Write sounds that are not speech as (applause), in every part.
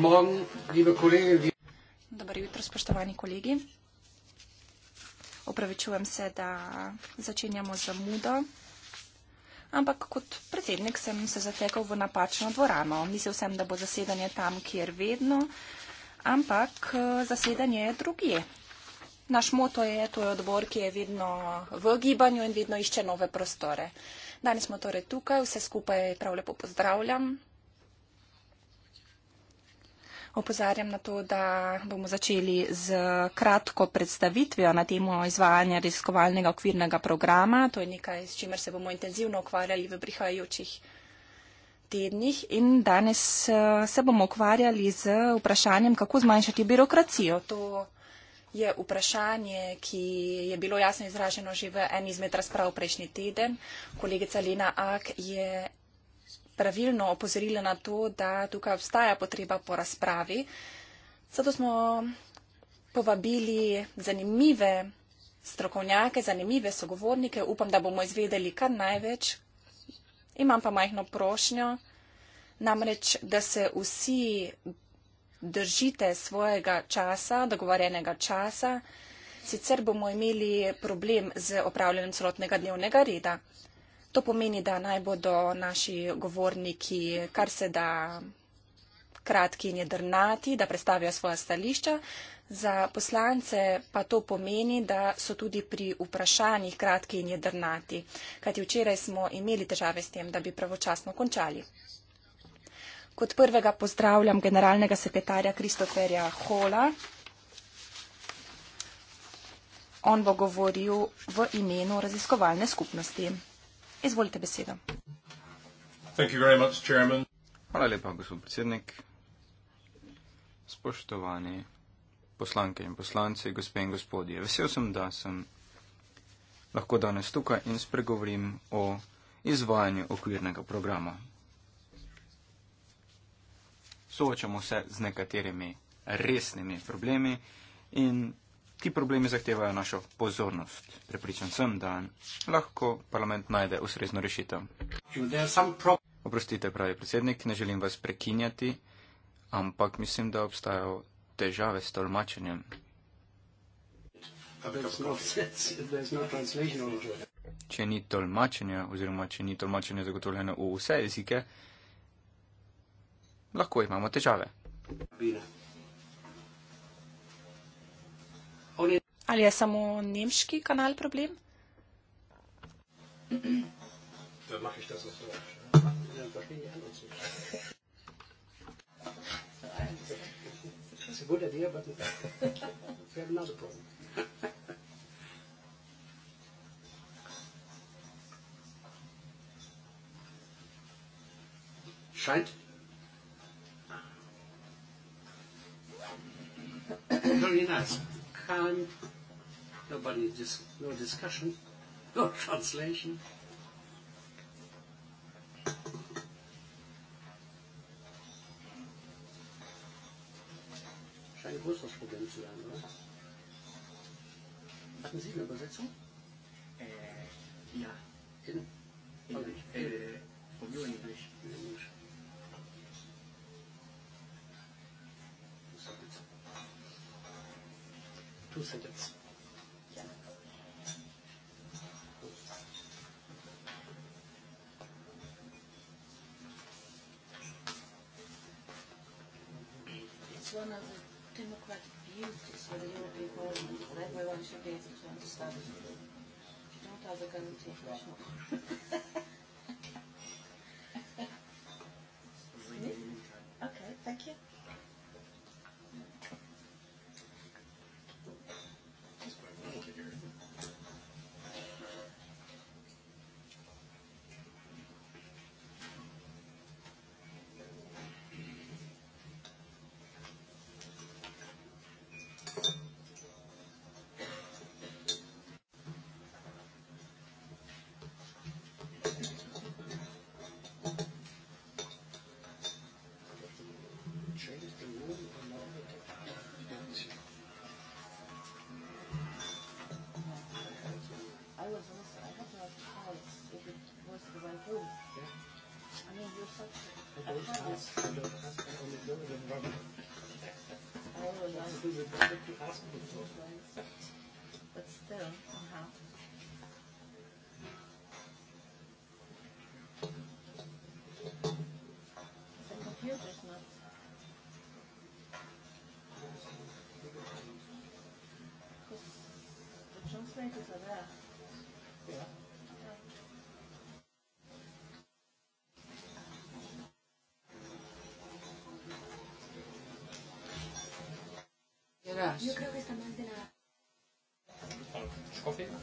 Dobro jutro, spoštovani kolegi. Opravičujem se, da začenjamo z zamudo, ampak kot predsednik sem se zatekal v napačno dvorano. Mislil sem, da bo zasedanje tam, kjer vedno, ampak eh, zasedanje je drugje. Naš moto je, to je odbor, ki je vedno v gibanju in vedno išče nove prostore. Danes smo torej tukaj, vse skupaj prav lepo pozdravljam opozarjam na to, da bomo začeli z kratko predstavitvijo na temo izvajanja raziskovalnega okvirnega programa. To je nekaj, s čimer se bomo intenzivno ukvarjali v prihajajočih tednih in danes eh, se bomo ukvarjali z vprašanjem, kako zmanjšati birokracijo. To je vprašanje, ki je bilo jasno izraženo že v eni izmed razprav prejšnji teden. Kolegica Lena Ak je pravilno opozorila na to, da tukaj obstaja potreba po razpravi. Zato smo povabili zanimive strokovnjake, zanimive sogovornike. Upam, da bomo izvedeli kar največ. Imam pa majhno prošnjo, namreč, da se vsi držite svojega časa, dogovorjenega časa, sicer bomo imeli problem z opravljanjem celotnega dnevnega reda. To pomeni, da naj bodo naši govorniki kar se da kratki in jedrnati, da predstavijo svoja stališča. Za poslance pa to pomeni, da so tudi pri vprašanjih kratki in jedrnati, kajti včeraj smo imeli težave s tem, da bi pravočasno končali. Kot prvega pozdravljam generalnega sekretarja Kristoferja Hola. On bo govoril v imenu raziskovalne skupnosti. Izvolite besedo. Hvala lepa, gospod predsednik. Spoštovani poslanke in poslanci, gospe in gospodje. Vesel sem, da sem lahko danes tukaj in spregovorim o izvajanju okvirnega programa. Soočamo se z nekaterimi resnimi problemi in ti problemi zahtevajo našo pozornost. Prepričan sem, da lahko parlament najde ustrezno rešitev. Oprostite, pravi predsednik, ne želim vas prekinjati, ampak mislim, da obstajajo težave s tolmačenjem. Če ni tolmačenja, oziroma če ni tolmačenja zagotovljeno v vse jezike, lahko imamo težave. Bina. Ali je samo nemški kanal problem? Scheint. Very nice. Calm. Nobody dis no discussion. No (laughs) translation. Scheint ein größeres Problem zu sein, oder? Hatten Sie eine Übersetzung? Äh, ja. In? Englisch. Okay. Äh, von Englisch. Englisch. Two sentences. one of the democratic beauties for the European Parliament that everyone should be able to understand. If you don't have the guarantee, you should not. Okay, thank you. But still, somehow. Uh-huh. The computer's not. Because the translators are there. atrás. Yo creo que está mal de la... ¿Confirma?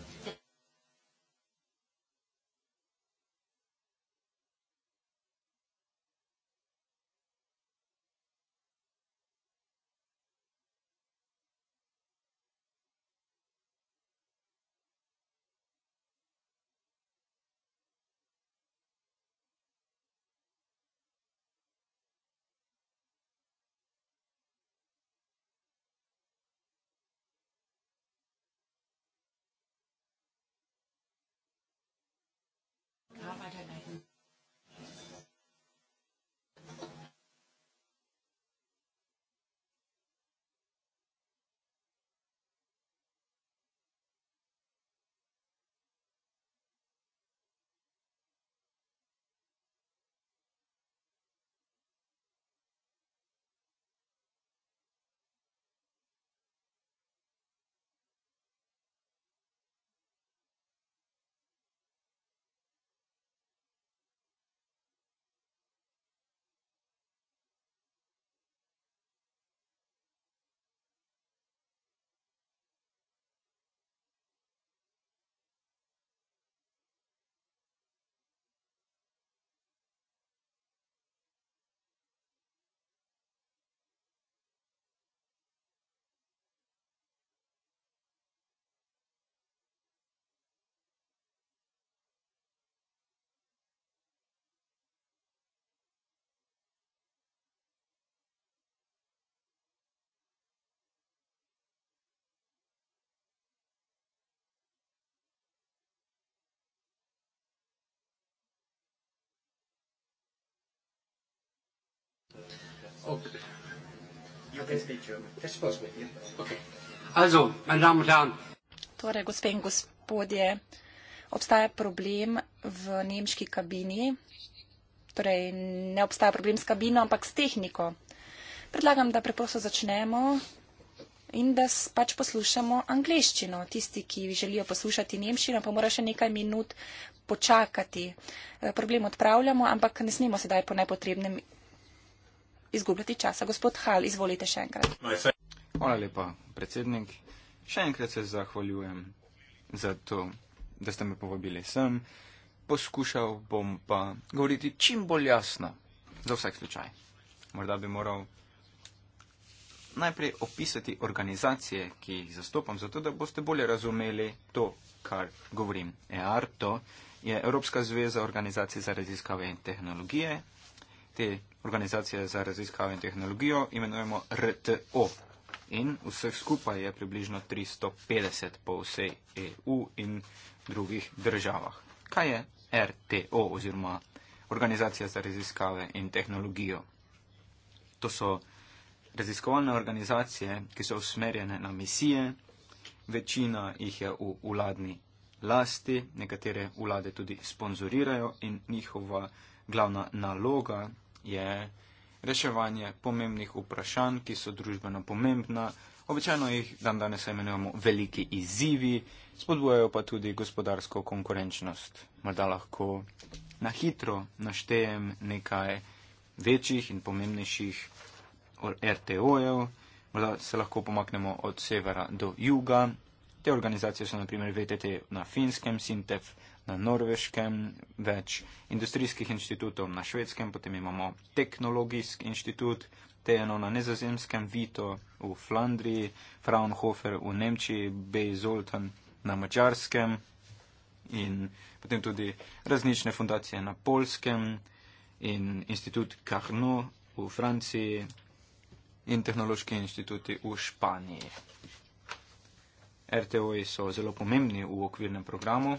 I don't know them. Also, meine Damen und Herren. Torej, gospe in gospodje, obstaja problem v nemški kabini, torej ne obstaja problem s kabino, ampak s tehniko. Predlagam, da preprosto začnemo in da pač poslušamo angliščino. Tisti, ki želijo poslušati nemščino, pa mora še nekaj minut počakati. Eh, problem odpravljamo, ampak ne smemo sedaj po nepotrebnem izgubljati časa. Gospod Hal, izvolite še enkrat. Hvala lepa, predsednik. Še enkrat se zahvaljujem za to, da ste me povabili sem. Poskušal bom pa govoriti čim bolj jasno, za vsak slučaj. Morda bi moral najprej opisati organizacije, ki jih zastopam, zato da boste bolje razumeli to, kar govorim. EARTO je Evropska zveza organizacij za raziskave in tehnologije. Te organizacije za raziskave in tehnologijo, imenujemo RTO. In vseh skupaj je približno 350 po vsej EU in drugih državah. Kaj je RTO oziroma organizacija za raziskave in tehnologijo? To so raziskovalne organizacije, ki so usmerjene na misije, večina jih je v vladni lasti, nekatere vlade tudi sponzorirajo in njihova glavna naloga je reševanje pomembnih vprašanj, ki so družbeno pomembna. Običajno jih dan danes imenujemo veliki izzivi, spodbujajo pa tudi gospodarsko konkurenčnost. Morda lahko na hitro naštejem nekaj večjih in pomembnejših RTO-jev, morda se lahko pomaknemo od severa do juga. Te organizacije so naprimer VTT na finskem, Sintef na Norveškem, več industrijskih inštitutov na Švedskem, potem imamo Teknologijski inštitut, TNO na Nezozemskem, Vito v Flandriji, Fraunhofer v Nemčiji, Bej Zoltan na Mačarskem in potem tudi različne fundacije na Polskem in inštitut Carnot v Franciji in tehnološki inštituti v Španiji. RTO-ji so zelo pomembni v okvirnem programu.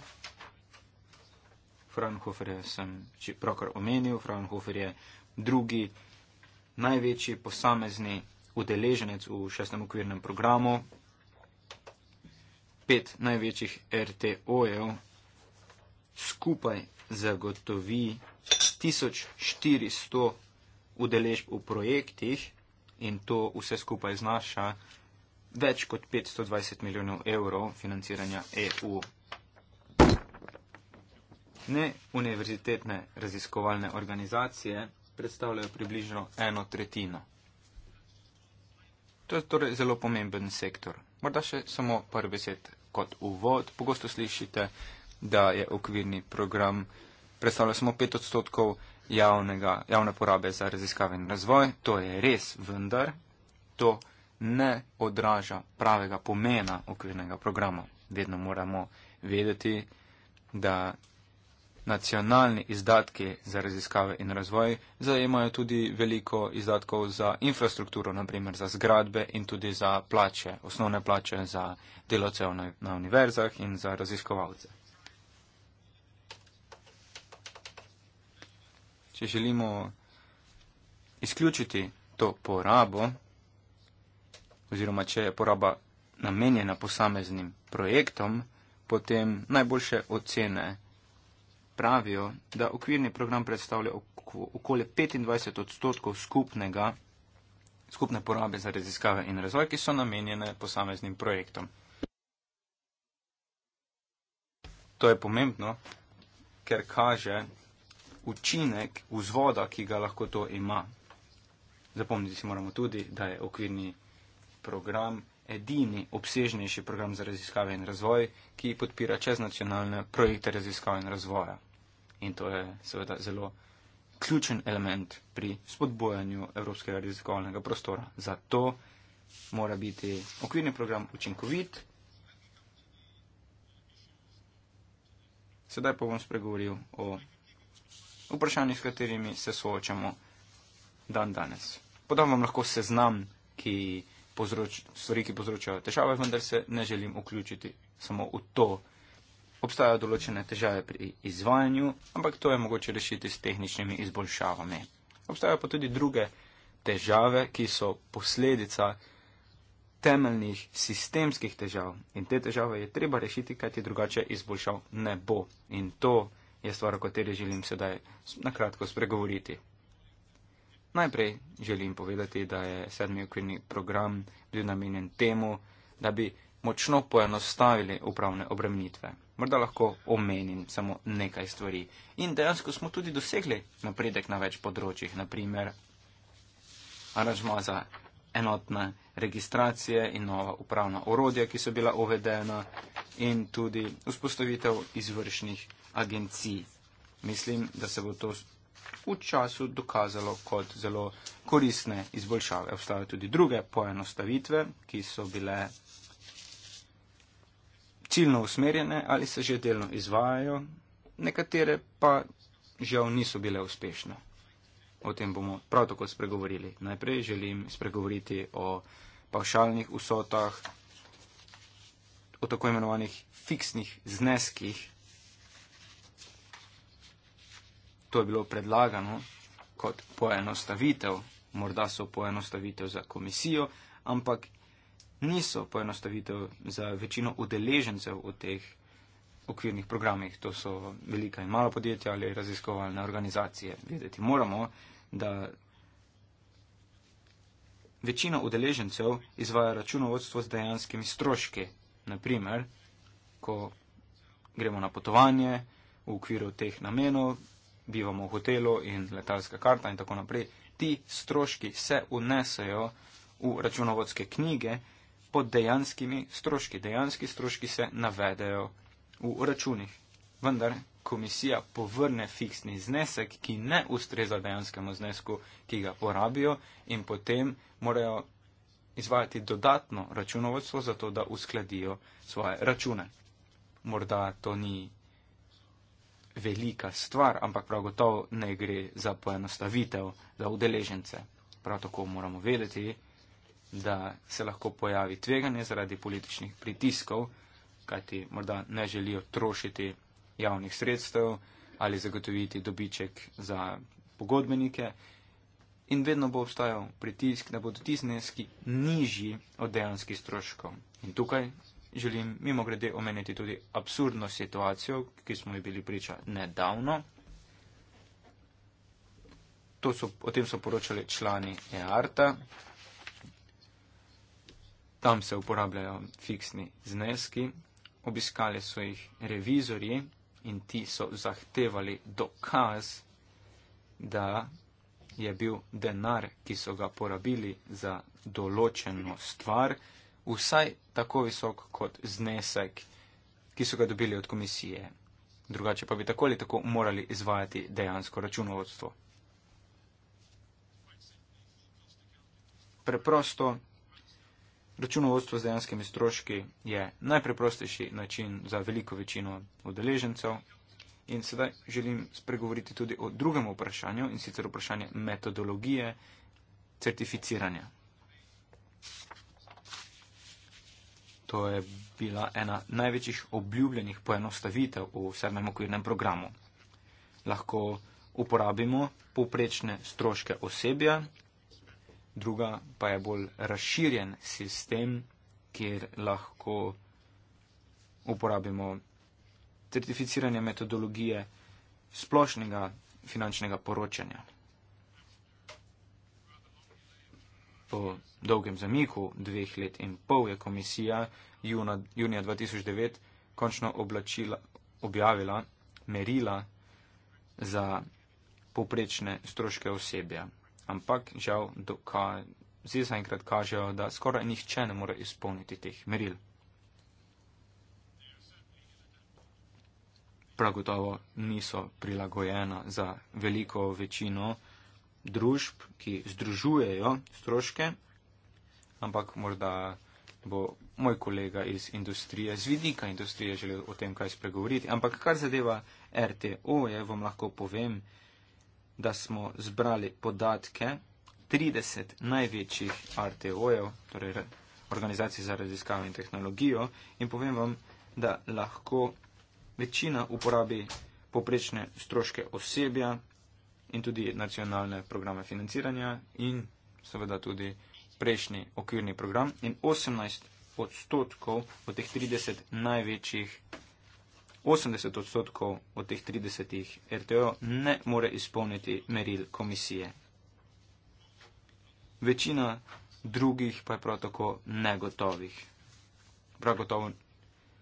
Fraunhofer sem pravkar omenil. Fraunhofer je drugi največji posamezni udeleženec v šestem okvirnem programu. Pet največjih RTO-jev skupaj zagotovi 1400 udeležb v projektih in to vse skupaj znaša več kot 520 milijonov evrov financiranja EU ne univerzitetne raziskovalne organizacije predstavljajo približno eno tretjino. To je torej zelo pomemben sektor. Morda še samo par besed kot uvod. Pogosto slišite, da je okvirni program predstavlja samo 5 odstotkov javnega, javne porabe za raziskave in razvoj. To je res, vendar to ne odraža pravega pomena okvirnega programa. Vedno moramo vedeti, da Nacionalni izdatki za raziskave in razvoj zajemajo tudi veliko izdatkov za infrastrukturo, naprimer za zgradbe in tudi za plače, osnovne plače za delavce na univerzah in za raziskovalce. Če želimo izključiti to porabo, oziroma če je poraba namenjena posameznim projektom, potem najboljše ocene pravijo, da okvirni program predstavlja oko, okoli 25 odstotkov skupnega, skupne porabe za raziskave in razvoj, ki so namenjene posameznim projektom. To je pomembno, ker kaže učinek vzvoda, ki ga lahko to ima. Zapomniti si moramo tudi, da je okvirni program edini obsežnejši program za raziskave in razvoj, ki podpira čeznacionalne projekte raziskave in razvoja in to je seveda zelo ključen element pri spodbojanju evropskega raziskovalnega prostora. Zato mora biti okvirni program učinkovit. Sedaj pa bom spregovoril o vprašanjih, s katerimi se soočamo dan danes. Podam vam lahko seznam, ki povzroč, stvari, ki povzročajo težave, vendar se ne želim vključiti samo v to, obstajajo določene težave pri izvajanju, ampak to je mogoče rešiti s tehničnimi izboljšavami. Obstajajo pa tudi druge težave, ki so posledica temeljnih sistemskih težav in te težave je treba rešiti, kajti drugače izboljšav ne bo. In to je stvar, o kateri želim sedaj na kratko spregovoriti. Najprej želim povedati, da je sedmi okvirni program bil namenjen temu, da bi močno poenostavili upravne obremenitve. Morda lahko omenim samo nekaj stvari. In dejansko smo tudi dosegli napredek na več področjih, naprimer aranžma za enotne registracije in nova upravna orodja, ki so bila uvedena in tudi vzpostavitev izvršnih agencij. Mislim, da se bo to v času dokazalo kot zelo koristne izboljšave. Obstajajo tudi druge poenostavitve, ki so bile ciljno usmerjene ali se že delno izvajajo, nekatere pa žal niso bile uspešne. O tem bomo prav tako spregovorili. Najprej želim spregovoriti o pavšalnih usotah, o tako imenovanih fiksnih zneskih. To je bilo predlagano kot poenostavitev, morda so poenostavitev za komisijo, ampak niso poenostavitev za večino udeležencev v teh okvirnih programih. To so velika in mala podjetja ali raziskovalne organizacije. Vedeti moramo, da večina udeležencev izvaja računovodstvo z dejanskimi stroški. Naprimer, ko gremo na potovanje v okviru teh namenov, bivamo v hotelu in letalska karta in tako naprej, ti stroški se unesejo v računovodske knjige, pod dejanskimi stroški. Dejanski stroški se navedejo v računih. Vendar komisija povrne fiksni znesek, ki ne ustreza dejanskemu znesku, ki ga porabijo in potem morajo izvajati dodatno računovodstvo, zato da uskladijo svoje račune. Morda to ni velika stvar, ampak prav gotovo ne gre za poenostavitev za udeležence. Prav tako moramo vedeti, da se lahko pojavi tveganje zaradi političnih pritiskov, kajti morda ne želijo trošiti javnih sredstev ali zagotoviti dobiček za pogodbenike. In vedno bo obstajal pritisk, da bodo ti zneski nižji od dejanskih stroškov. In tukaj želim mimo grede omeniti tudi absurdno situacijo, ki smo ji bili priča nedavno. So, o tem so poročali člani EARTA, Tam se uporabljajo fiksni zneski, obiskali so jih revizori in ti so zahtevali dokaz, da je bil denar, ki so ga porabili za določeno stvar, vsaj tako visok kot znesek, ki so ga dobili od komisije. Drugače pa bi tako ali tako morali izvajati dejansko računovodstvo. Preprosto Računovodstvo z dejanskimi stroški je najpreprostejši način za veliko večino udeležencev. In sedaj želim spregovoriti tudi o drugem vprašanju in sicer vprašanje metodologije certificiranja. To je bila ena največjih obljubljenih poenostavitev v sedmem okvirnem programu. Lahko uporabimo poprečne stroške osebja, druga pa je bolj razširjen sistem, kjer lahko uporabimo certificiranje metodologije splošnega finančnega poročanja. Po dolgem zamiku, dveh let in pol, je komisija juna, junija 2009 končno oblačila, objavila merila za poprečne stroške osebja ampak žal zdaj zaenkrat kažejo, da skoraj nihče ne more izpolniti teh meril. Prav gotovo niso prilagojena za veliko večino družb, ki združujejo stroške, ampak morda bo moj kolega iz industrije, z vidika industrije, želel o tem kaj spregovoriti. Ampak kar zadeva RTO, je, vam lahko povem, da smo zbrali podatke 30 največjih RTO-jev, torej organizacij za raziskave in tehnologijo, in povem vam, da lahko večina uporabi poprečne stroške osebja in tudi nacionalne programe financiranja in seveda tudi prejšnji okvirni program in 18 odstotkov od teh 30 največjih 80 odstotkov od teh 30 RTO ne more izpolniti meril komisije. Večina drugih pa je prav tako negotovih. Prav gotovo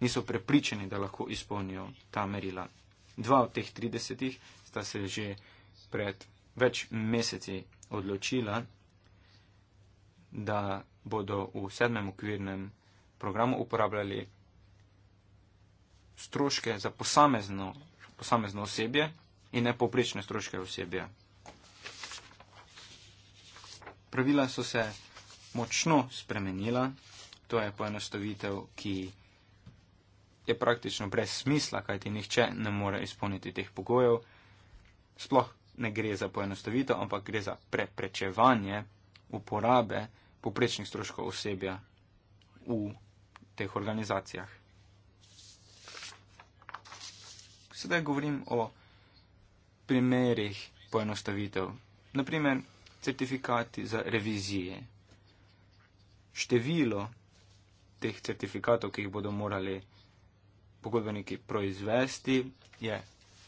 niso prepričani, da lahko izpolnijo ta merila. Dva od teh 30 sta se že pred več meseci odločila, da bodo v sedmem okvirnem programu uporabljali stroške za posamezno, posamezno osebje in ne poprečne stroške osebja. Pravila so se močno spremenila, to je poenostavitev, ki je praktično brez smisla, kajti nihče ne more izpolniti teh pogojev. Sploh ne gre za poenostavitev, ampak gre za preprečevanje uporabe poprečnih stroškov osebja v teh organizacijah. sedaj govorim o primerih poenostavitev. Naprimer, certifikati za revizije. Število teh certifikatov, ki jih bodo morali pogodbeniki proizvesti, je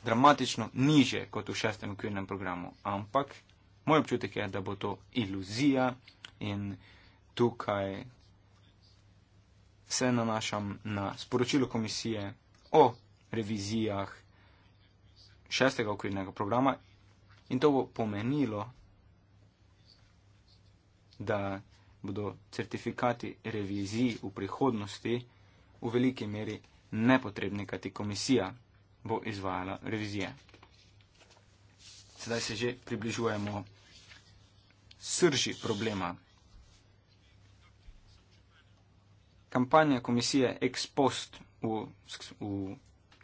dramatično niže kot v šestem okvirnem programu. Ampak moj občutek je, da bo to iluzija in tukaj se nanašam na sporočilo komisije o revizijah 2021-2022 šestega okvirnega programa in to bo pomenilo, da bodo certifikati reviziji v prihodnosti v veliki meri nepotrebni, kajti komisija bo izvajala revizije. Sedaj se že približujemo srži problema. Kampanja komisije ex post v, v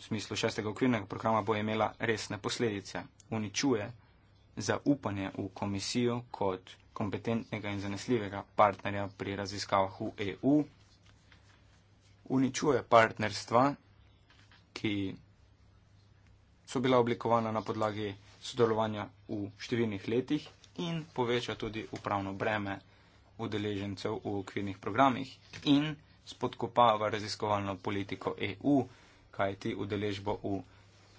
smislu šestega okvirnega programa bo imela resne posledice. Uničuje zaupanje v komisijo kot kompetentnega in zanesljivega partnerja pri raziskavah v EU. Uničuje partnerstva, ki so bila oblikovana na podlagi sodelovanja v številnih letih in poveča tudi upravno breme udeležencev v okvirnih programih in spodkopava raziskovalno politiko EU kajti udeležbo v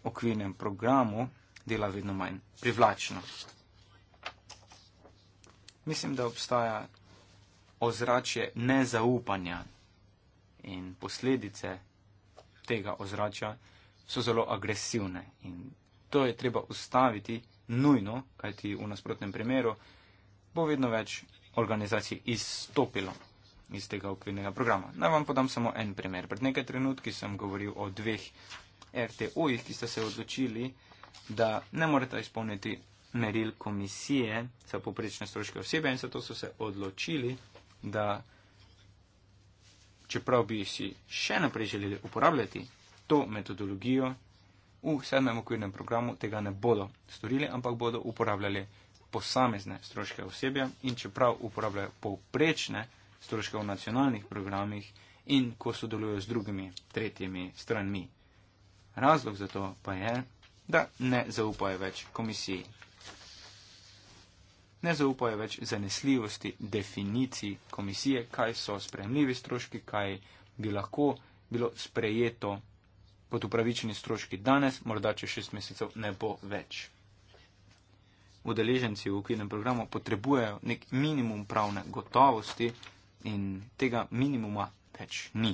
okvirnem programu dela vedno manj privlačno. Mislim, da obstaja ozračje nezaupanja in posledice tega ozračja so zelo agresivne in to je treba ustaviti nujno, kajti v nasprotnem primeru bo vedno več organizacij izstopilo iz tega okvirnega programa. Naj vam podam samo en primer. Pred nekaj trenutki sem govoril o dveh RTO-jih, ki sta se odločili, da ne morete izpolniti meril komisije za poprečne stroške osebe in zato so se odločili, da čeprav bi si še naprej želeli uporabljati to metodologijo, v sedmem okvirnem programu tega ne bodo storili, ampak bodo uporabljali posamezne stroške osebja in čeprav uporabljajo povprečne stroške, stroške v nacionalnih programih in ko sodelujejo z drugimi, tretjimi stranmi. Razlog za to pa je, da ne zaupajo več komisiji. Ne zaupajo več zanesljivosti definiciji komisije, kaj so sprejemljivi stroški, kaj bi lahko bilo sprejeto pod upravičeni stroški danes, morda če šest mesecev ne bo več. Udeleženci v ukvirnem programu potrebujejo nek minimum pravne gotovosti, in tega minimuma več ni.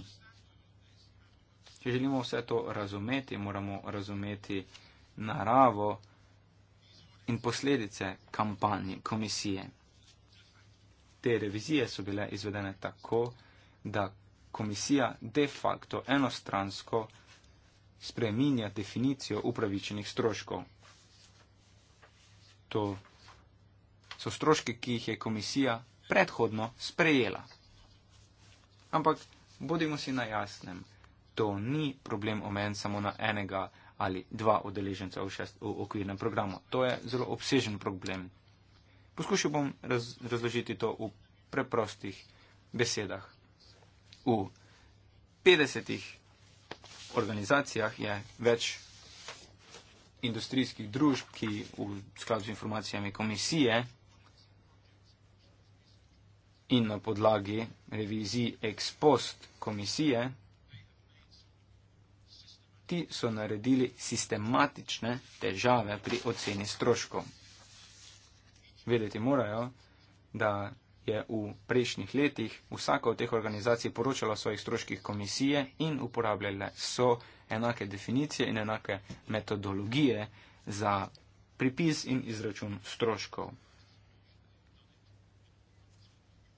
Če želimo vse to razumeti, moramo razumeti naravo in posledice kampanje komisije. Te revizije so bile izvedene tako, da komisija de facto enostransko spreminja definicijo upravičenih stroškov. To so stroške, ki jih je komisija predhodno sprejela. Ampak bodimo si na jasnem, to ni problem omen samo na enega ali dva udeleženca v, v okvirnem programu. To je zelo obsežen problem. Poskušal bom raz, razložiti to v preprostih besedah. V 50 organizacijah je več industrijskih družb, ki v skladu z informacijami komisije in na podlagi revizij ex post komisije, ti so naredili sistematične težave pri oceni stroškov. Vedeti morajo, da je v prejšnjih letih vsaka od teh organizacij poročala o svojih stroških komisije in uporabljale so enake definicije in enake metodologije za pripis in izračun stroškov.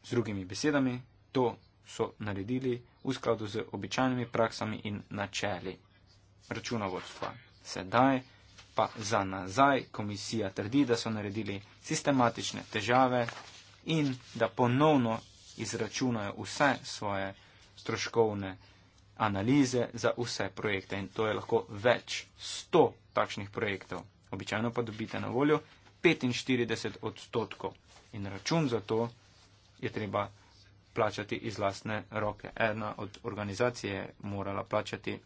Z drugimi besedami, to so naredili v skladu z običajnimi praksami in načeli računovodstva. Sedaj pa za nazaj komisija trdi, da so naredili sistematične težave in da ponovno izračunajo vse svoje stroškovne analize za vse projekte in to je lahko več sto takšnih projektov. Običajno pa dobite na voljo 45 odstotkov in račun za to je treba plačati iz lastne roke. Ena od organizacij je morala plačati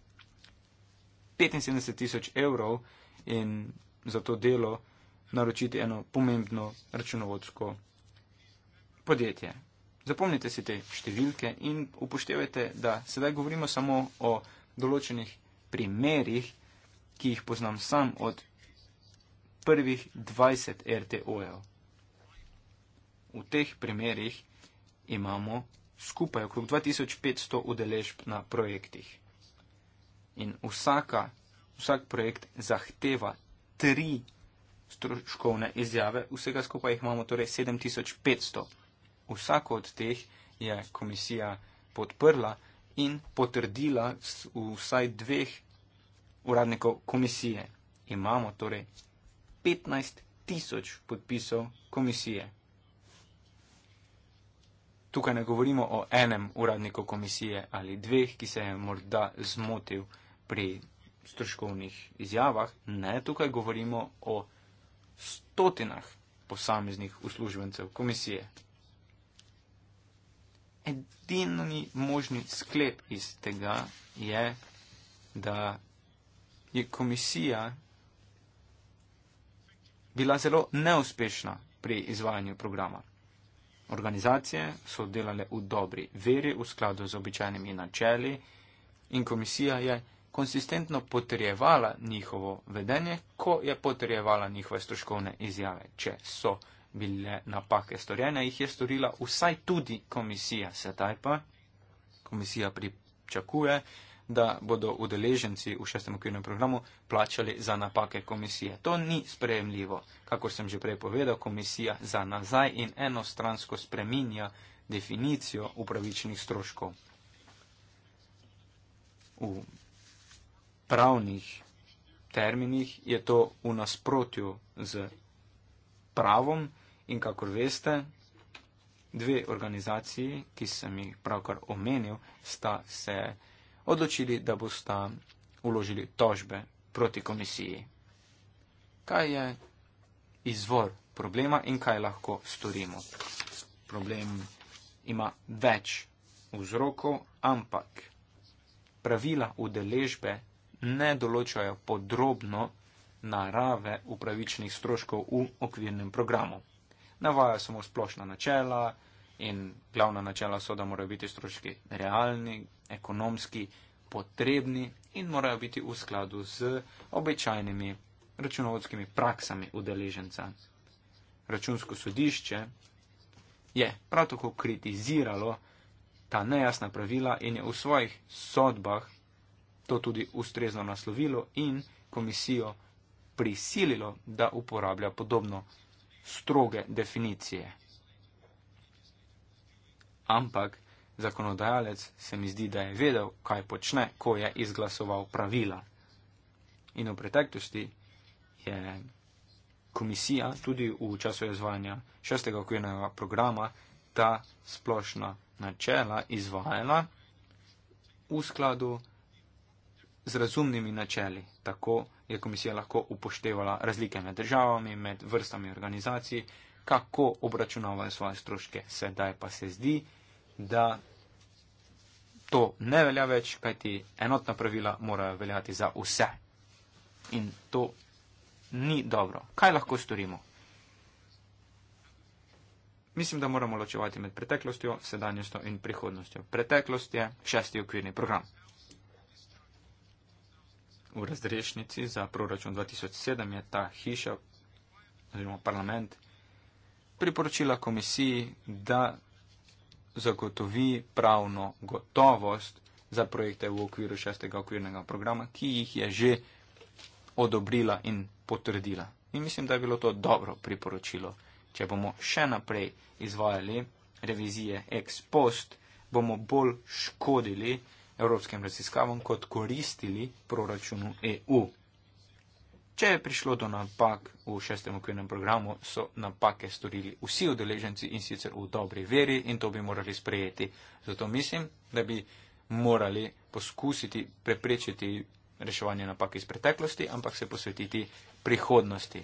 75 tisoč evrov in za to delo naročiti eno pomembno računovodsko podjetje. Zapomnite si te številke in upoštevajte, da sedaj govorimo samo o določenih primerih, ki jih poznam sam od prvih 20 RTO-jev v teh primerjih imamo skupaj okrog 2500 udeležb na projektih. In vsaka, vsak projekt zahteva tri stroškovne izjave, vsega skupaj jih imamo torej 7500. Vsako od teh je komisija podprla in potrdila vsaj dveh uradnikov komisije. Imamo torej 15 tisoč podpisov komisije tukaj ne govorimo o enem uradniku komisije ali dveh, ki se je morda zmotil pri stroškovnih izjavah. Ne, tukaj govorimo o stotinah posameznih uslužbencev komisije. Edini možni sklep iz tega je, da je komisija bila zelo neuspešna pri izvajanju programa. Organizacije so delale v dobri veri, v skladu z običajnimi načeli, in komisija je konsistentno potrjevala njihovo vedenje, ko je potrjevala njihove stroškovne izjave. Če so bile napake storjene, jih je storila vsaj tudi komisija. Sedaj pa komisija pričakuje, da bodo udeleženci v šestem okvirnem programu plačali za napake komisije. To ni sprejemljivo. Kako sem že prej povedal, komisija za nazaj in enostransko spreminja definicijo upravičenih stroškov. V pravnih terminih je to v nasprotju z pravom in kakor veste, dve organizaciji, ki sem jih pravkar omenil, sta se odločili, da bosta uložili tožbe proti komisiji. Kaj je izvor problema in kaj lahko storimo? Problem ima več vzrokov, ampak pravila udeležbe ne določajo podrobno narave upravičnih stroškov v okvirnem programu. Navajajo samo splošna načela, in glavna načela so, da morajo biti stroški realni, ekonomski, potrebni in morajo biti v skladu z običajnimi računovodskimi praksami udeleženca. Računsko sodišče je prav tako kritiziralo ta nejasna pravila in je v svojih sodbah to tudi ustrezno naslovilo in komisijo prisililo, da uporablja podobno stroge definicije ampak zakonodajalec se mi zdi, da je vedel, kaj počne, ko je izglasoval pravila. In v preteklosti je komisija tudi v času izvajanja šestega okvirnega programa ta splošna načela izvajala v skladu z razumnimi načeli. Tako je komisija lahko upoštevala razlike med državami, med vrstami organizacij, kako obračunavajo svoje stroške. Sedaj pa se zdi, da to ne velja več, kajti enotna pravila morajo veljati za vse. In to ni dobro. Kaj lahko storimo? Mislim, da moramo ločevati med preteklostjo, sedanjostjo in prihodnostjo. Preteklost je šesti okvirni program. V razrešnici za proračun 2007 je ta hiša oziroma parlament priporočila komisiji, da zagotovi pravno gotovost za projekte v okviru šestega okvirnega programa, ki jih je že odobrila in potrdila. In mislim, da je bilo to dobro priporočilo. Če bomo še naprej izvajali revizije ex post, bomo bolj škodili evropskim raziskavam, kot koristili proračunu EU. Če je prišlo do napak v šestem okvirnem programu, so napake storili vsi odeleženci in sicer v dobri veri in to bi morali sprejeti. Zato mislim, da bi morali poskusiti preprečiti reševanje napak iz preteklosti, ampak se posvetiti prihodnosti.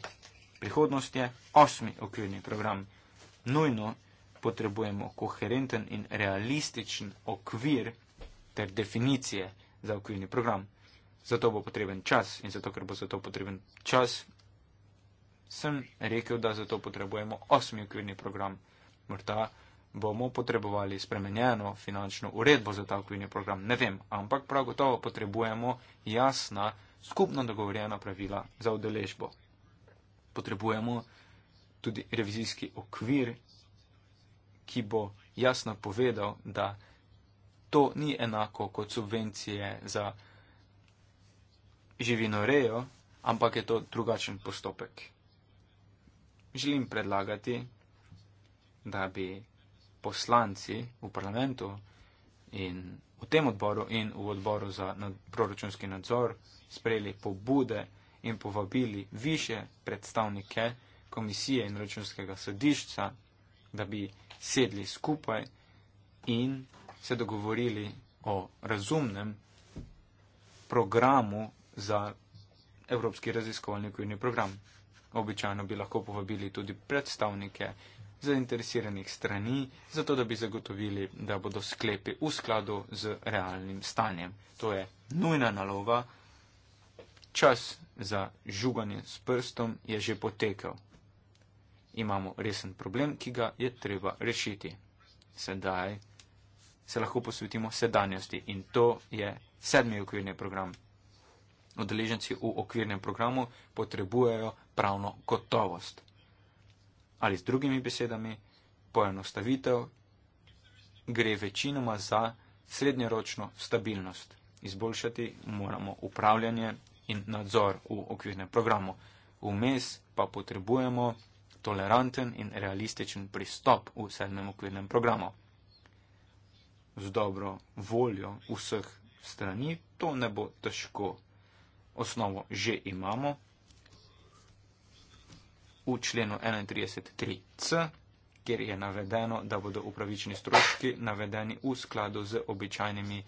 Prihodnost je osmi okvirni program. Nujno potrebujemo koherenten in realističen okvir ter definicije za okvirni program zato bo potreben čas in zato, ker bo zato potreben čas, sem rekel, da zato potrebujemo osmi okvirni program. Morda bomo potrebovali spremenjeno finančno uredbo za ta okvirni program, ne vem, ampak prav gotovo potrebujemo jasna, skupno dogovorjena pravila za udeležbo. Potrebujemo tudi revizijski okvir, ki bo jasno povedal, da to ni enako kot subvencije za živinorejo, ampak je to drugačen postopek. Želim predlagati, da bi poslanci v parlamentu in v tem odboru in v odboru za nad, proračunski nadzor sprejeli pobude in povabili više predstavnike komisije in računskega sodišča, da bi sedli skupaj in se dogovorili o razumnem programu za Evropski raziskovalni okvirni program. Običajno bi lahko povabili tudi predstavnike zainteresiranih strani, zato da bi zagotovili, da bodo sklepi v skladu z realnim stanjem. To je nujna nalova. Čas za žuganje s prstom je že potekel. Imamo resen problem, ki ga je treba rešiti. Sedaj se lahko posvetimo sedanjosti in to je sedmi okvirni program 2021-2027 odeleženci v okvirnem programu potrebujejo pravno gotovost. Ali z drugimi besedami, poenostavitev gre večinoma za srednjeročno stabilnost. Izboljšati moramo upravljanje in nadzor v okvirnem programu. Vmes pa potrebujemo toleranten in realističen pristop v sedmem okvirnem programu. Z dobro voljo vseh strani to ne bo težko osnovo že imamo v členu 31.3c, kjer je navedeno, da bodo upravičeni stroški navedeni v skladu z običajnimi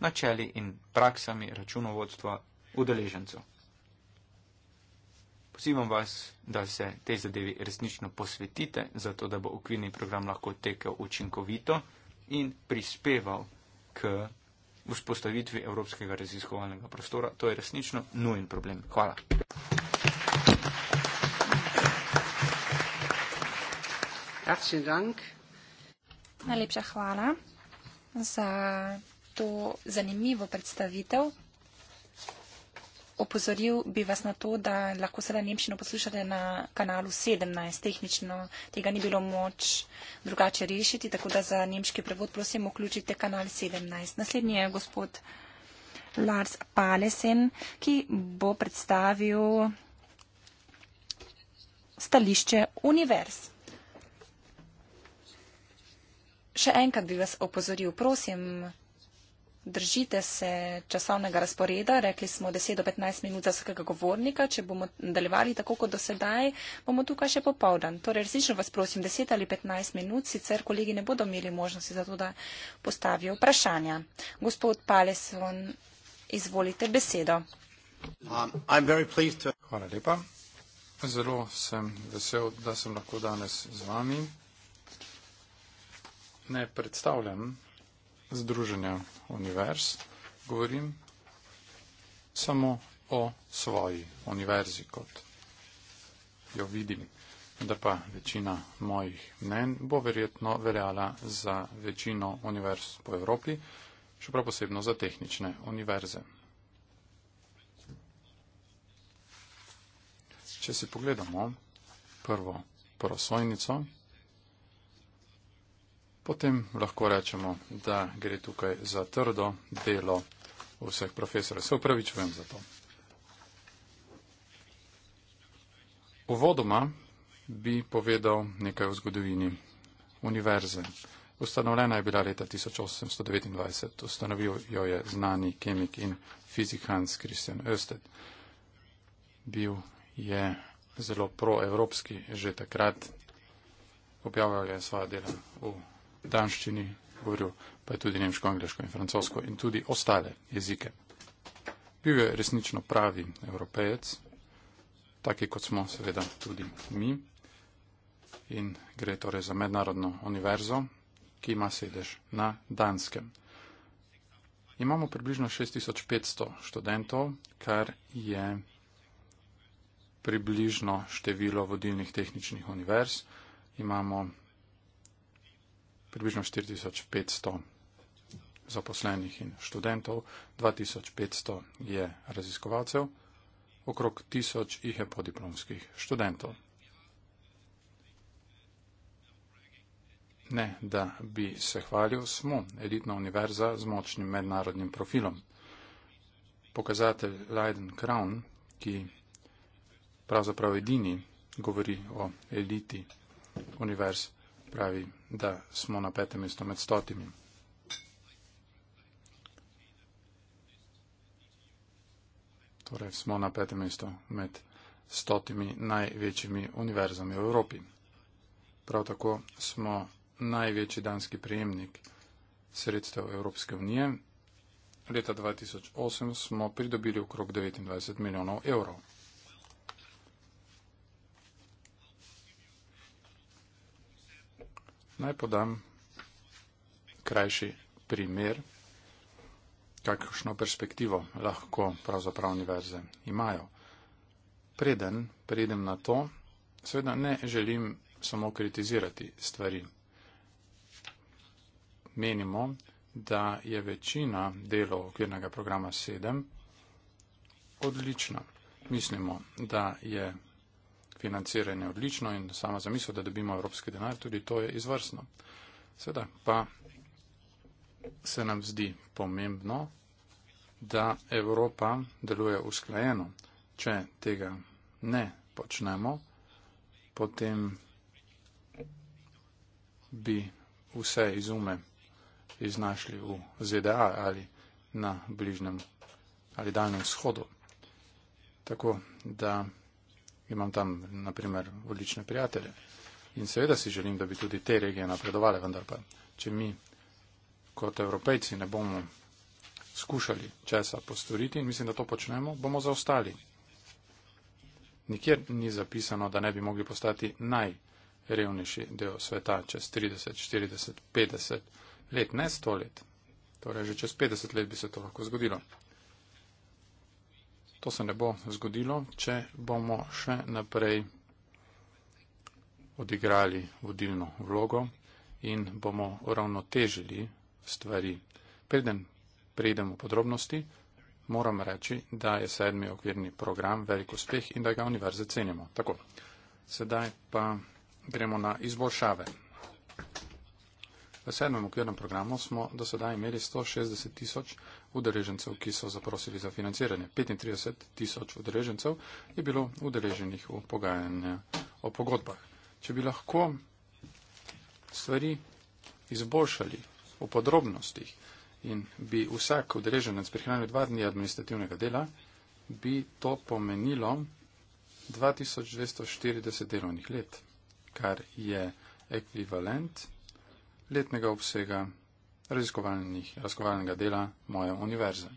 načeli in praksami računovodstva udeležencev. Pozivam vas, da se tej zadevi resnično posvetite, zato da bo okvirni program lahko tekel učinkovito in prispeval k vzpostavitvi evropskega raziskovalnega prostora. To je resnično nujen problem. Hvala. Najlepša hvala za to zanimivo predstavitev opozoril bi vas na to, da lahko sedaj Nemščino poslušate na kanalu 17. Tehnično tega ni bilo moč drugače rešiti, tako da za nemški prevod prosim vključite kanal 17. Naslednji je gospod Lars Palesen, ki bo predstavil stališče univerz. Še enkrat bi vas opozoril, prosim, držite se časovnega razporeda. Rekli smo 10 do 15 minut za vsakega govornika. Če bomo nadaljevali tako kot do sedaj, bomo tukaj še popovdan. Torej, resnično vas prosim, 10 ali 15 minut, sicer kolegi ne bodo imeli možnosti za to, da postavijo vprašanja. Gospod Paleson, izvolite besedo. Um, to... Hvala lepa. Zelo sem vesel, da sem lahko danes z vami. Ne predstavljam Združenja univerz, govorim samo o svoji univerzi, kot jo vidim. Da pa večina mojih mnen bo verjetno veljala za večino univerz po Evropi, še prav posebno za tehnične univerze. Če si pogledamo prvo prosojnico, potem lahko rečemo, da gre tukaj za trdo delo vseh profesorjev. Se upravičujem za to. Uvodoma bi povedal nekaj o zgodovini univerze. Ustanovljena je bila leta 1829, ustanovil jo je znani kemik in fizik Hans Christian Östed. Bil je zelo proevropski že takrat, objavljal je svoje dela v danščini, govoril pa je tudi nemško, angliško in francosko in tudi ostale jezike. Bil je resnično pravi evropejec, taki kot smo seveda tudi mi in gre torej za mednarodno univerzo, ki ima sedež na Danskem. Imamo približno 6500 študentov, kar je približno število vodilnih tehničnih univerz. Imamo približno 4500 zaposlenih in študentov, 2500 je raziskovalcev, okrog 1000 jih je podiplomskih študentov. Ne, da bi se hvalil, smo elitna univerza z močnim mednarodnim profilom. Pokazatelj Leiden Crown, ki pravzaprav edini govori o eliti univerz pravi, da smo na petem mestu med stotimi. Torej smo na petem mestu med stotimi največjimi univerzami v Evropi. Prav tako smo največji danski prejemnik sredstev Evropske unije. Leta 2008 smo pridobili okrog 29 milijonov evrov. Naj podam krajši primer, kakšno perspektivo lahko pravzaprav univerze imajo. Preden predem na to, seveda ne želim samo kritizirati stvari. Menimo, da je večina delov okvirnega programa 7 odlična. Mislimo, da je financiranje odlično in sama zamisel, da dobimo evropski denar, tudi to je izvrsno. Sveda pa se nam zdi pomembno, da Evropa deluje usklajeno. Če tega ne počnemo, potem bi vse izume iznašli v ZDA ali na bližnjem ali daljnem shodu. Tako da imam tam, naprimer, odlične prijatelje. In seveda si želim, da bi tudi te regije napredovale, vendar pa, če mi kot evropejci ne bomo skušali česa postoriti in mislim, da to počnemo, bomo zaostali. Nikjer ni zapisano, da ne bi mogli postati najrevnejši del sveta čez 30, 40, 50 let, ne 100 let. Torej, že čez 50 let bi se to lahko zgodilo. To se ne bo zgodilo, če bomo še naprej odigrali vodilno vlogo in bomo uravnotežili stvari. Preden preidem v podrobnosti, moram reči, da je sedmi okvirni program velik uspeh in da ga univerze cenimo. Tako, sedaj pa gremo na izboljšave. V sedmem okvirnem programu smo do sedaj imeli 160 tisoč udeležencev, ki so zaprosili za financiranje. 35 tisoč udeležencev je bilo udeleženih v pogajanje o pogodbah. Če bi lahko stvari izboljšali v podrobnostih in bi vsak udeleženec prihranil dva dni administrativnega dela, bi to pomenilo 2240 delovnih let, kar je ekvivalent letnega obsega raziskovalnega dela moje univerze.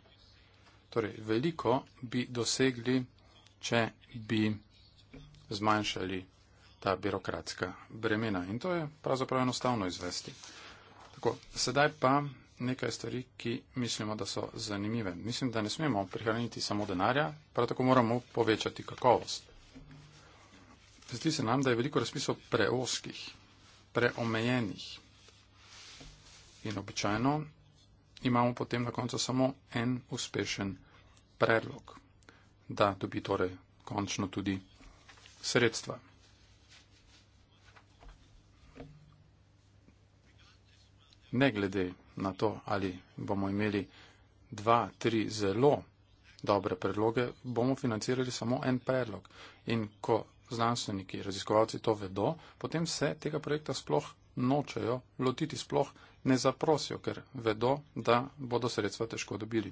Torej, veliko bi dosegli, če bi zmanjšali ta birokratska bremena. In to je pravzaprav enostavno izvesti. Tako, sedaj pa nekaj stvari, ki mislimo, da so zanimive. Mislim, da ne smemo prihraniti samo denarja, prav tako moramo povečati kakovost. Zdi se nam, da je veliko razpisov preoskih, preomejenih in običajno imamo potem na koncu samo en uspešen predlog, da dobi torej končno tudi sredstva. Ne glede na to, ali bomo imeli dva, tri zelo dobre predloge, bomo financirali samo en predlog. In ko znanstveniki, raziskovalci to vedo, potem se tega projekta sploh nočejo lotiti, sploh ne zaprosijo, ker vedo, da bodo sredstva težko dobili.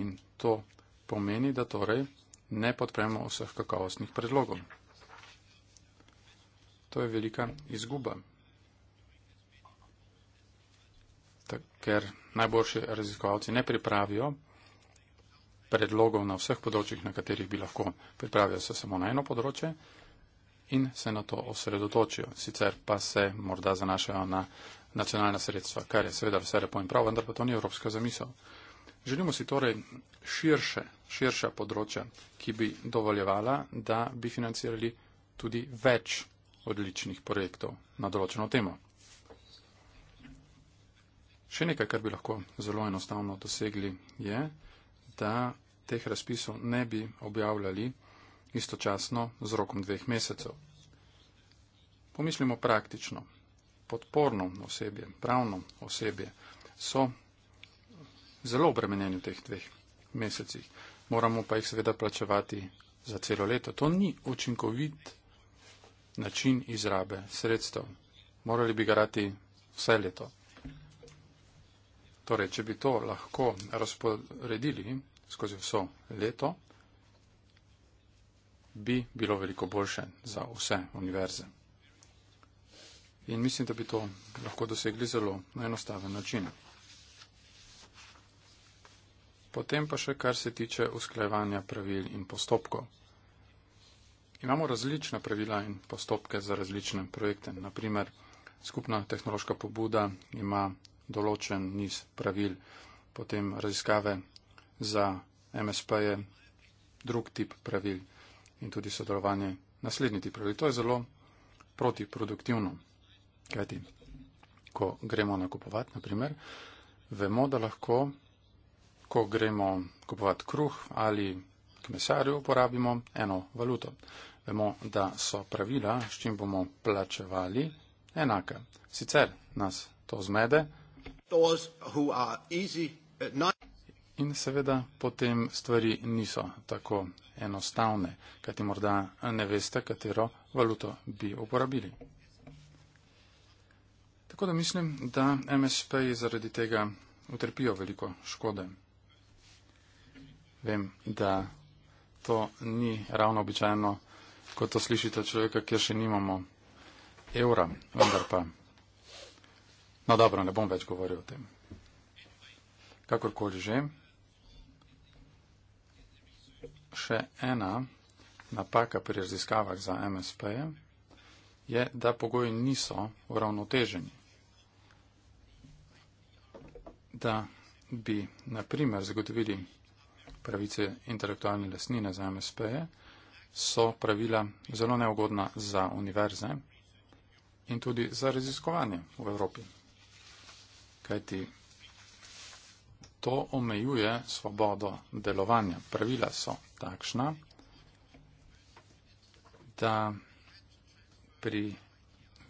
In to pomeni, da torej ne podpremo vseh kakovostnih predlogov. To je velika izguba. Ker najboljši raziskovalci ne pripravijo predlogov na vseh področjih, na katerih bi lahko pripravili se samo na eno področje in se na to osredotočijo. Sicer pa se morda zanašajo na nacionalna sredstva, kar je seveda vse lepo in prav, vendar pa to ni evropska zamisel. Želimo si torej širše, širša področja, ki bi dovoljevala, da bi financirali tudi več odličnih projektov na določeno temo. Še nekaj, kar bi lahko zelo enostavno dosegli, je, da teh razpisov ne bi objavljali istočasno z rokom dveh mesecev. Pomislimo praktično podporno osebje, pravno osebje, so zelo obremenjeni v teh dveh mesecih. Moramo pa jih seveda plačevati za celo leto. To ni učinkovit način izrabe sredstev. Morali bi garati vse leto. Torej, če bi to lahko razporedili skozi vso leto, bi bilo veliko boljše za vse univerze. In mislim, da bi to lahko dosegli zelo na enostaven način. Potem pa še kar se tiče usklajevanja pravil in postopkov. Imamo različna pravila in postopke za različne projekte. Naprimer, skupna tehnološka pobuda ima določen niz pravil, potem raziskave za MSP je drug tip pravil in tudi sodelovanje naslednji tip pravil. To je zelo protiproduktivno. Kajti, ko gremo nakupovati, naprimer, vemo, da lahko, ko gremo kupovati kruh ali k mesarju, uporabimo eno valuto. Vemo, da so pravila, s čim bomo plačevali, enaka. Sicer nas to zmede. Uh, In seveda potem stvari niso tako enostavne, kajti morda ne veste, katero valuto bi uporabili. Tako da mislim, da MSP-ji zaradi tega utrpijo veliko škode. Vem, da to ni ravno običajno, kot to slišite človeka, kjer še nimamo evra, vendar pa. No dobro, ne bom več govoril o tem. Kakorkoli že. Še ena napaka pri raziskavah za MSP je, da pogoji niso uravnoteženi da bi naprimer zagotovili pravice intelektualne lasnine za MSP-je, so pravila zelo neugodna za univerze in tudi za raziskovanje v Evropi. Kajti to omejuje svobodo delovanja. Pravila so takšna, da pri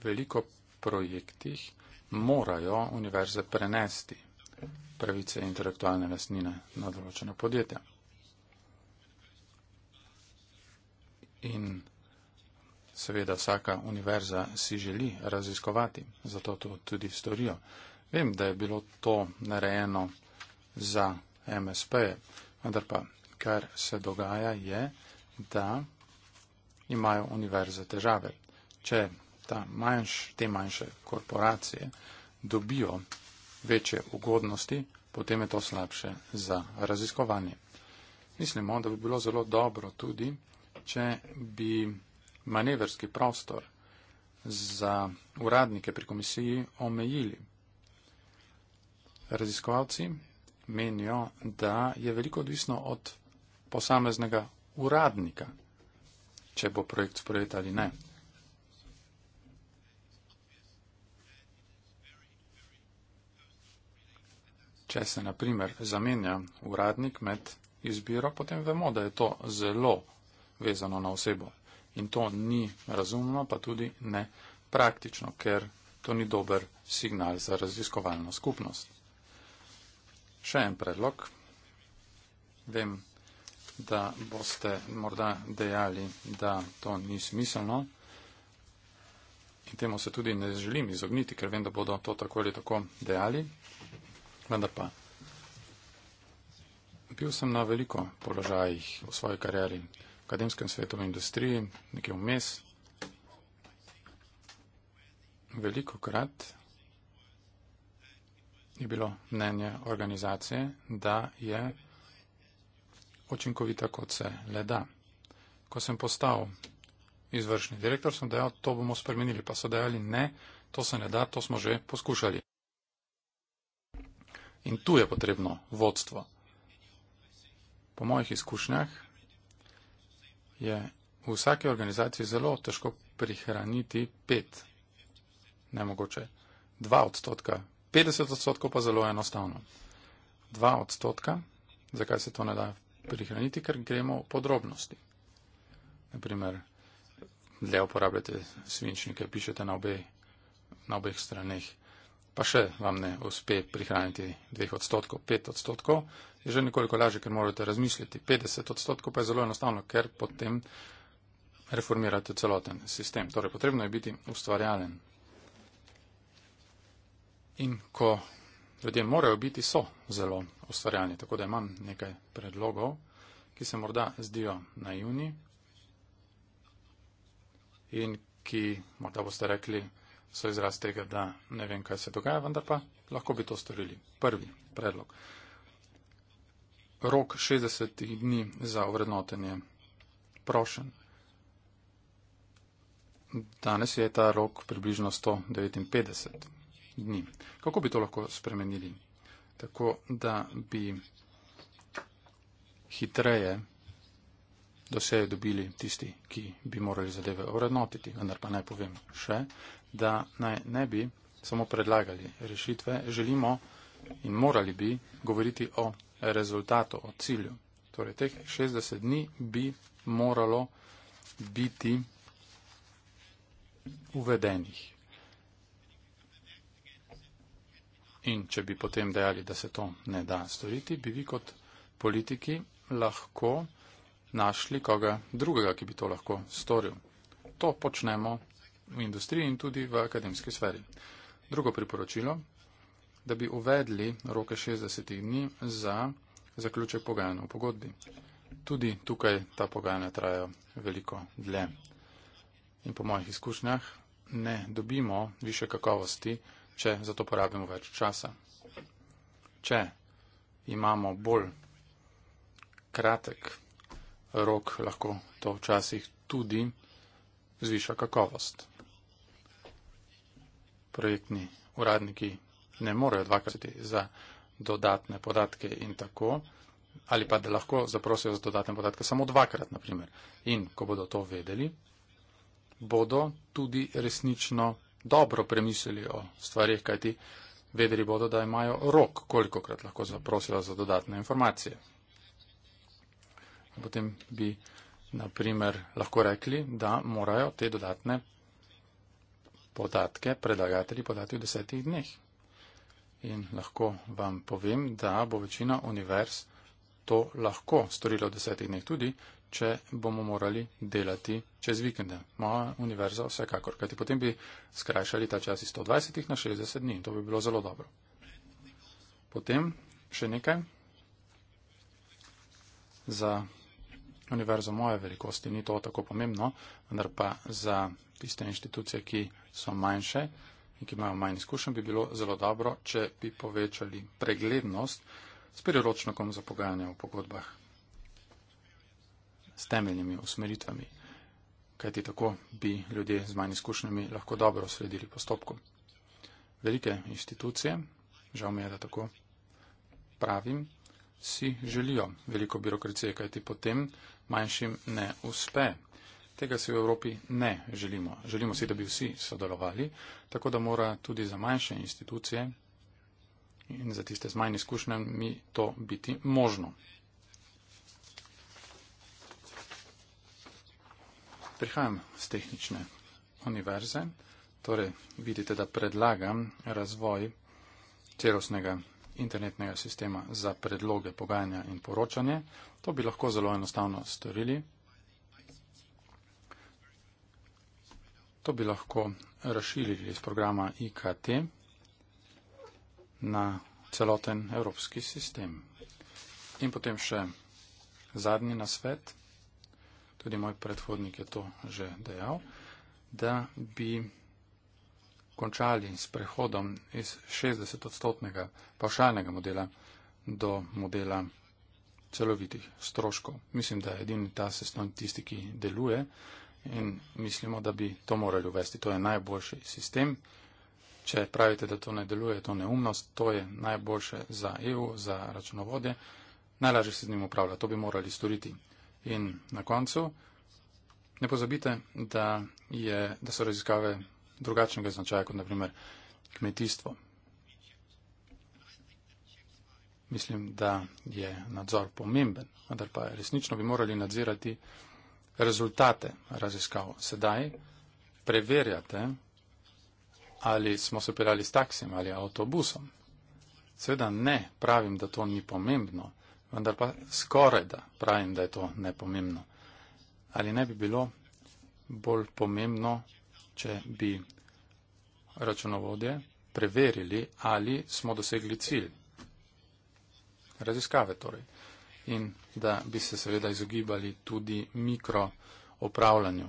veliko projektih morajo univerze prenesti pravice intelektualne lasnine na določena podjetja. In seveda vsaka univerza si želi raziskovati, zato to tudi storijo. Vem, da je bilo to narejeno za MSP, vendar pa kar se dogaja je, da imajo univerze težave. Če manjš, te manjše korporacije dobijo večje ugodnosti, potem je to slabše za raziskovanje. Mislimo, da bi bilo zelo dobro tudi, če bi manevrski prostor za uradnike pri komisiji omejili. Raziskovalci menijo, da je veliko odvisno od posameznega uradnika, če bo projekt sprejet ali ne. Če se na primer zamenja uradnik med izbiro, potem vemo, da je to zelo vezano na osebo. In to ni razumno, pa tudi ne praktično, ker to ni dober signal za raziskovalno skupnost. Še en predlog. Vem, da boste morda dejali, da to ni smiselno. In temu se tudi ne želim izogniti, ker vem, da bodo to tako ali tako dejali. Vendar pa. Bil sem na veliko položajih v svoji karieri, v akademskem svetu, v industriji, nekje vmes. Veliko krat je bilo mnenje organizacije, da je očinkovita, kot se le da. Ko sem postal izvršni direktor, sem dejal, to bomo spremenili, pa so dejali, ne, to se ne da, to smo že poskušali. In tu je potrebno vodstvo. Po mojih izkušnjah je v vsaki organizaciji zelo težko prihraniti pet, ne mogoče, dva odstotka. 50 odstotkov pa zelo enostavno. Dva odstotka, zakaj se to ne da prihraniti, ker gremo v podrobnosti. Naprimer, le uporabljate svinčnike, pišete na, obe, na obeh straneh pa še vam ne uspe prihraniti 2 odstotkov, 5 odstotkov, je že nekoliko lažje, ker morate razmisliti. 50 odstotkov pa je zelo enostavno, ker potem reformirate celoten sistem. Torej, potrebno je biti ustvarjalen. In ko ljudje morajo biti, so zelo ustvarjalni. Tako da imam nekaj predlogov, ki se morda zdijo naivni in ki morda boste rekli, so izraz tega, da ne vem, kaj se dogaja, vendar pa lahko bi to storili. Prvi predlog. Rok 60 dni za vrednotenje prošen. Danes je ta rok približno 159 dni. Kako bi to lahko spremenili? Tako, da bi hitreje doseje dobili tisti, ki bi morali zadeve vrednotiti, vendar pa naj povem še, da naj ne bi samo predlagali rešitve, želimo in morali bi govoriti o rezultatu, o cilju. Torej, teh 60 dni bi moralo biti uvedenih. In če bi potem dejali, da se to ne da storiti, bi vi kot politiki lahko našli koga drugega, ki bi to lahko storil. To počnemo v industriji in tudi v akademski sferi. Drugo priporočilo, da bi uvedli roke 60 dni za zaključek pogajanja v pogodbi. Tudi tukaj ta pogajanja trajajo veliko dlje. In po mojih izkušnjah ne dobimo više kakovosti, če za to porabimo več časa. Če imamo bolj kratek rok, lahko to včasih tudi zviša kakovost projektni uradniki ne morejo dvakrat za dodatne podatke in tako, ali pa da lahko zaprosijo za dodatne podatke samo dvakrat, naprimer. In ko bodo to vedeli, bodo tudi resnično dobro premislili o stvarih, kajti vedeli bodo, da imajo rok, kolikokrat lahko zaprosijo za dodatne informacije. Potem bi, naprimer, lahko rekli, da morajo te dodatne podatke predlagatelji podati v desetih dneh. In lahko vam povem, da bo večina univerz to lahko storila v desetih dneh tudi, če bomo morali delati čez vikende. Moja univerza vsekakor, kajti potem bi skrajšali ta čas iz 120 na 60 dni in to bi bilo zelo dobro. Potem še nekaj za univerzo moje velikosti ni to tako pomembno, vendar pa za tiste inštitucije, ki so manjše in ki imajo manj izkušen, bi bilo zelo dobro, če bi povečali preglednost s priročnikom za pogajanje v pogodbah s temeljnimi usmeritvami, kajti tako bi ljudje z manj izkušnjami lahko dobro sledili postopku. Velike inštitucije, žal mi je, da tako pravim, si želijo veliko birokracije, kajti potem manjšim ne uspe. Tega si v Evropi ne želimo. Želimo si, da bi vsi sodelovali, tako da mora tudi za manjše institucije in za tiste z manj izkušnjami to biti možno. Prihajam z tehnične univerze, torej vidite, da predlagam razvoj celostnega internetnega sistema za predloge pogajanja in poročanje. To bi lahko zelo enostavno storili. To bi lahko razširili iz programa IKT na celoten evropski sistem. In potem še zadnji nasvet, tudi moj predhodnik je to že dejal, da bi končali s prehodom iz 60-odstotnega pavšalnega modela do modela celovitih stroškov. Mislim, da je edini ta sestavni tisti, ki deluje in mislimo, da bi to morali uvesti. To je najboljši sistem. Če pravite, da to ne deluje, to neumnost, to je najboljše za EU, za računovodje. Najlažje se z njim upravlja, to bi morali storiti. In na koncu, ne pozabite, da, je, da so raziskave drugačnega značaja kot naprimer kmetijstvo. Mislim, da je nadzor pomemben, vendar pa resnično bi morali nadzirati rezultate raziskav. Sedaj preverjate, ali smo se peljali s taksim ali avtobusom. Seveda ne pravim, da to ni pomembno, vendar pa skoraj da pravim, da je to nepomembno. Ali ne bi bilo bolj pomembno če bi računovodje preverili, ali smo dosegli cilj. Raziskave torej. In da bi se seveda izogibali tudi mikro opravljanju.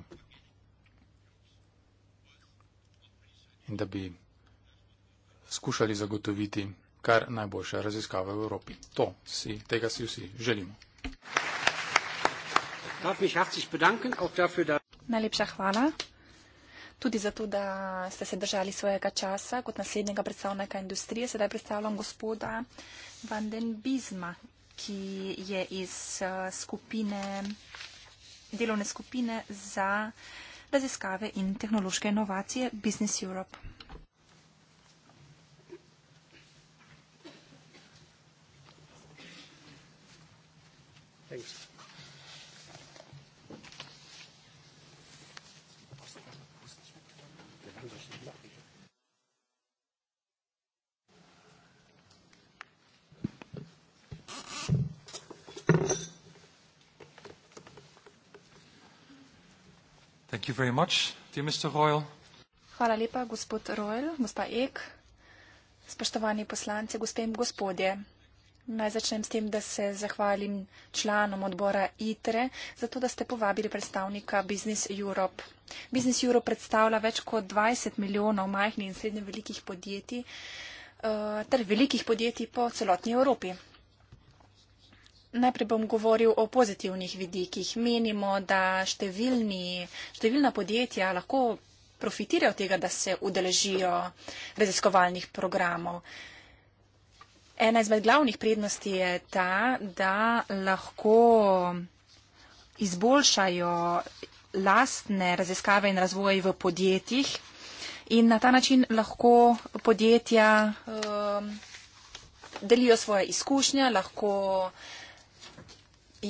In da bi skušali zagotoviti kar najboljše raziskave v Evropi. To si, tega si vsi želimo. Najlepša hvala tudi zato, da ste se držali svojega časa kot naslednjega predstavnika industrije. Sedaj predstavljam gospoda Vanden Bizma, ki je iz eh, skupine, delovne skupine za raziskave in tehnološke inovacije Business Europe. Thanks. Thank you very much, dear Mr. Royal. Hvala lepa, gospod Royal, gospa Ek, spoštovani poslanci, gospe in gospodje. Naj začnem s tem, da se zahvalim članom odbora ITRE za to, da ste povabili predstavnika Business Europe. Business Europe predstavlja več kot 20 milijonov majhnih in srednje velikih podjetij, eh, ter velikih podjetij po celotni Evropi. Najprej bom govoril o pozitivnih vidikih. Menimo, da številni, številna podjetja lahko profitirajo od tega, da se udeležijo raziskovalnih programov. Ena izmed glavnih prednosti je ta, da lahko izboljšajo lastne raziskave in razvoj v podjetjih in na ta način lahko podjetja uh, delijo svoje izkušnje, lahko uh,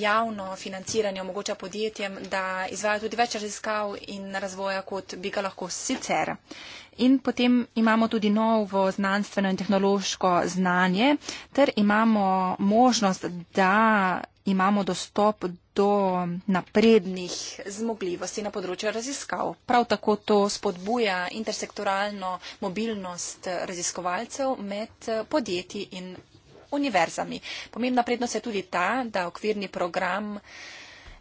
javno financiranje omogoča podjetjem, da izvajo tudi več raziskav in razvoja, kot bi ga lahko sicer. In potem imamo tudi novo znanstveno in tehnološko znanje, ter imamo možnost, da imamo dostop do naprednih zmogljivosti na področju raziskav. Prav tako to spodbuja intersektoralno mobilnost raziskovalcev med podjetji in univerzami. Pomembna prednost je tudi ta, da okvirni program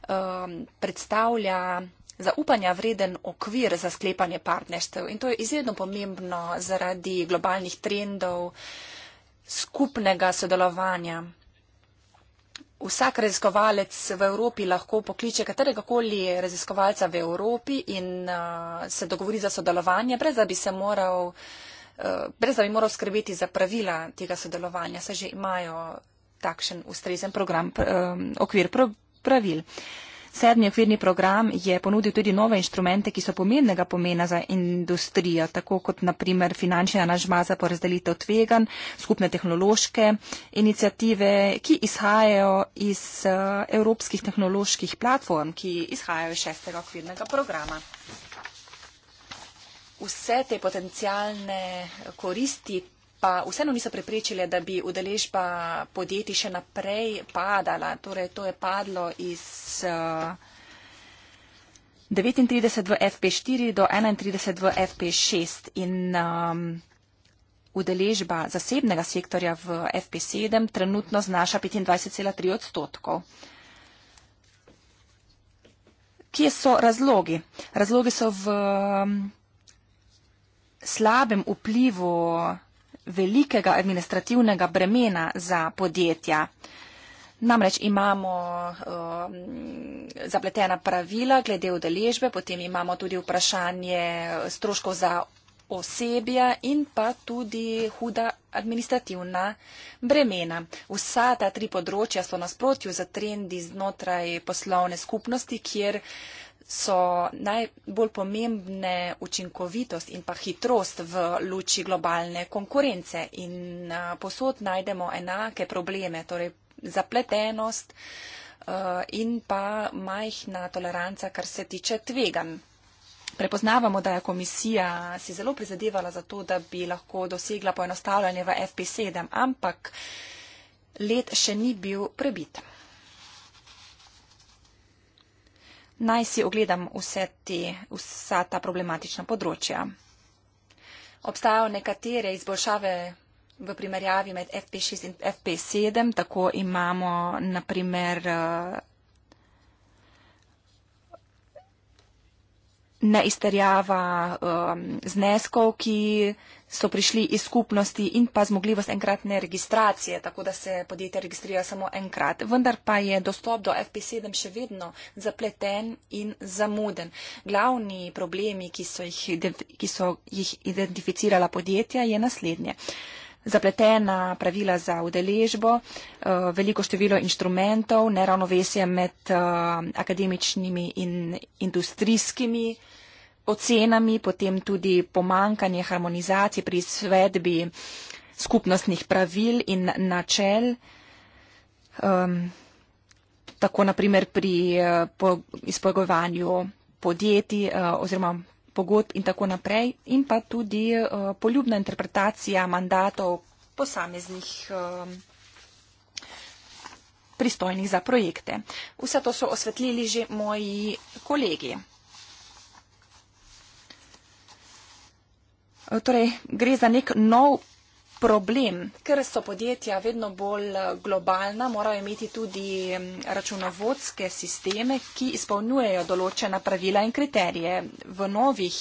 um, predstavlja zaupanja vreden okvir za sklepanje partnerstev. In to je izredno pomembno zaradi globalnih trendov skupnega sodelovanja. Vsak raziskovalec v Evropi lahko pokliče katerega koli raziskovalca v Evropi in uh, se dogovori za sodelovanje, brez da bi se moral uh, Eh, brez da bi moral skrbeti za pravila tega sodelovanja, saj že imajo takšen ustrezen program, okvir pravil. Sedmi okvirni program je ponudil tudi nove inštrumente, ki so pomembnega pomena za industrijo, tako kot naprimer finančna anažma za porazdelitev tvegan, skupne tehnološke inicijative, ki izhajajo iz eh, evropskih tehnoloških platform, ki izhajajo iz šestega okvirnega programa vse te potencijalne koristi pa vseeno niso preprečile, da bi udeležba podjetij še naprej padala. Torej, to je padlo iz 39 eh, v FP4 do 31 v FP6 in um, udeležba zasebnega sektorja v FP7 trenutno znaša 25,3 odstotkov. Kje so razlogi? Razlogi so v um, slabem vplivu velikega administrativnega bremena za podjetja. Namreč imamo uh, zapletena pravila glede udeležbe, potem imamo tudi vprašanje stroškov za osebja in pa tudi huda administrativna bremena. Vsa ta tri področja so nasprotju za trendi znotraj poslovne skupnosti, kjer uh, so najbolj pomembne učinkovitost in pa hitrost v luči globalne konkurence. In posod najdemo enake probleme, torej zapletenost in pa majhna toleranca, kar se tiče tvegan. Prepoznavamo, da je komisija si zelo prizadevala za to, da bi lahko dosegla poenostavljanje v FP7, ampak let še ni bil prebit. naj si ogledam vse te, vsa ta problematična področja. Obstajajo nekatere izboljšave v primerjavi med FP6 in FP7, tako imamo naprimer eh, neizterjava um, eh, zneskov, ki so prišli iz skupnosti in pa zmogljivost enkratne registracije, tako da se podjetje registrira samo enkrat. Vendar pa je dostop do FP7 še vedno zapleten in zamuden. Glavni problemi, ki so jih, ki so jih identificirala podjetja, je naslednje. Zapletena pravila za udeležbo, eh, veliko število inštrumentov, neravnovesje med eh, akademičnimi in industrijskimi ocenami, potem tudi pomankanje harmonizacije pri svedbi skupnostnih pravil in načel. Um, tako naprimer pri eh, po, izpogovanju podjetij uh, oziroma pogodb in tako naprej in pa tudi uh, poljubna interpretacija mandatov posameznih uh, pristojnih za projekte. Vse to so osvetlili že moji kolegi. Torej, gre za nek nov problem. Ker so podjetja vedno bolj eh, globalna, morajo imeti tudi mm, računovodske sisteme, ki izpolnjujejo določena pravila in kriterije. V novih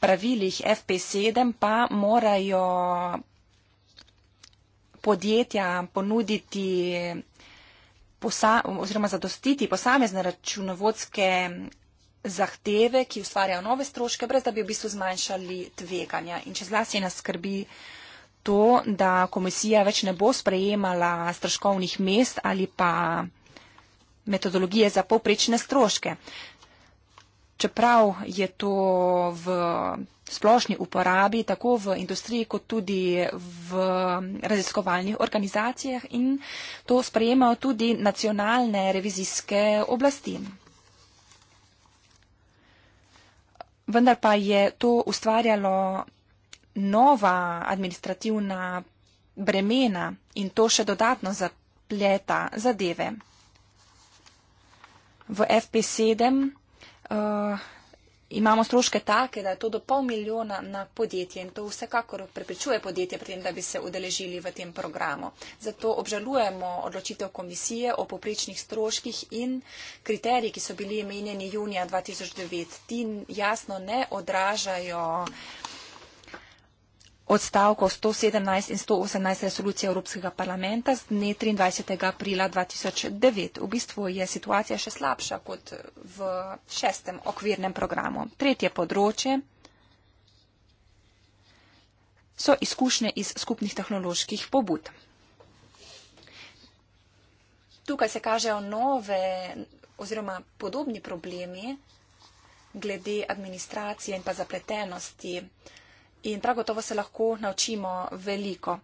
pravilih FP7 pa morajo podjetja ponuditi posa, oziroma zadostiti posamezne računovodske zahteve, ki ustvarjajo nove stroške, brez da bi v bistvu zmanjšali tveganja. In če zlasti nas skrbi to, da komisija več ne bo sprejemala stroškovnih mest ali pa metodologije za povprečne stroške. Čeprav je to v splošni uporabi, tako v industriji, kot tudi v raziskovalnih organizacijah in to sprejemajo tudi nacionalne revizijske oblasti. vendar pa je to ustvarjalo nova administrativna bremena in to še dodatno zapleta zadeve. V FP7 uh, imamo stroške take, da je to do pol milijona na podjetje in to vsekakor prepričuje podjetje pri tem, da bi se udeležili v tem programu. Zato obžalujemo odločitev komisije o poprečnih stroških in kriteriji, ki so bili imenjeni junija 2009. Ti jasno ne odražajo odstavkov 117 in 118 resolucije Evropskega parlamenta z dne 23. aprila 2009. V bistvu je situacija še slabša kot v šestem okvirnem programu. Tretje področje so izkušnje iz skupnih tehnoloških pobud. Tukaj se kažejo nove oziroma podobni problemi glede administracije in pa zapletenosti in prav gotovo se lahko naučimo veliko.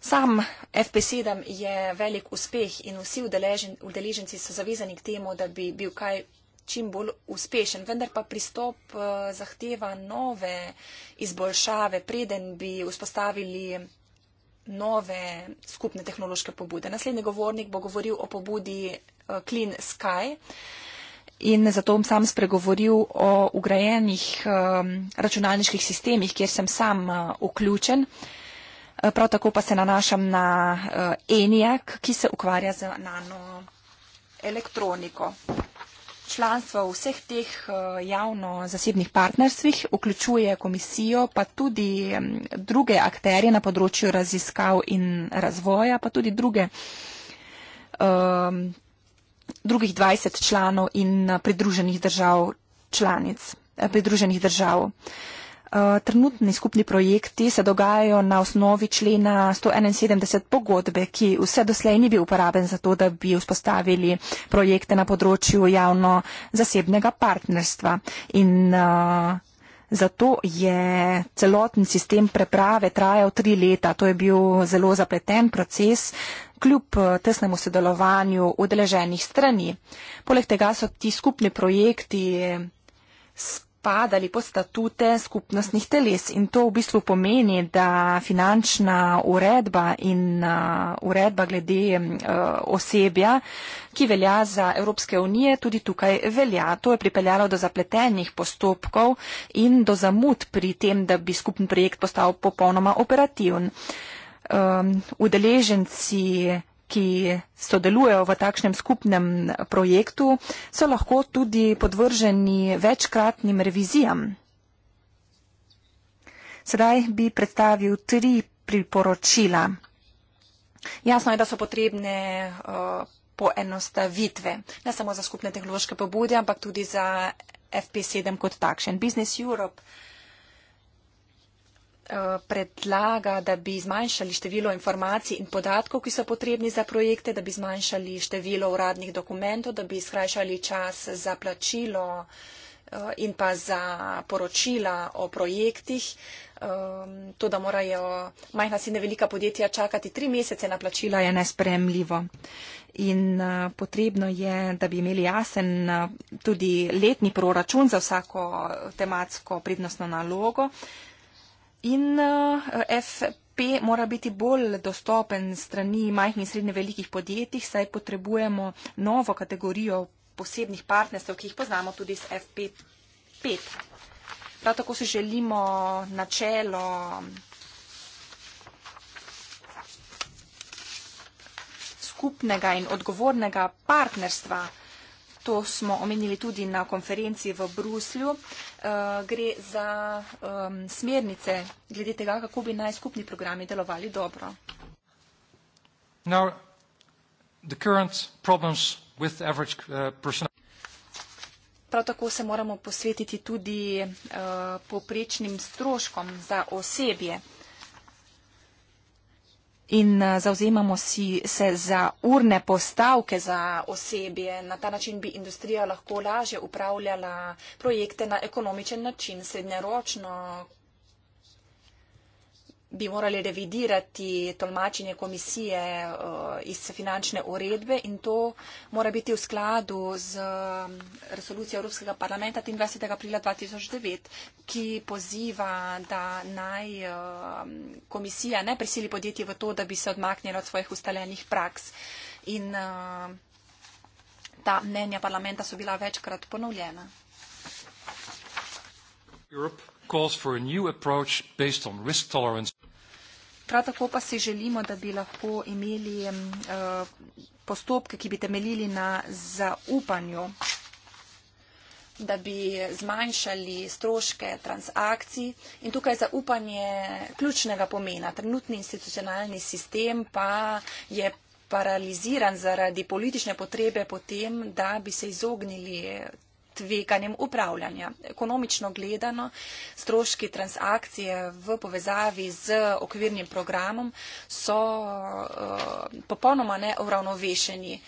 Sam FP7 je velik uspeh in vsi udeleženci so zavezani k temu, da bi bil kaj čim bolj uspešen, vendar pa pristop eh, zahteva nove izboljšave, preden bi vzpostavili nove skupne tehnološke pobude. Naslednji govornik bo govoril o pobudi eh, Clean Sky in zato bom sam spregovoril o ugrajenih um, računalniških sistemih, kjer sem sam uh, vključen. Uh, prav tako pa se nanašam na uh, ENIAC, ki se ukvarja z nanoelektroniko. Članstvo v vseh teh uh, javno-zasebnih partnerstvih vključuje komisijo, pa tudi um, druge akterje na področju raziskav in razvoja, pa tudi druge um, drugih 20 članov in eh, pridruženih držav članic, eh, pridruženih držav. Eh, trenutni skupni projekti se dogajajo na osnovi člena 171 pogodbe, ki vse doslej ni bil uporaben za to, da bi vzpostavili projekte na področju javno-zasebnega partnerstva. In uh, zato je celoten sistem preprave trajal tri leta. To je bil zelo zapleten proces, uh, kljub eh, tesnemu sodelovanju odeleženih strani. Poleg tega so ti skupni projekti eh, spadali pod statute skupnostnih teles in to v bistvu pomeni, da finančna uredba in eh, uredba glede osebja, ki velja za Evropske unije, tudi tukaj velja. To je pripeljalo do zapletenih postopkov in do zamud pri tem, da bi skupni projekt postal popolnoma operativen um, udeleženci, ki sodelujejo v takšnem skupnem projektu, so lahko tudi podvrženi večkratnim revizijam. Sedaj bi predstavil tri priporočila. Jasno je, da so potrebne uh, poenostavitve, ne samo za skupne tehnološke pobude, ampak tudi za FP7 kot takšen. Business Europe uh, Eh, predlaga, da bi zmanjšali število informacij in podatkov, ki so potrebni za projekte, da bi zmanjšali število uradnih dokumentov, da bi skrajšali čas za plačilo eh, in pa za poročila o projektih. Ehm, to, da morajo majhna sine velika podjetja čakati tri mesece na plačila, je nespremljivo. In eh, potrebno je, da bi imeli jasen tudi letni proračun za vsako tematsko pridnostno nalogo. In eh, FP mora biti bolj dostopen strani majhnih in srednje velikih podjetij, saj potrebujemo novo kategorijo posebnih partnerstv, ki jih poznamo tudi s FP5. Prav tako si želimo načelo skupnega in odgovornega partnerstva. To smo omenili tudi na konferenci v Bruslju. Eh, gre za smernice glede tega, kako bi naj skupni programi delovali dobro. Now, the current problems with average eh, personnel Prav tako se moramo posvetiti tudi uh, eh, poprečnim stroškom za osebje in eh, zauzemamo si se za urne postavke za osebje. Na ta način bi industrija lahko lažje upravljala projekte na ekonomičen način, srednjeročno, bi morali revidirati tolmačenje komisije eh, iz finančne uredbe in to mora biti v skladu z mm, resolucijo Evropskega parlamenta 23. aprila 2009, ki poziva, da naj eh, komisija ne prisili podjetje v to, da bi se odmaknjalo od svojih ustaljenih praks. In eh, ta mnenja parlamenta so bila večkrat ponovljena. Europe. calls for a new approach based on risk tolerance Prav tako pa si želimo, da bi lahko imeli eh, postopke, ki bi temeljili na zaupanju, da bi zmanjšali stroške transakcij. In tukaj zaupanje je ključnega pomena. Trenutni institucionalni sistem pa je paraliziran zaradi politične potrebe potem, da bi se izognili tveganjem upravljanja. Ekonomično gledano, stroški transakcije v povezavi z okvirnim programom so uh, popolnoma neuravnovešeni.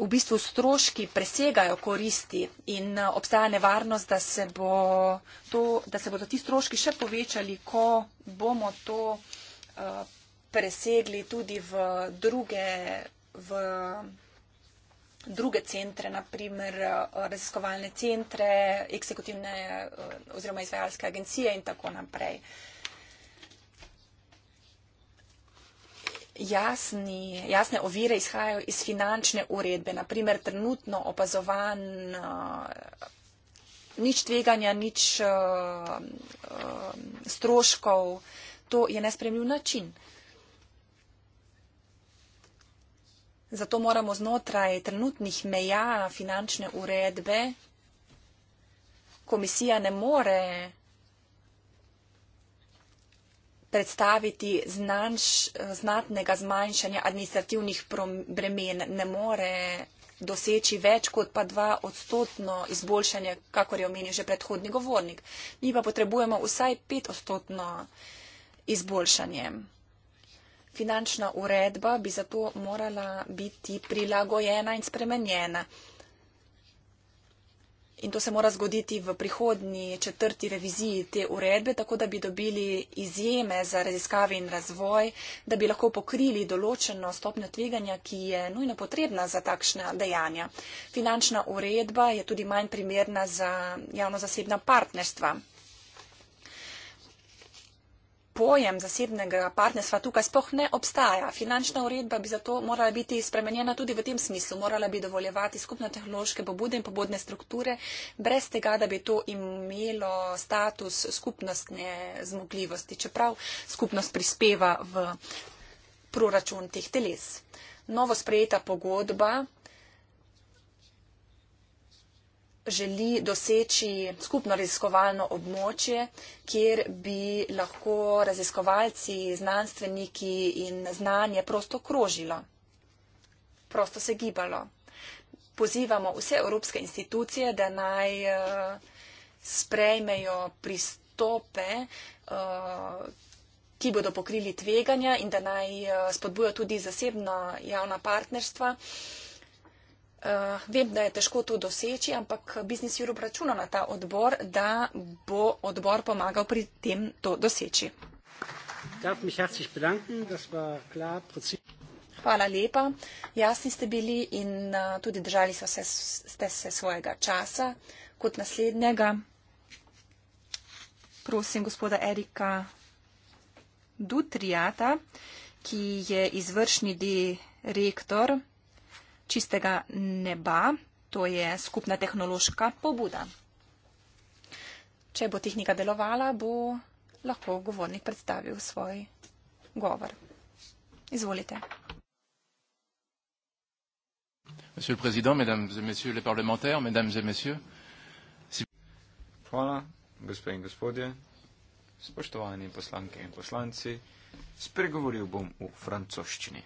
V bistvu stroški presegajo koristi in eh, obstaja nevarnost, da se, bo to, da se bodo ti stroški še povečali, ko bomo to uh, presegli tudi v druge. V, druge centre, naprimer eh, raziskovalne centre, eksekutivne eh, oziroma izvajalske agencije in tako naprej. Jasni, jasne ovire izhajajo iz finančne uredbe, naprimer trenutno opazovan uh, nič tveganja, nič uh, uh, stroškov. To je nespremljiv način. Uh, Zato moramo znotraj trenutnih meja finančne uredbe, komisija ne more predstaviti znanš, znatnega zmanjšanja administrativnih bremen, ne more doseči več kot pa dva odstotno izboljšanje, kakor je omenil že predhodni govornik. Mi pa potrebujemo vsaj pet odstotno izboljšanje. Finančna uredba bi zato morala biti prilagojena in spremenjena. In to se mora zgoditi v prihodnji četrti reviziji te uredbe, tako da bi dobili izjeme za raziskave in razvoj, da bi lahko pokrili določeno stopnjo tveganja, ki je nujno potrebna za takšna dejanja. Finančna uredba je tudi manj primerna za javno-zasebna partnerstva pojem zasebnega partnerstva tukaj spoh ne obstaja. Finančna uredba bi zato morala biti spremenjena tudi v tem smislu. Morala bi dovoljevati skupno tehnološke pobude in pobudne strukture, brez tega, da bi to imelo status skupnostne zmogljivosti, čeprav skupnost prispeva v proračun teh teles. Novo sprejeta pogodba želi doseči skupno raziskovalno območje, kjer bi lahko raziskovalci, znanstveniki in znanje prosto krožilo, prosto se gibalo. Pozivamo vse evropske institucije, da naj eh, sprejmejo pristope, eh, ki bodo pokrili tveganja in da naj eh, spodbujo tudi zasebno javna partnerstva. Uh, vem, da je težko to doseči, ampak Business Europe računa na ta odbor, da bo odbor pomagal pri tem to doseči. Hvala lepa. Jasni ste bili in uh, tudi držali se, ste se svojega časa. Kot naslednjega, prosim gospoda Erika Dutrijata, ki je izvršni direktor čistega neba. To je skupna tehnološka pobuda. Če bo tehnika delovala, bo lahko govornik predstavil svoj govor. Izvolite. Monsieur le Président, Mesdames et Messieurs les Parlementaires, Mesdames et Messieurs. Hvala, gospe in gospodje, spoštovani poslanke in poslanci. Spregovoril bom v francoščini.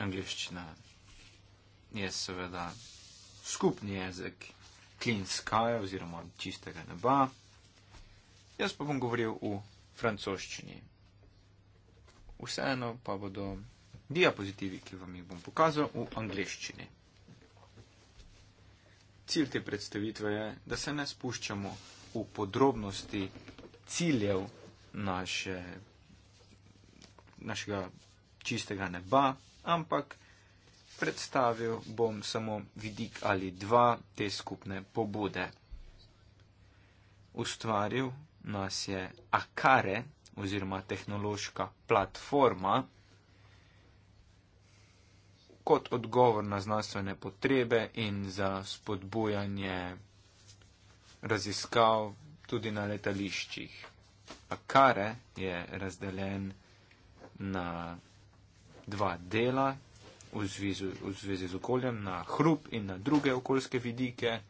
angliščina je seveda skupni jezik clean sky oziroma čistega neba. Jaz pa bom govoril v francoščini. Vseeno pa bodo diapozitivi, ki vam jih bom pokazal, v angliščini. Cilj te predstavitve je, da se ne spuščamo v podrobnosti ciljev naše, našega čistega neba, ampak predstavil bom samo vidik ali dva te skupne pobude. Ustvaril nas je Akare oziroma tehnološka platforma kot odgovor na znanstvene potrebe in za spodbujanje raziskav tudi na letališčih. Akare je razdeljen na dva dela v zvezi, v zvezi z okoljem, na hrup in na druge okoljske vidike.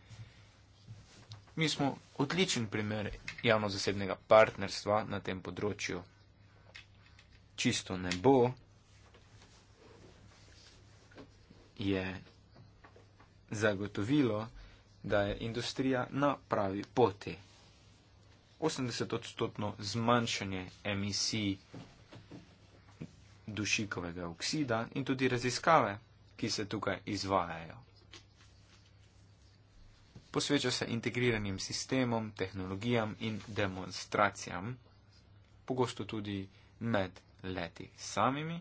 Mi smo odličen primer javno-zasebnega partnerstva na tem področju. Čisto nebo je zagotovilo, da je industrija na pravi poti. 80-odstotno zmanjšanje emisij dušikovega oksida in tudi raziskave, ki se tukaj izvajajo. Posveča se integriranim sistemom, tehnologijam in demonstracijam, pogosto tudi med leti samimi.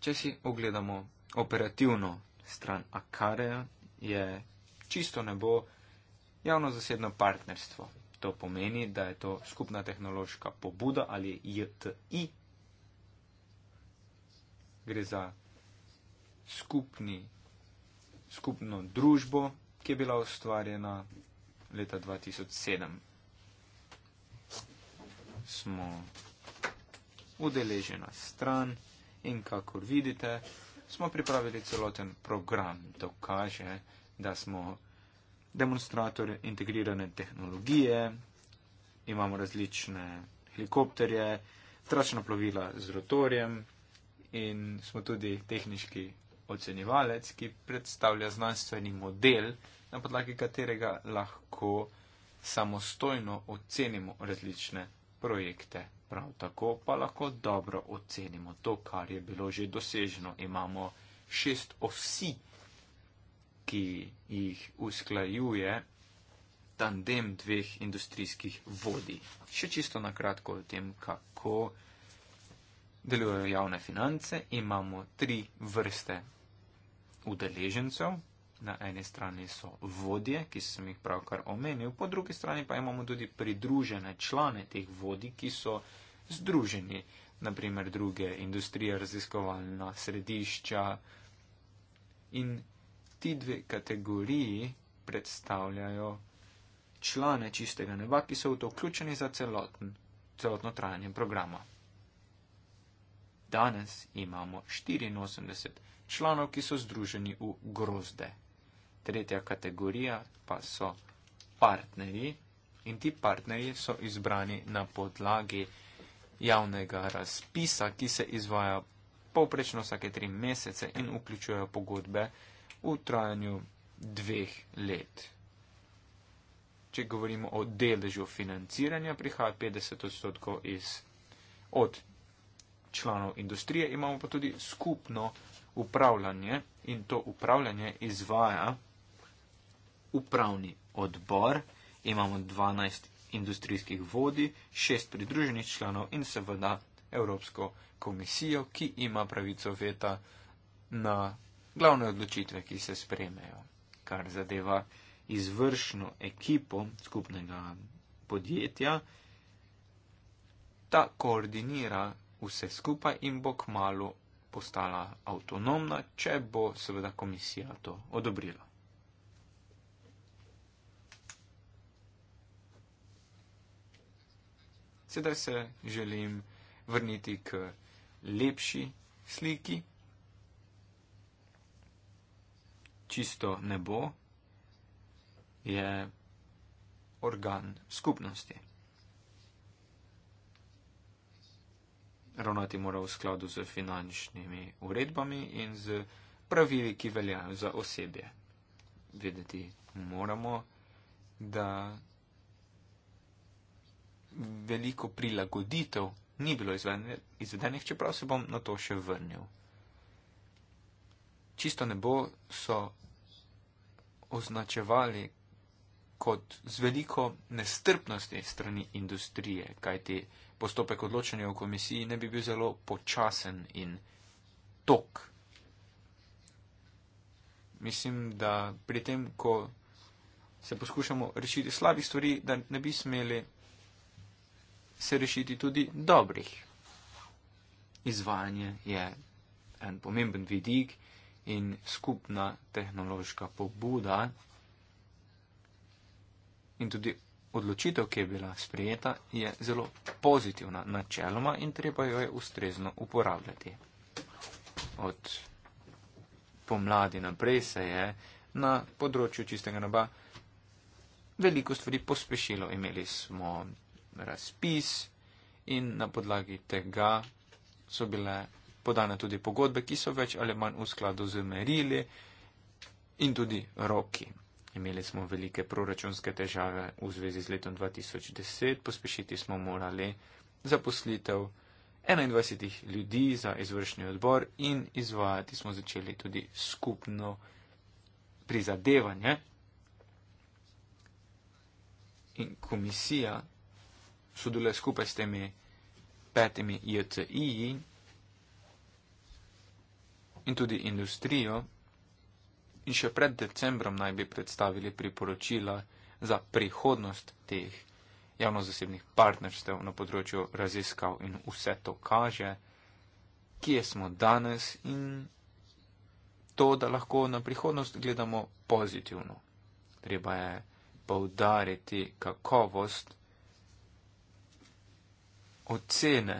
Če si ogledamo operativno stran Akareja, je čisto nebo javno-zasedno partnerstvo. To pomeni, da je to skupna tehnološka pobuda ali JTI. Gre za skupni, skupno družbo, ki je bila ustvarjena leta 2007. Smo udeležena stran in kakor vidite, smo pripravili celoten program, da kaže, da smo demonstratorje integrirane tehnologije, imamo različne helikopterje, tračna plovila z rotorjem in smo tudi tehnički ocenjevalec, ki predstavlja znanstveni model, na podlagi katerega lahko samostojno ocenimo različne projekte. Prav tako pa lahko dobro ocenimo to, kar je bilo že doseženo. Imamo šest osi ki jih usklajuje tandem dveh industrijskih vodij. Še čisto na kratko o tem, kako delujejo javne finance. Imamo tri vrste udeležencev. Na eni strani so vodje, ki sem jih pravkar omenil, po drugi strani pa imamo tudi pridružene člane teh vodij, ki so združeni, naprimer druge industrije, raziskovalna središča in ti dve kategoriji predstavljajo člane čistega neba, ki so v to vključeni za celoten, celotno trajanje programa. Danes imamo 84 članov, ki so združeni v grozde. Tretja kategorija pa so partnerji in ti partnerji so izbrani na podlagi javnega razpisa, ki se izvaja povprečno vsake tri mesece in vključujejo pogodbe v trajanju dveh let. Če govorimo o deležu financiranja, prihaja 50 odstotkov iz, od članov industrije, imamo pa tudi skupno upravljanje in to upravljanje izvaja upravni odbor, imamo 12 industrijskih vodij, 6 pridruženih članov in seveda Evropsko komisijo, ki ima pravico veta na glavne odločitve, ki se spremejo, kar zadeva izvršno ekipo skupnega podjetja, ta koordinira vse skupaj in bo k malu postala avtonomna, če bo seveda komisija to odobrila. Sedaj se želim vrniti k lepši sliki. čisto nebo, je organ skupnosti. Ravnati mora v skladu z finančnimi uredbami in z pravili, ki veljajo za osebje. Vedeti moramo, da veliko prilagoditev ni bilo izvedenih, čeprav se bom na to še vrnil. Čisto nebo so označevali kot z veliko nestrpnosti strani industrije, kajti postopek odločanja v komisiji ne bi bil zelo počasen in tok. Mislim, da pri tem, ko se poskušamo rešiti slabih stvari, da ne bi smeli se rešiti tudi dobrih. Izvajanje je en pomemben vidik in skupna tehnološka pobuda in tudi odločitev, ki je bila sprejeta, je zelo pozitivna načeloma in treba jo je ustrezno uporabljati. Od pomladi naprej se je na področju čistega neba veliko stvari pospešilo. Imeli smo razpis in na podlagi tega so bile podane tudi pogodbe, ki so več ali manj v skladu z merili in tudi roki. Imeli smo velike proračunske težave v zvezi z letom 2010, pospešiti smo morali zaposlitev 21 ljudi za izvršni odbor in izvajati smo začeli tudi skupno prizadevanje. In komisija sodeluje skupaj s temi petimi JCI, in tudi industrijo in še pred decembrom naj bi predstavili priporočila za prihodnost teh javno-zasebnih partnerstev na področju raziskav in vse to kaže, kje smo danes in to, da lahko na prihodnost gledamo pozitivno. Treba je poudariti kakovost ocene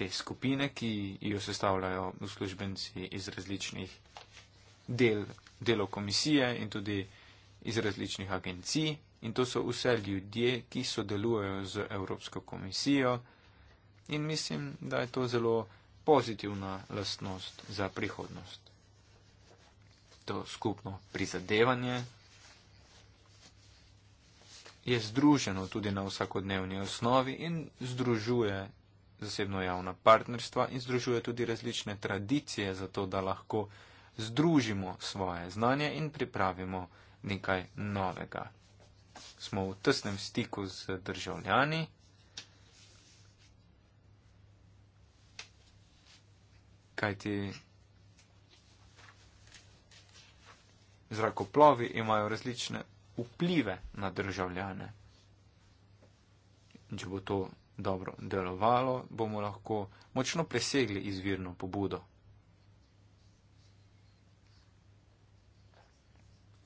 te skupine, ki jo sestavljajo uslužbenci iz različnih del, delov komisije in tudi iz različnih agencij. In to so vse ljudje, ki sodelujejo z Evropsko komisijo. In mislim, da je to zelo pozitivna lastnost za prihodnost. To skupno prizadevanje je združeno tudi na vsakodnevni osnovi in združuje zasebno-javna partnerstva in združuje tudi različne tradicije, zato da lahko združimo svoje znanje in pripravimo nekaj novega. Smo v tesnem stiku z državljani. Kajti zrakoplovi imajo različne vplive na državljane. Če bo to dobro delovalo, bomo lahko močno presegli izvirno pobudo.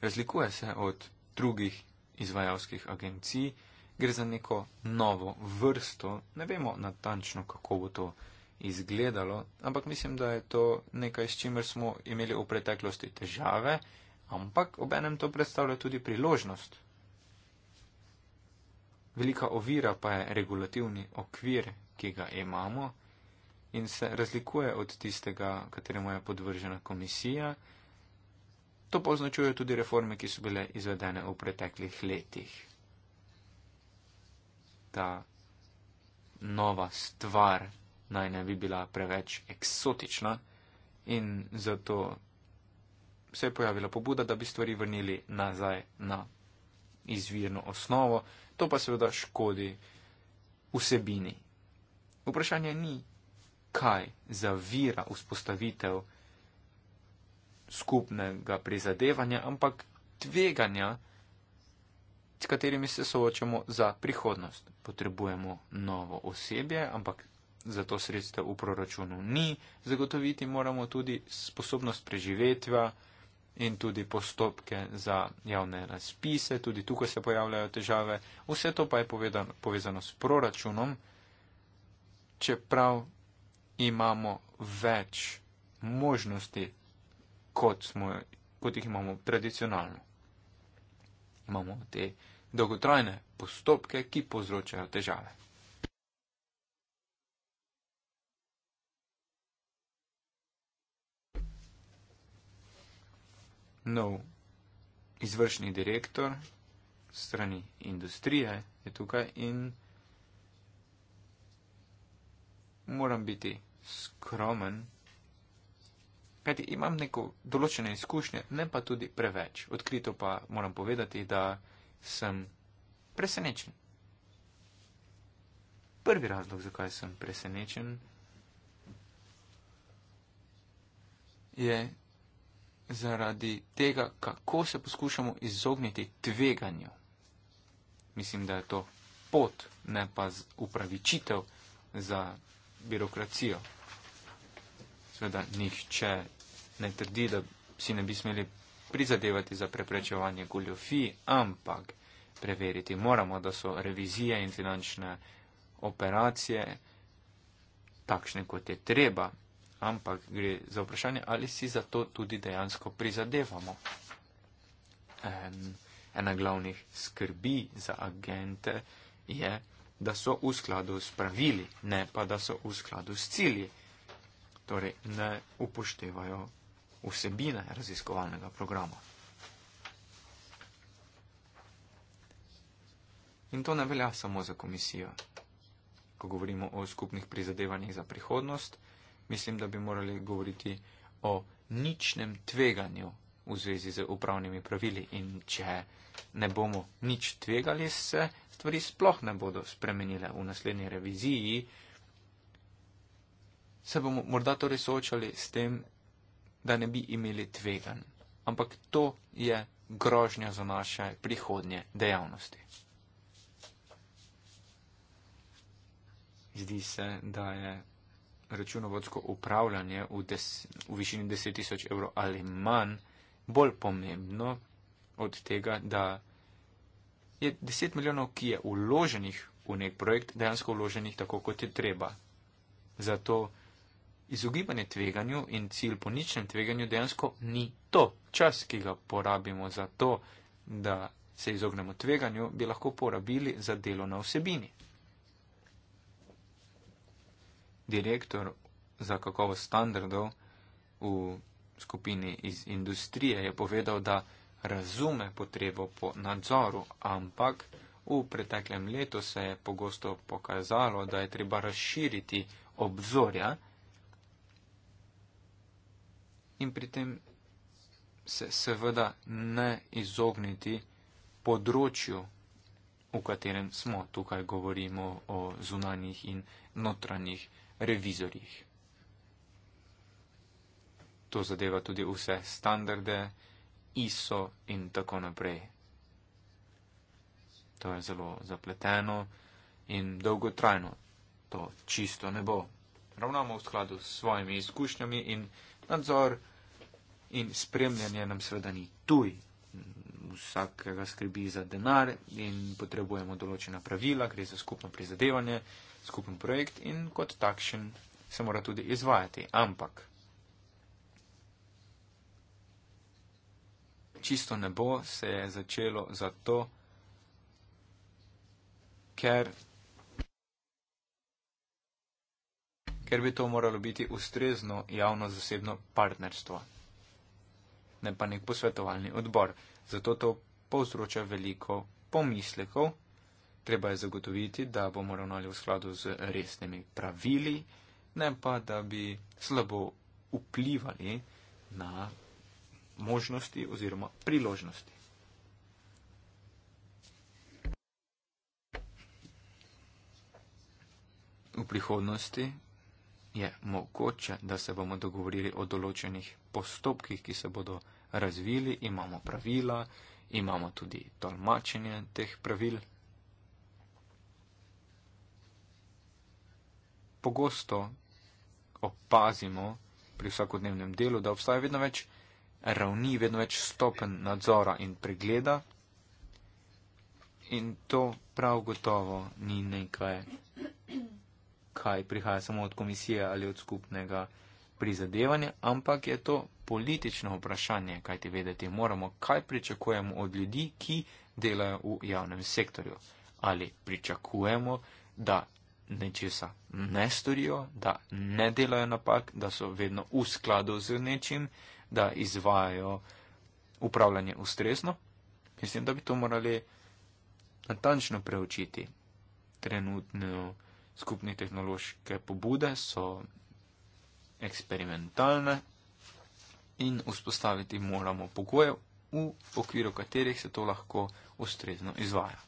Razlikuje se od drugih izvajalskih agencij, gre za neko novo vrsto, ne vemo natančno, kako bo to izgledalo, ampak mislim, da je to nekaj, s čimer smo imeli v preteklosti težave, ampak obenem to predstavlja tudi priložnost. Velika ovira pa je regulativni okvir, ki ga imamo in se razlikuje od tistega, kateremu je podvržena komisija. To pa označuje tudi reforme, ki so bile izvedene v preteklih letih. Ta nova stvar naj ne bi bila preveč eksotična in zato se je pojavila pobuda, da bi stvari vrnili nazaj na izvirno osnovo, to pa seveda škodi vsebini. Vprašanje ni, kaj zavira vzpostavitev skupnega prizadevanja, ampak tveganja, s katerimi se soočamo za prihodnost. Potrebujemo novo osebje, ampak zato sredstev v proračunu ni, zagotoviti moramo tudi sposobnost preživetja, in tudi postopke za javne razpise, tudi tukaj se pojavljajo težave. Vse to pa je povedan, povezano s proračunom, čeprav imamo več možnosti, kot, smo, kot jih imamo tradicionalno. Imamo te dolgotrajne postopke, ki povzročajo težave. nov izvršni direktor strani industrije je tukaj in moram biti skromen, kajti imam neko določene izkušnje, ne pa tudi preveč. Odkrito pa moram povedati, da sem presenečen. Prvi razlog, zakaj sem presenečen, je zaradi tega, kako se poskušamo izogniti tveganju. Mislim, da je to pot, ne pa upravičitev za birokracijo. Sveda, nihče ne trdi, da si ne bi smeli prizadevati za preprečevanje goljofij, ampak preveriti moramo, da so revizije in finančne operacije takšne, kot je treba ampak gre za vprašanje, ali si za to tudi dejansko prizadevamo. En, ena glavnih skrbi za agente je, da so v skladu s pravili, ne pa da so v skladu s cilji. Torej, ne upoštevajo vsebine raziskovalnega programa. In to ne velja samo za komisijo. Ko govorimo o skupnih prizadevanjih za prihodnost, mislim, da bi morali govoriti o ničnem tveganju v zvezi z upravnimi pravili. In če ne bomo nič tvegali, se stvari sploh ne bodo spremenile v naslednji reviziji. Se bomo morda torej soočali s tem, da ne bi imeli tvegan. Ampak to je grožnja za naše prihodnje dejavnosti. Zdi se, da je računovodsko upravljanje v, des, v višini 10 tisoč evrov ali manj bolj pomembno od tega, da je 10 milijonov, ki je uloženih v nek projekt, dejansko uloženih tako, kot je treba. Zato izogibanje tveganju in cilj po ničnem tveganju dejansko ni to. Čas, ki ga porabimo za to, da se izognemo tveganju, bi lahko porabili za delo na vsebini direktor za kakovost standardov v skupini iz industrije, je povedal, da razume potrebo po nadzoru, ampak v preteklem letu se je pogosto pokazalo, da je treba razširiti obzorja in pri tem se seveda ne izogniti področju, v katerem smo. Tukaj govorimo o zunanjih in notranjih revizorjih. To zadeva tudi vse standarde, ISO in tako naprej. To je zelo zapleteno in dolgotrajno. To čisto ne bo. Ravnamo v skladu s svojimi izkušnjami in nadzor in spremljanje nam seveda ni tuj. Vsakega skrbi za denar in potrebujemo določena pravila, gre za skupno prizadevanje skupen projekt in kot takšen se mora tudi izvajati. Ampak čisto nebo se je začelo zato, ker, ker bi to moralo biti ustrezno javno-zasebno partnerstvo, ne pa nek posvetovalni odbor. Zato to povzroča veliko pomislekov. Treba je zagotoviti, da bomo ravnali v skladu z resnimi pravili, ne pa, da bi slabo vplivali na možnosti oziroma priložnosti. V prihodnosti je mogoče, da se bomo dogovorili o določenih postopkih, ki se bodo razvili, imamo pravila, imamo tudi tolmačenje teh pravil. pogosto opazimo pri vsakodnevnem delu, da obstaja vedno več ravni, vedno več stopen nadzora in pregleda. In to prav gotovo ni nekaj, kaj prihaja samo od komisije ali od skupnega prizadevanja, ampak je to politično vprašanje, kaj ti vedeti moramo, kaj pričakujemo od ljudi, ki delajo v javnem sektorju. Ali pričakujemo, da nečesa ne storijo, da ne delajo napak, da so vedno v skladu z nečim, da izvajajo upravljanje ustrezno. Mislim, da bi to morali natančno preučiti. Trenutno skupne tehnološke pobude so eksperimentalne in vzpostaviti moramo pogoje, v okviru katerih se to lahko ustrezno izvaja.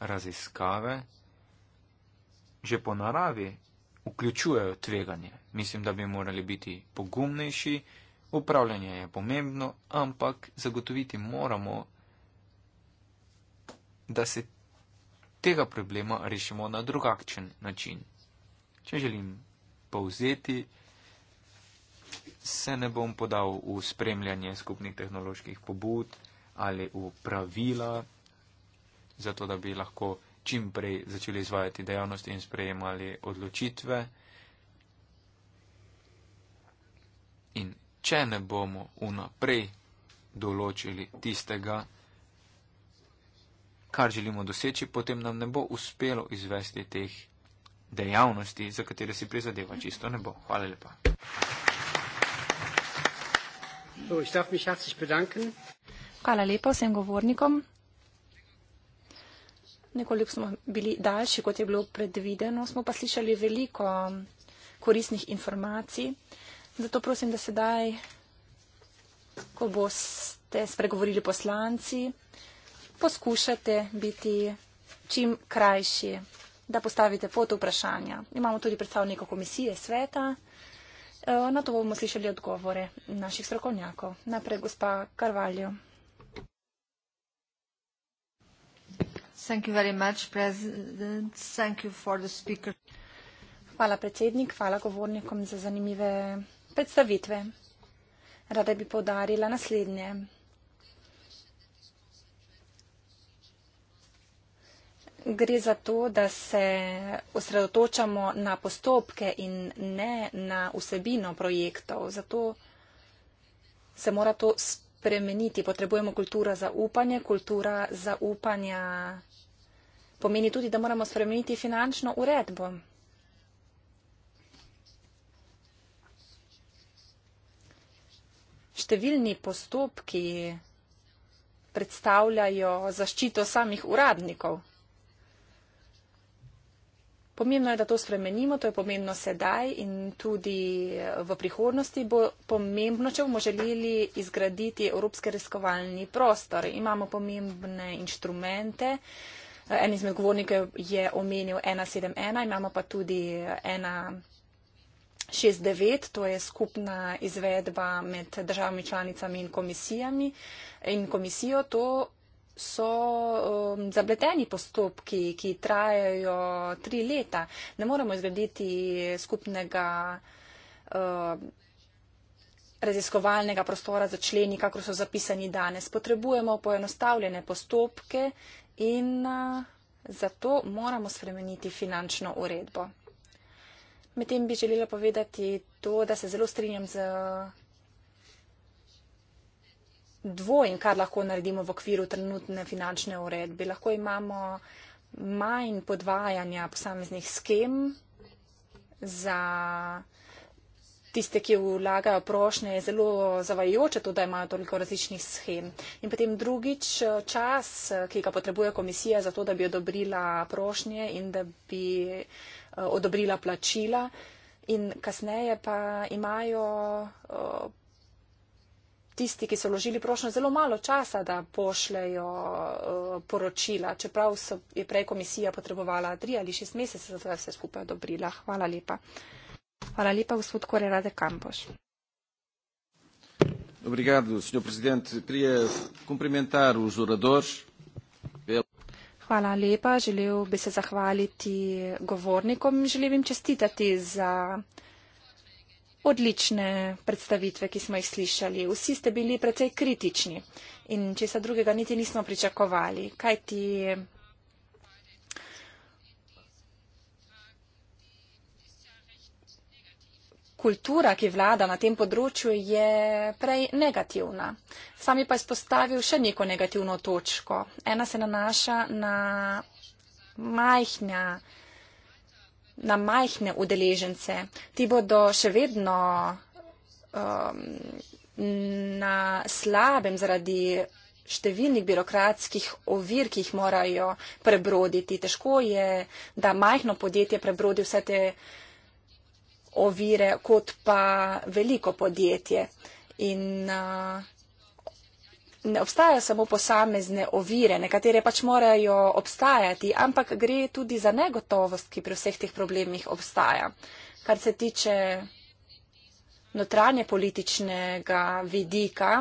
raziskave že po naravi vključujejo tveganje. Mislim, da bi morali biti pogumnejši, upravljanje je pomembno, ampak zagotoviti moramo, da se tega problema rešimo na drugačen način. Če želim povzeti, se ne bom podal v spremljanje skupnih tehnoloških pobud ali v pravila zato da bi lahko čim prej začeli izvajati dejavnosti in sprejemali odločitve. In če ne bomo vnaprej določili tistega, kar želimo doseči, potem nam ne bo uspelo izvesti teh dejavnosti, za katere si prizadeva. Čisto ne bo. Hvala lepa. Hvala lepa vsem govornikom nekoliko smo bili daljši, kot je bilo predvideno, smo pa slišali veliko koristnih informacij. Zato prosim, da sedaj, ko boste spregovorili poslanci, poskušate biti čim krajši, da postavite foto vprašanja. Imamo tudi predstavnika komisije sveta. Eh, na to bomo slišali odgovore naših strokovnjakov. Naprej, gospa Karvaljo. Hvala predsednik, hvala govornikom za zanimive predstavitve. Rada bi povdarila naslednje. Gre za to, da se osredotočamo na postopke in ne na vsebino projektov. Zato se mora to spremeniti spremeniti. Potrebujemo kultura zaupanja. Kultura zaupanja pomeni tudi, da moramo spremeniti finančno uredbo. Številni postopki predstavljajo zaščito samih uradnikov. Pomembno je, da to spremenimo, to je pomembno sedaj in tudi eh, v prihodnosti bo pomembno, če bomo želeli izgraditi evropski reskovalni prostor. Imamo pomembne inštrumente. Eh, en izmed govornikov je omenil 171, imamo pa tudi 169, eh, to je skupna izvedba med državami članicami in komisijami in komisijo. To so um, zapleteni postopki, ki trajajo tri leta. Ne moremo izgraditi skupnega um, raziskovalnega prostora za členi, kako so zapisani danes. Potrebujemo poenostavljene postopke in uh, zato moramo spremeniti finančno uredbo. Medtem bi želela povedati to, da se zelo strinjam z dvojn, kar lahko naredimo v okviru trenutne finančne uredbe. Lahko imamo manj podvajanja posameznih skem za tiste, ki vlagajo prošnje. Je zelo zavajajoče to, da imajo toliko različnih schem. In potem drugič, čas, ki ga potrebuje komisija za to, da bi odobrila prošnje in da bi eh, odobrila plačila. In kasneje pa imajo. Uh, tisti, ki so vložili prošnjo, zelo malo časa, da pošljajo eh, poročila, čeprav so, je prej komisija potrebovala tri ali šest mesecev, da se skupaj odobrila. Hvala lepa. Hvala lepa, gospod Kore Rade Kampoš. Obrigado, senjor prezident. Prije komplementar už orador. Hvala lepa. Želel bi se zahvaliti govornikom in želim jim čestitati za odlične predstavitve, ki smo jih slišali. Vsi ste bili precej kritični in česa drugega niti nismo pričakovali. Kaj ti kultura, ki vlada na tem področju, je prej negativna. Sam je pa izpostavil še neko negativno točko. Ena se nanaša na majhnja področja na majhne udeležence. Ti bodo še vedno um, na slabem zaradi številnih birokratskih ovir, ki jih morajo prebroditi. Težko je, da majhno podjetje prebrodi vse te ovire, kot pa veliko podjetje. In uh, ne obstajajo samo posamezne ovire, nekatere pač morajo obstajati, ampak gre tudi za negotovost, ki pri vseh teh problemih obstaja. Kar se tiče notranje političnega vidika,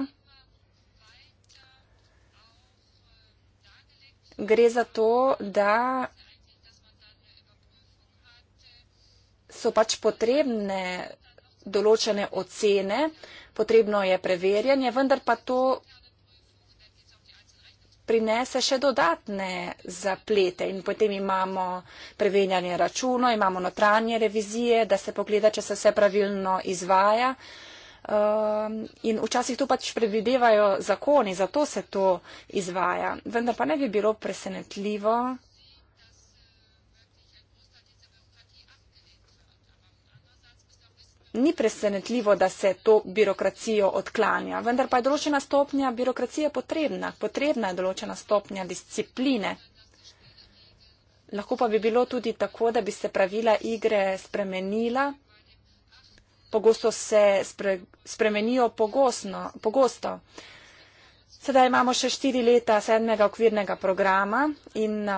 gre za to, da so pač potrebne določene ocene, potrebno je preverjanje, vendar pa to prinese še dodatne zaplete in potem imamo prevenjanje računov, imamo notranje revizije, da se pogleda, če se vse pravilno izvaja. Um, in včasih to pač predvidevajo zakoni, zato se to izvaja. Vendar pa ne bi bilo presenetljivo, ni presenetljivo, da se to birokracijo odklanja. Vendar pa je določena stopnja birokracije potrebna, potrebna je določena stopnja discipline. Lahko pa bi bilo tudi tako, da bi se pravila igre spremenila. Pogosto se spre, spremenijo pogosno, pogosto. Sedaj imamo še štiri leta sedmega okvirnega programa in a,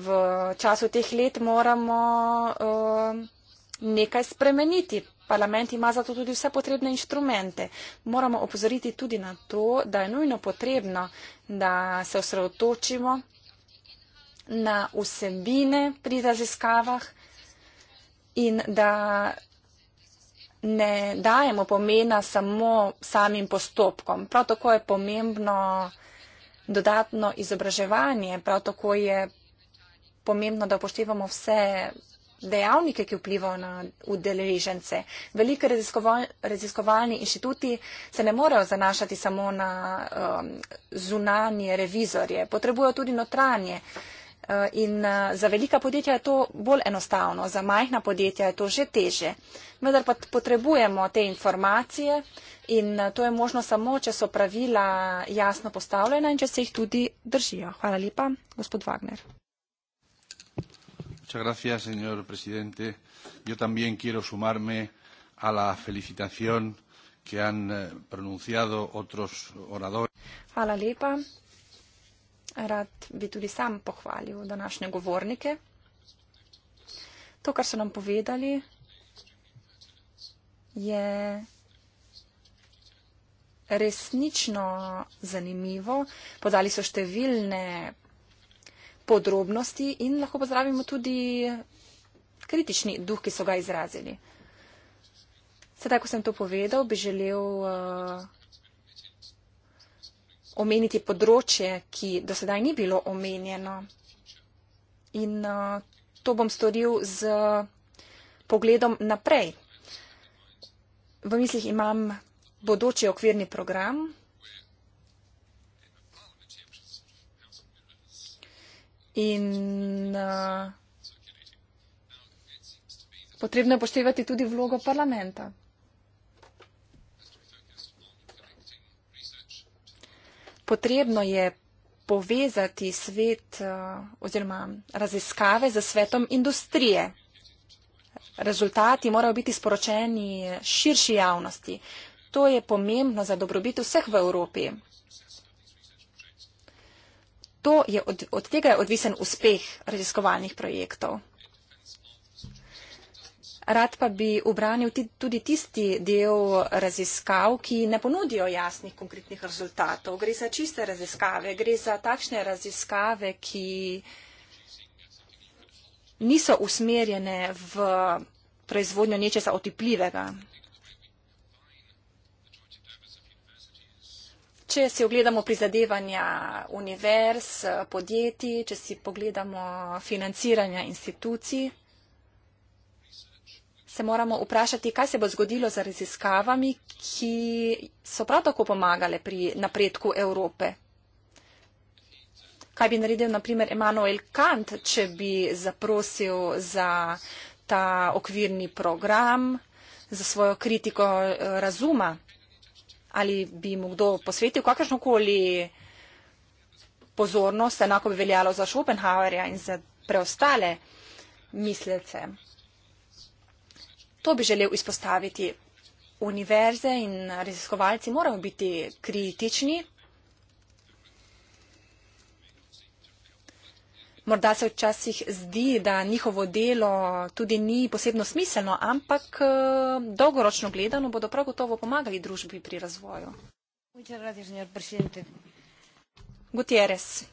v času teh let moramo a, nekaj spremeniti. Parlament ima zato tudi vse potrebne inštrumente. Moramo opozoriti tudi na to, da je nujno potrebno, da se osredotočimo na vsebine pri raziskavah in da ne dajemo pomena samo samim postopkom. Prav tako je pomembno dodatno izobraževanje, prav tako je pomembno, da upoštevamo vse dejavnike, ki vplivajo na udeležence. Veliki raziskovalni inštituti se ne morejo zanašati samo na um, zunanje revizorje, potrebujejo tudi notranje. Uh, in uh, za velika podjetja je to bolj enostavno, za majhna podjetja je to že teže. Vendar pa potrebujemo te informacije in uh, to je možno samo, če so pravila jasno postavljena in če se jih tudi držijo. Hvala lepa, gospod Wagner. Muchas gracias, señor presidente. Yo también quiero sumarme a la felicitación que han eh, pronunciado otros oradores. Hvala lepa. Rad bi tudi sam pohvalil današnje govornike. To, kar so nam povedali, je resnično zanimivo. Podali so številne podrobnosti in lahko pozdravimo tudi kritični duh, ki so ga izrazili. Sedaj, ko sem to povedal, bi želel uh, omeniti področje, ki dosedaj ni bilo omenjeno. In uh, to bom storil z pogledom naprej. V mislih imam bodoči okvirni program, In uh, potrebno je poštevati tudi vlogo parlamenta. Potrebno je povezati svet uh, oziroma raziskave za svetom industrije. Rezultati morajo biti sporočeni širši javnosti. To je pomembno za dobrobit vseh v Evropi je od, od tega je odvisen uspeh raziskovalnih projektov. Rad pa bi obranil tudi tisti del raziskav, ki ne ponudijo jasnih konkretnih rezultatov. Gre za čiste raziskave, gre za takšne raziskave, ki niso usmerjene v proizvodnjo nečesa otipljivega. Če si ogledamo prizadevanja univerz, podjetij, če si pogledamo financiranja institucij, se moramo vprašati, kaj se bo zgodilo z raziskavami, ki so prav tako pomagale pri napredku Evrope. Kaj bi naredil, naprimer, Emanuel Kant, če bi zaprosil za ta okvirni program, za svojo kritiko eh, razuma? ali bi mu kdo posvetil kakršnokoli pozornost, enako bi veljalo za Schopenhauerja in za preostale mislece. To bi želel izpostaviti. Univerze in raziskovalci morajo biti kritični, morda se včasih zdi, da njihovo delo tudi ni posebno smiselno, ampak eh, dolgoročno gledano bodo prav gotovo pomagali družbi pri razvoju. Gutierrez.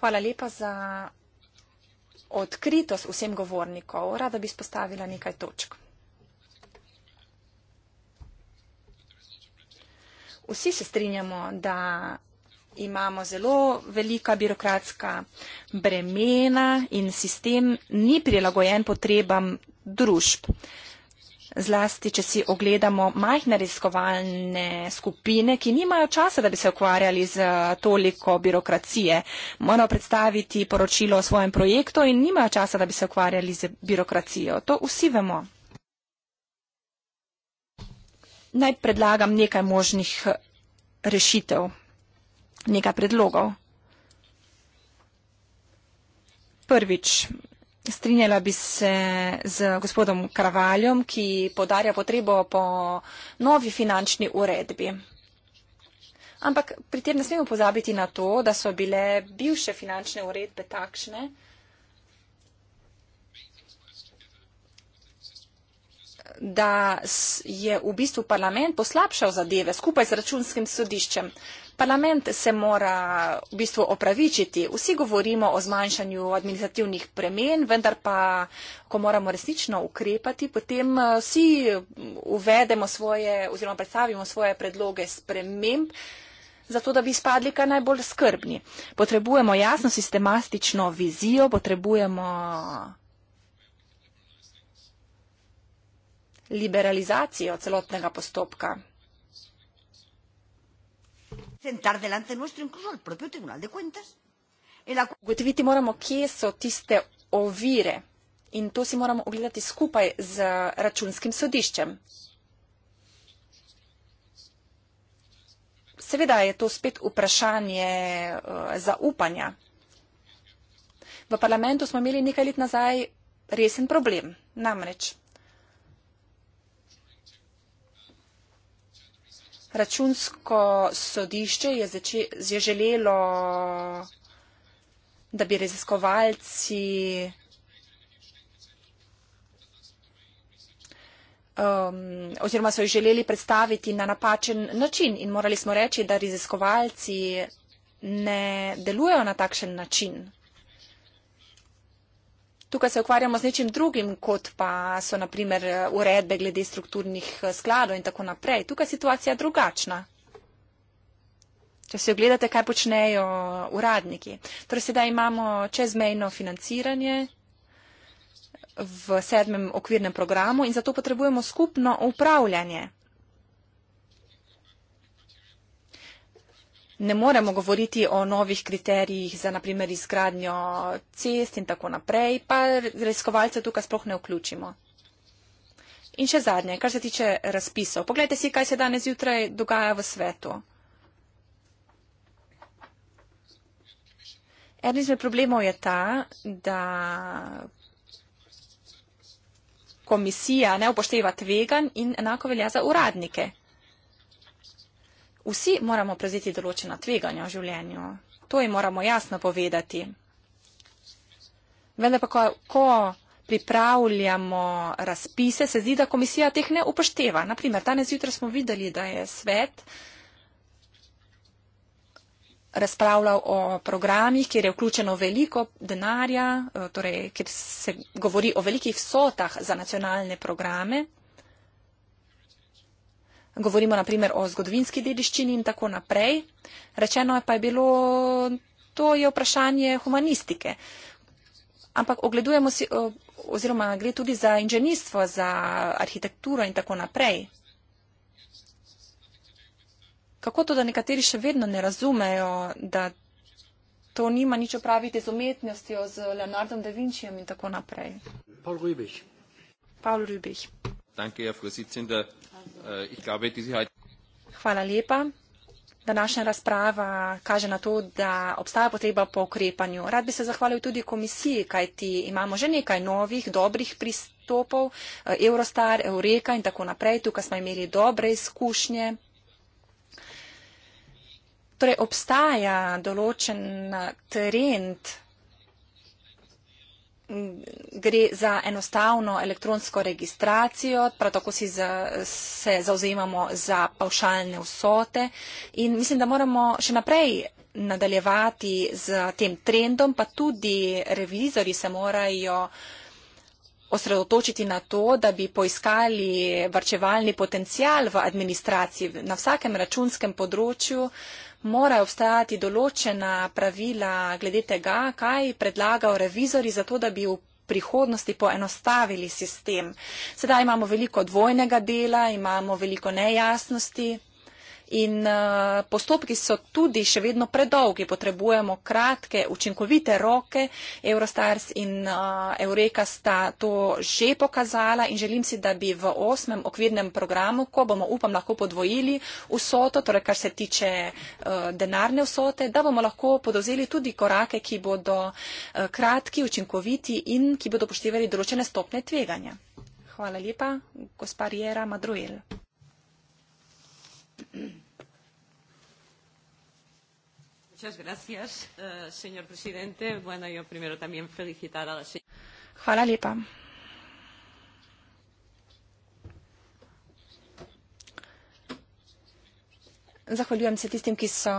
Hvala lepa za odkritost vsem govornikov. Rada bi spostavila nekaj točk. vsi se strinjamo, da imamo zelo velika birokratska bremena in sistem ni prilagojen potrebam družb. Zlasti, če si ogledamo majhne raziskovalne skupine, ki nimajo časa, da bi se ukvarjali z toliko birokracije. Morajo predstaviti poročilo o svojem projektu in nimajo časa, da bi se ukvarjali z birokracijo. To vsi vemo naj predlagam nekaj možnih eh, rešitev, nekaj predlogov. Prvič, strinjala bi se z gospodom Kravaljom, ki podarja potrebo po novi finančni uredbi. Ampak pri tem ne smemo pozabiti na to, da so bile bivše finančne uredbe takšne, da je v bistvu parlament poslabšal zadeve skupaj z računskim sodiščem. Parlament se mora v bistvu opravičiti. Vsi govorimo o zmanjšanju administrativnih premen, vendar pa, ko moramo resnično ukrepati, potem eh, vsi uvedemo svoje oziroma predstavimo svoje predloge sprememb, zato da bi izpadli kar najbolj skrbni. Potrebujemo jasno sistematično vizijo, potrebujemo liberalizacijo celotnega postopka. Ugotoviti moramo, kje so tiste ovire in to si moramo ogledati skupaj z računskim sodiščem. Seveda je to spet vprašanje eh, zaupanja. V parlamentu smo imeli nekaj let nazaj resen problem, namreč. Računsko sodišče je, zače, je želelo, da bi raziskovalci um, oziroma so jih želeli predstaviti na napačen način in morali smo reči, da raziskovalci ne delujejo na takšen način. Tukaj se ukvarjamo z nečim drugim, kot pa so naprimer uredbe glede strukturnih eh, skladov in tako naprej. Tukaj situacija je drugačna. Če se ogledate, kaj počnejo uradniki. Torej sedaj imamo čezmejno financiranje v sedmem okvirnem programu in zato potrebujemo skupno upravljanje. ne moremo govoriti o novih kriterijih za naprimer izgradnjo cest in tako naprej, pa raziskovalce tukaj sploh ne vključimo. In še zadnje, kar se tiče razpisov. Poglejte si, kaj se danes jutraj dogaja v svetu. Eden izmed problemov je ta, da komisija ne upošteva tvegan in enako velja za uradnike vsi moramo prevzeti določena tveganja v življenju. To jim moramo jasno povedati. Vendar pa, ko, ko pripravljamo razpise, se zdi, da komisija teh ne upošteva. Naprimer, danes jutra smo videli, da je svet razpravljal o programih, kjer je vključeno veliko denarja, eh, torej, kjer se govori o velikih vsotah za nacionalne programe govorimo naprimer o zgodovinski dediščini in tako naprej. Rečeno je pa je bilo, to je vprašanje humanistike. Ampak ogledujemo si, oziroma gre tudi za inženistvo, za arhitekturo in tako naprej. Kako to, da nekateri še vedno ne razumejo, da to nima nič opraviti z umetnostjo, z Leonardom da Vinčijem in tako naprej? Paul Rübih. Paul Rübih. Eh, ich glaube, die Sicherheit Hvala lepa. Današnja razprava kaže na to, da obstaja potreba po ukrepanju. Rad bi se zahvalil tudi komisiji, kajti imamo že nekaj novih, dobrih pristopov, eh, Eurostar, Eureka in tako naprej. Tukaj smo imeli dobre izkušnje. Torej, obstaja določen trend gre za enostavno elektronsko registracijo, prav tako si za, se zauzemamo za pavšalne vsote in mislim, da moramo še naprej nadaljevati z tem trendom, pa tudi revizori se morajo osredotočiti na to, da bi poiskali varčevalni potencial v administraciji na vsakem računskem področju. Uh, morajo obstajati določena pravila glede tega, kaj predlagajo revizori za to, da bi v prihodnosti poenostavili sistem. Sedaj imamo veliko dvojnega dela, imamo veliko nejasnosti, in eh, postopki so tudi še vedno predolgi. Potrebujemo kratke, učinkovite roke. Eurostars in eh, Eureka sta to že pokazala in želim si, da bi v osmem okvirnem programu, ko bomo upam lahko podvojili vsoto, torej kar se tiče eh, denarne vsote, da bomo lahko podozeli tudi korake, ki bodo kratki, učinkoviti in ki bodo poštevali določene stopne tveganja. Hvala lepa, gospa Riera Madruel. Muchas gracias, uh, señor presidente. Bueno, yo primero también felicitar a la señora. Hvala lepa. Zahvaljujem se tistim, ki so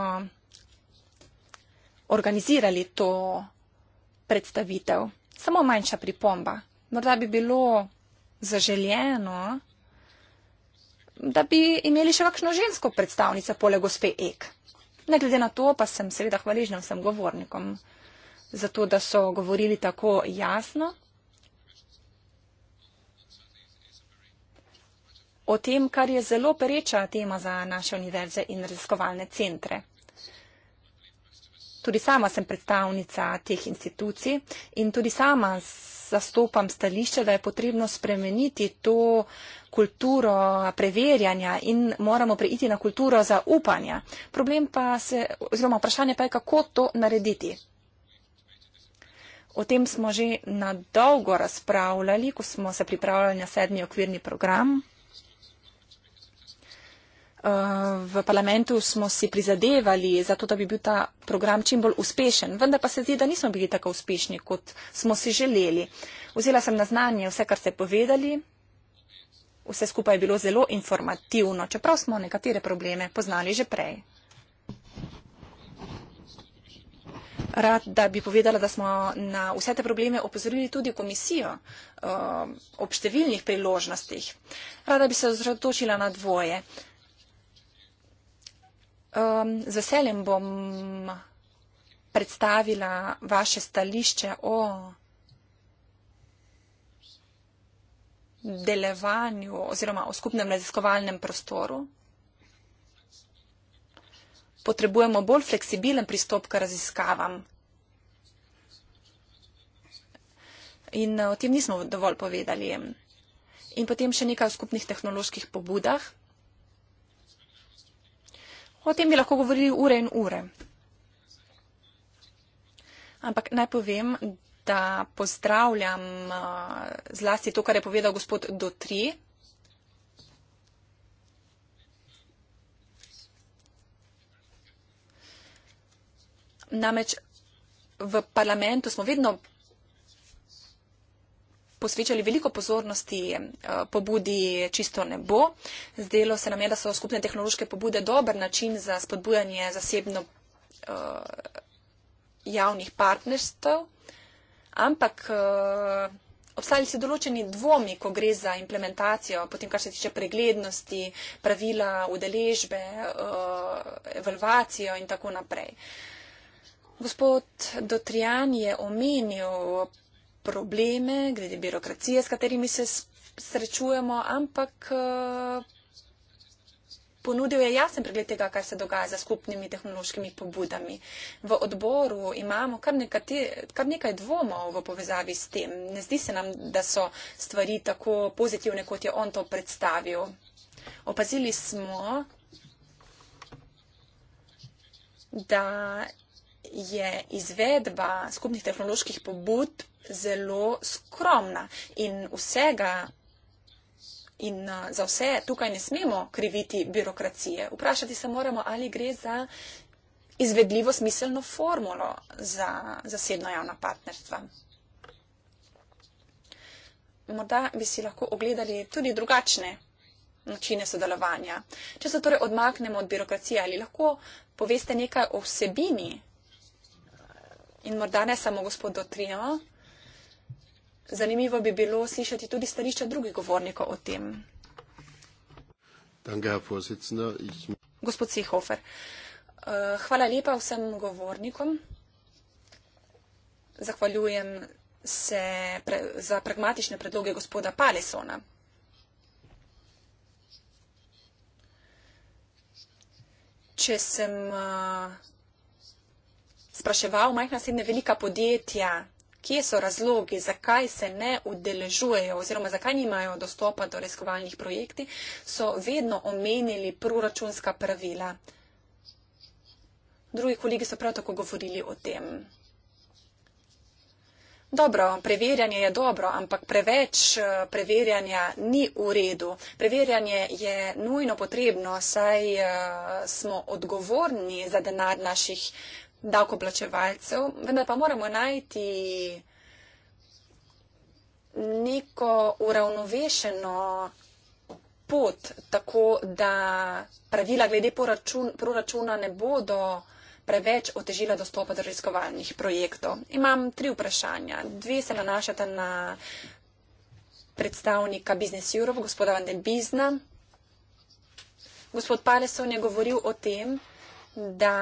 organizirali to predstavitev. Samo manjša pripomba. Morda bi bilo zaželjeno da bi imeli še kakšno žensko predstavnico poleg gospe Ek. Ne glede na to, pa sem seveda hvaležna vsem govornikom za to, da so govorili tako jasno o tem, kar je zelo pereča tema za naše univerze in raziskovalne centre tudi sama sem predstavnica teh institucij in tudi sama zastopam stališče, da je potrebno spremeniti to kulturo preverjanja in moramo preiti na kulturo zaupanja. Problem pa se, oziroma vprašanje pa je, kako to narediti. O tem smo že na dolgo razpravljali, ko smo se pripravljali na sedmi okvirni program v parlamentu smo si prizadevali za to, da bi bil ta program čim bolj uspešen, vendar pa se zdi, da nismo bili tako uspešni, kot smo si želeli. Vzela sem na znanje vse, kar ste povedali. Vse skupaj je bilo zelo informativno, čeprav smo nekatere probleme poznali že prej. Rad, da bi povedala, da smo na vse te probleme opozorili tudi komisijo eh, ob številnih priložnostih. Rada bi se ozrotočila na dvoje. Um, z veseljem bom predstavila vaše stališče o delovanju oziroma o skupnem raziskovalnem prostoru. Potrebujemo bolj fleksibilen pristop k raziskavam. In uh, o tem nismo dovolj povedali. In potem še nekaj o skupnih tehnoloških pobudah. O tem bi lahko govorili ure in ure. Ampak naj povem, da pozdravljam zlasti to, kar je povedal gospod Dotri. Namreč v parlamentu smo vedno posvečali veliko pozornosti eh, pobudi čisto nebo. Zdelo se nam je, da so skupne tehnološke pobude dober način za spodbujanje zasebno uh, javnih partnerstv, ampak uh, obstajali so določeni dvomi, ko gre za implementacijo, potem kar se tiče preglednosti, pravila udeležbe, uh, evalvacijo in tako naprej. Gospod Dotrijan je omenil probleme, glede birokracije, s katerimi se srečujemo, ampak eh, ponudil je jasen pregled tega, kaj se dogaja za skupnimi tehnološkimi pobudami. V odboru imamo kar, nekate, kar nekaj dvomov v povezavi s tem. Ne zdi se nam, da so stvari tako pozitivne, kot je on to predstavil. Opazili smo, da je izvedba skupnih tehnoloških pobud zelo skromna in vsega. In za vse tukaj ne smemo kriviti birokracije. Vprašati se moramo, ali gre za izvedljivo smiselno formulo za zasebno javna partnerstva. Morda bi si lahko ogledali tudi drugačne načine sodelovanja. Če se torej odmaknemo od birokracije, ali lahko poveste nekaj o vsebini in morda ne samo gospodo Trino, Zanimivo bi bilo slišati tudi stališča drugih govornikov o tem. Gospod Seehofer, eh, hvala lepa vsem govornikom. Zahvaljujem se pre, za pragmatične predloge gospoda Palesona. Če sem uh, spraševal majhna srednja velika podjetja, kje so razlogi, zakaj se ne udeležujejo oziroma zakaj nimajo dostopa do reskovalnih projekti, so vedno omenili proračunska pravila. Drugi kolegi so prav tako govorili o tem. Dobro, preverjanje je dobro, ampak preveč eh, preverjanja ni v redu. Preverjanje je nujno potrebno, saj eh, smo odgovorni za denar naših davkoplačevalcev, vendar pa moramo najti neko uravnovešeno pot, tako da pravila glede poračun, proračuna ne bodo preveč otežila dostopa do raziskovalnih projektov. Imam tri vprašanja. Dve se nanašata na predstavnika Business Europe, gospoda Van den Bizna. Gospod Paleson je govoril o tem, da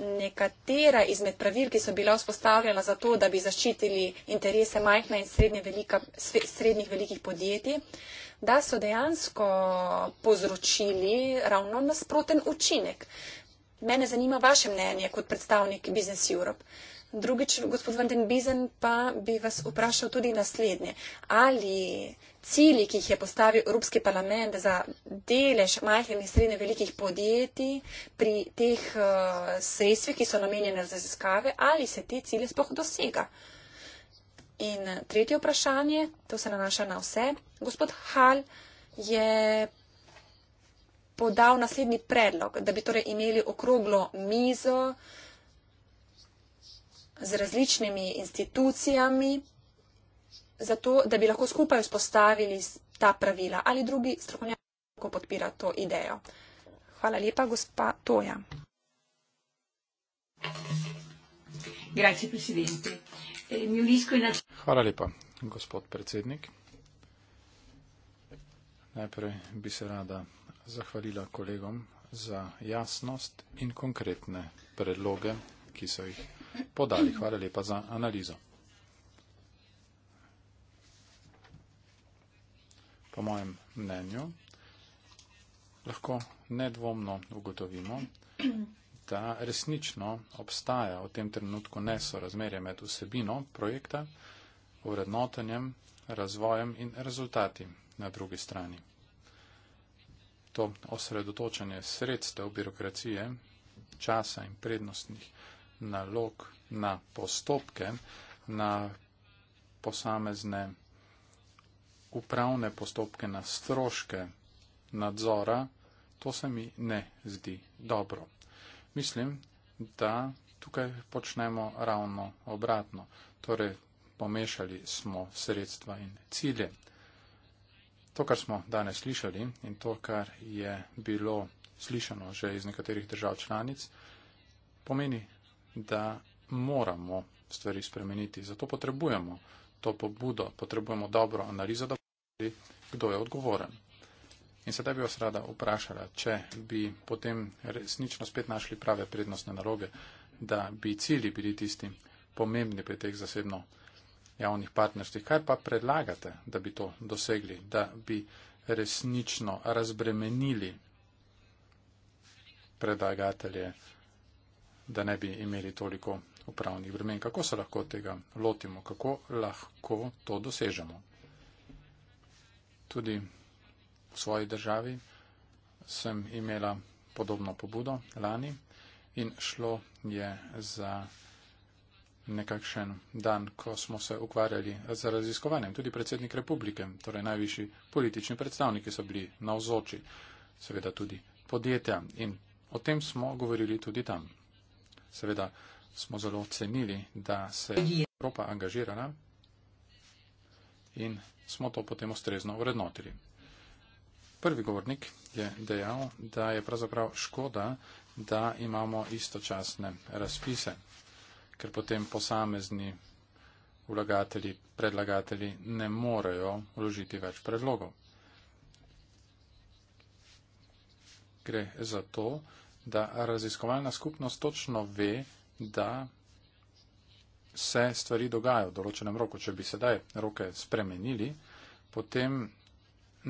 nekatera izmed pravil, ki so bila vzpostavljena za to, da bi zaščitili interese majhna in srednje velika, srednjih velikih podjetij, da so dejansko povzročili ravno nasproten učinek. Mene zanima vaše mnenje kot predstavnik Business Europe. Drugič, gospod Van den Bizen, pa bi vas vprašal tudi naslednje. Ali cilji, ki jih je postavil Evropski parlament za delež majhnih in srednje velikih podjetij pri teh uh, sredstvih, ki so namenjene za raziskave, ali se te cilje sploh dosega. In tretje vprašanje, to se nanaša na vse. Gospod Hal je podal naslednji predlog, da bi torej imeli okroglo mizo z različnimi institucijami zato, da bi lahko skupaj vzpostavili ta pravila ali drugi strokovnjaki lahko podpira to idejo. Hvala lepa, gospa Toja. Eh, Hvala lepa, gospod predsednik. Najprej bi se rada zahvalila kolegom za jasnost in konkretne predloge, ki so jih podali. Hvala lepa za analizo. po mojem mnenju, lahko nedvomno ugotovimo, da resnično obstaja v tem trenutku nesorazmerje med vsebino projekta, urednotenjem, razvojem in rezultati na drugi strani. To osredotočanje sredstev birokracije, časa in prednostnih nalog na postopke, na posamezne upravne postopke na stroške nadzora, to se mi ne zdi dobro. Mislim, da tukaj počnemo ravno obratno. Torej, pomešali smo sredstva in cilje. To, kar smo danes slišali in to, kar je bilo slišano že iz nekaterih držav članic, pomeni, da moramo stvari spremeniti. Zato potrebujemo to pobudo, potrebujemo dobro analizo kdo je odgovoren. In sedaj bi vas rada vprašala, če bi potem resnično spet našli prave prednostne naloge, da bi cilji bili tisti pomembni pri teh zasebno javnih partnerstvih. Kaj pa predlagate, da bi to dosegli, da bi resnično razbremenili predlagatelje, da ne bi imeli toliko upravnih bremen? Kako se lahko tega lotimo? Kako lahko to dosežemo? tudi v svoji državi sem imela podobno pobudo lani in šlo je za nekakšen dan, ko smo se ukvarjali z raziskovanjem. Tudi predsednik republike, torej najvišji politični predstavniki so bili navzoči, seveda tudi podjetja in o tem smo govorili tudi tam. Seveda smo zelo cenili, da se je Evropa angažirala in smo to potem ustrezno vrednotili. Prvi govornik je dejal, da je pravzaprav škoda, da imamo istočasne razpise, ker potem posamezni vlagatelji, predlagatelji ne morejo vložiti več predlogov. Gre za to, da raziskovalna skupnost točno ve, da se stvari dogajajo v določenem roku. Če bi sedaj roke spremenili, potem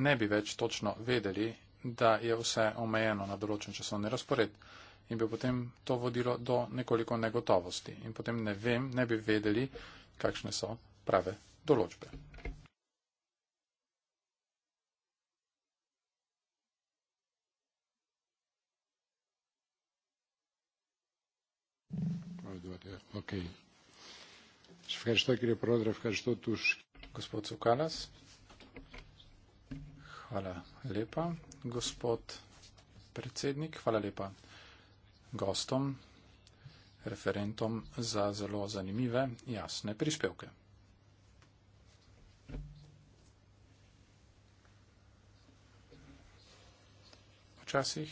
ne bi več točno vedeli, da je vse omejeno na določen časovni razpored in bi potem to vodilo do nekoliko negotovosti in potem ne vem, ne bi vedeli, kakšne so prave določbe. Okay. Ευχαριστώ κύριε Πρόεδρε, ευχαριστώ τους. Господ Σουκάλας. Χαλά λίπα. Господ Председник, χαλά λίπα. Γόστομ, ρεφερέντομ ζα ζελό ζανιμίβε, ιάσνε περισπέουκε. Včasih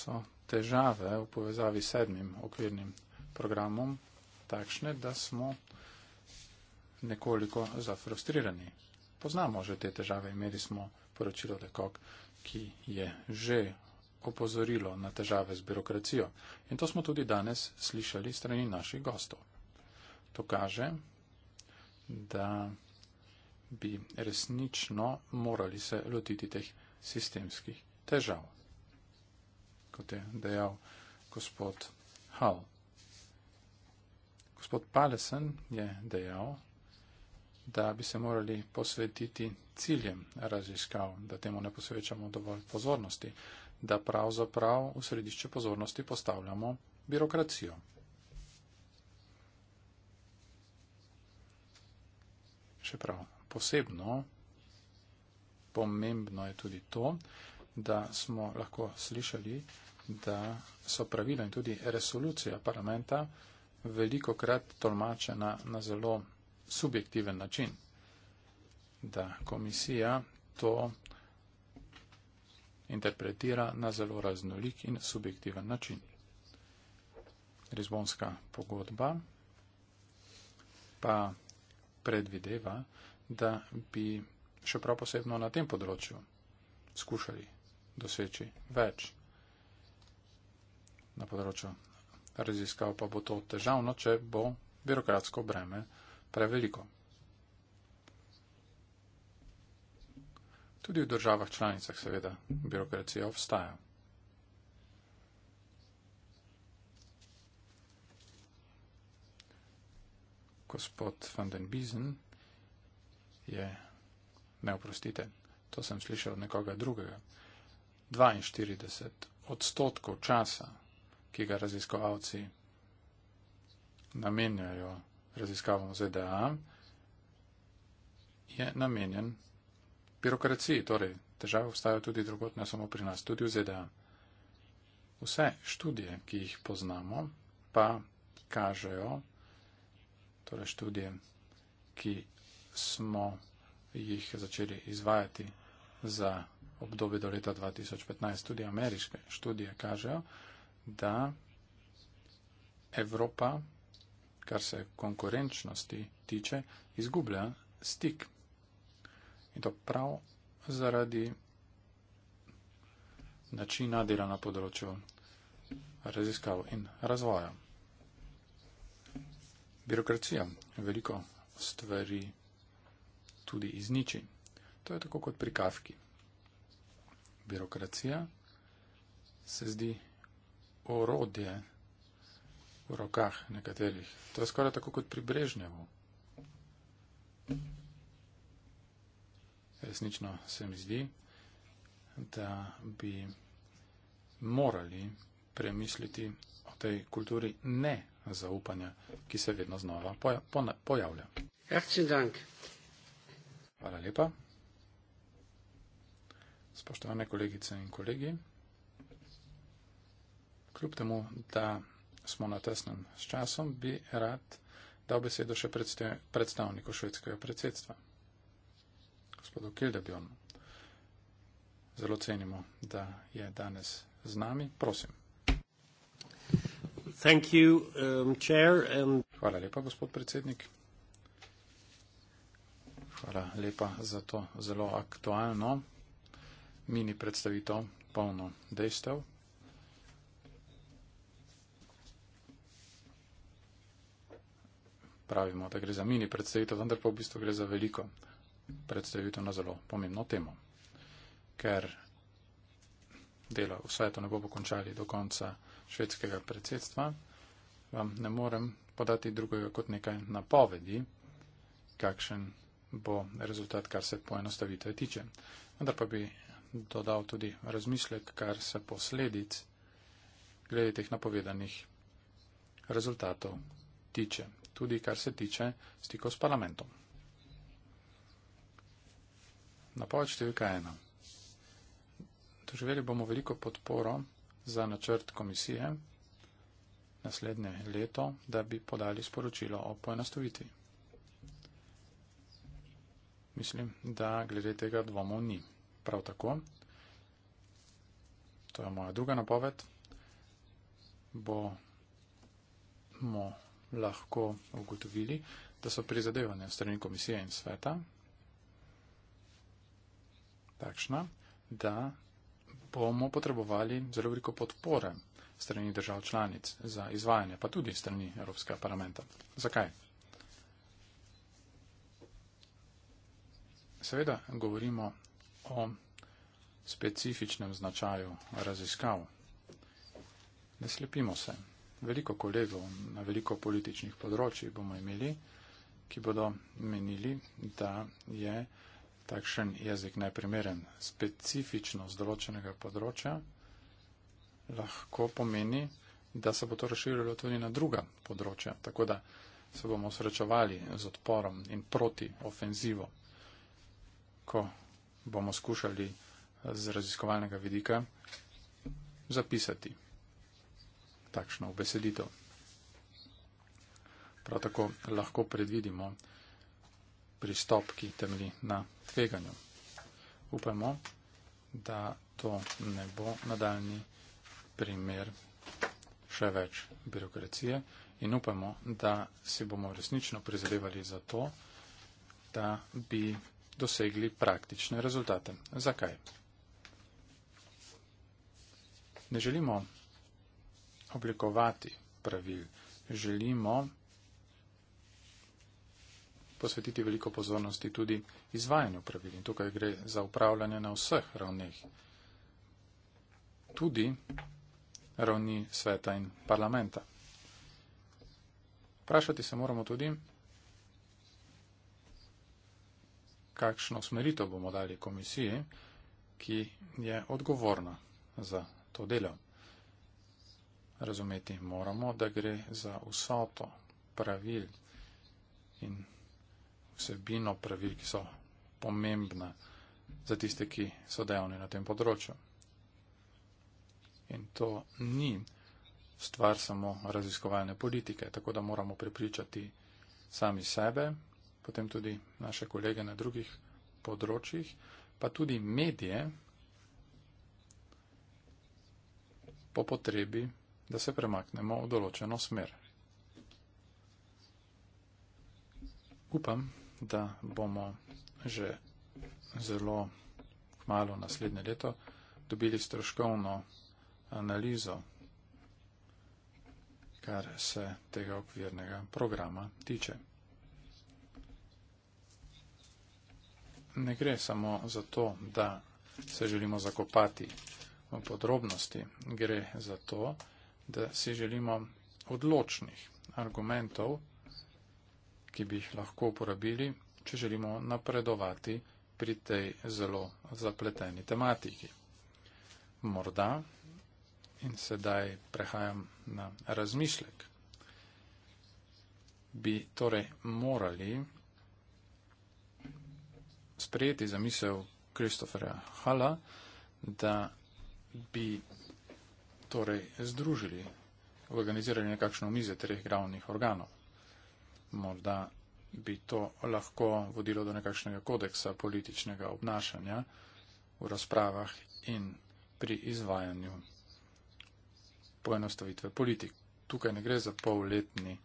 so težave v povezavi s sedmim okvirnim programom, takšne, da smo nekoliko zafrustrirani. Poznamo že te težave, imeli smo poročilo Lekok, ki je že opozorilo na težave z birokracijo. In to smo tudi danes slišali strani naših gostov. To kaže, da bi resnično morali se lotiti teh sistemskih težav. Kot je dejal gospod Hall. Gospod Palesen je dejal, da bi se morali posvetiti ciljem raziskav, da temu ne posvečamo dovolj pozornosti, da pravzaprav v središče pozornosti postavljamo birokracijo. Še prav, posebno pomembno je tudi to, da smo lahko slišali, da so pravila in tudi resolucija parlamenta veliko krat tolmačena na zelo subjektiven način, da komisija to interpretira na zelo raznolik in subjektiven način. Rizbonska pogodba pa predvideva, da bi še prav posebno na tem področju skušali doseči več na področju raziskav pa bo to težavno, če bo birokratsko breme preveliko. Tudi v državah članicah seveda birokracija obstaja. Gospod van den Biesen je neoprostiten. To sem slišal od nekoga drugega. 42 odstotkov časa ki ga raziskovalci namenjajo raziskavam v ZDA, je namenjen birokraciji. Torej, težave obstajajo tudi drugot, ne samo pri nas, tudi v ZDA. Vse študije, ki jih poznamo, pa kažejo, torej študije, ki smo jih začeli izvajati za obdobje do leta 2015, tudi ameriške študije kažejo, da Evropa, kar se konkurenčnosti tiče, izgublja stik. In to prav zaradi načina dela na področju raziskav in razvoja. Birokracija veliko stvari tudi izniči. To je tako kot pri kavki. Birokracija se zdi orodje v rokah nekaterih. To je skoraj tako kot pri Brežnjevu. Resnično se mi zdi, da bi morali premisliti o tej kulturi ne zaupanja, ki se vedno znova pojavlja. Hvala lepa. Spoštovane kolegice in kolegi. Kljub temu, da smo na tesnem s časom, bi rad dal besedo še predstavniku švedskega predsedstva. Gospodu Kildebjornu. Zelo cenimo, da je danes z nami. Prosim. Thank you, um, chair, um... Hvala lepa, gospod predsednik. Hvala lepa za to zelo aktualno mini predstavitev, polno dejstev. pravimo, da gre za mini predstavitev, vendar pa v bistvu gre za veliko predstavitev na zelo pomembno temo. Ker dela v svetu ne bo pokončali do konca švedskega predsedstva, vam ne morem podati drugega kot nekaj napovedi, kakšen bo rezultat, kar se poenostavitve tiče. Vendar pa bi dodal tudi razmislek, kar se posledic glede teh napovedanih rezultatov tiče tudi kar se tiče stikov s parlamentom. Napoved številka ena. Doživeli bomo veliko podporo za načrt komisije naslednje leto, da bi podali sporočilo o poenostavitvi. Mislim, da glede tega dvomov ni. Prav tako, to je moja druga napoved, bomo lahko ugotovili, da so prizadevanja strani komisije in sveta takšna, da bomo potrebovali zelo veliko podpore strani držav članic za izvajanje, pa tudi strani Evropskega parlamenta. Zakaj? Seveda govorimo o specifičnem značaju raziskav. Ne slepimo se veliko kolegov na veliko političnih področjih bomo imeli, ki bodo menili, da je takšen jezik neprimeren. Specifičnost določenega področja lahko pomeni, da se bo to razširilo tudi na druga področja. Tako da se bomo srečevali z odporom in proti ofenzivo, ko bomo skušali z raziskovalnega vidika zapisati takšno obeseditev. Prav tako lahko predvidimo pristop, ki temeli na tveganju. Upamo, da to ne bo nadaljni primer še več birokracije in upamo, da si bomo resnično prizadevali za to, da bi dosegli praktične rezultate. Zakaj? Ne želimo oblikovati pravil. Želimo posvetiti veliko pozornosti tudi izvajanju pravil. In tukaj gre za upravljanje na vseh ravneh. Tudi ravni sveta in parlamenta. Vprašati se moramo tudi, kakšno smeritev bomo dali komisiji, ki je odgovorna za to delo razumeti moramo, da gre za vsoto pravil in vsebino pravil, ki so pomembna za tiste, ki so dejavni na tem področju. In to ni stvar samo raziskovalne politike, tako da moramo prepričati sami sebe, potem tudi naše kolege na drugih področjih, pa tudi medije po potrebi da se premaknemo v določeno smer. Upam, da bomo že zelo malo naslednje leto dobili stroškovno analizo, kar se tega okvirnega programa tiče. Ne gre samo za to, da se želimo zakopati v podrobnosti, gre za to, da da si želimo odločnih argumentov, ki bi jih lahko uporabili, če želimo napredovati pri tej zelo zapleteni tematiki. Morda in sedaj prehajam na razmislek. Bi torej morali sprejeti zamisel Kristofera Hala, da bi torej združili, organizirali nekakšno mize treh glavnih organov. Morda bi to lahko vodilo do nekakšnega kodeksa političnega obnašanja v razpravah in pri izvajanju poenostavitve politik. Tukaj ne gre za polletni,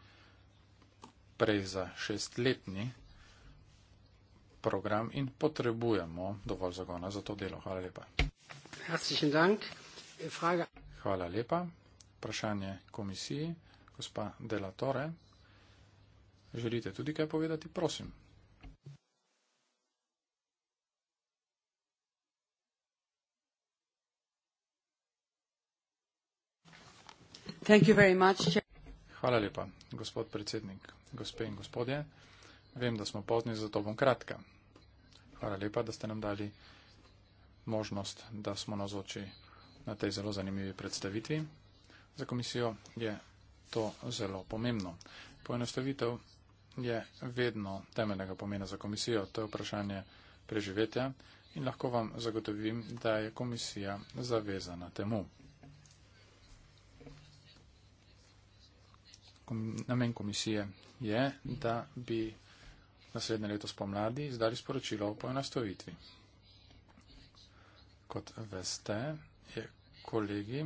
prej za šestletni program in potrebujemo dovolj zagona za to delo. Hvala lepa. Herzlichen Dank. Frage. Hvala lepa. Vprašanje komisiji, gospa Delatore. Želite tudi kaj povedati? Prosim. Hvala lepa, gospod predsednik, gospe in gospodje. Vem, da smo pozni, zato bom kratka. Hvala lepa, da ste nam dali možnost, da smo na zoči na tej zelo zanimivi predstavitvi. Za komisijo je to zelo pomembno. Poenostavitev je vedno temeljnega pomena za komisijo. To je vprašanje preživetja in lahko vam zagotovim, da je komisija zavezana temu. Namen komisije je, da bi naslednje leto spomladi izdali sporočilo o poenostavitvi. Kot veste, je kolegi,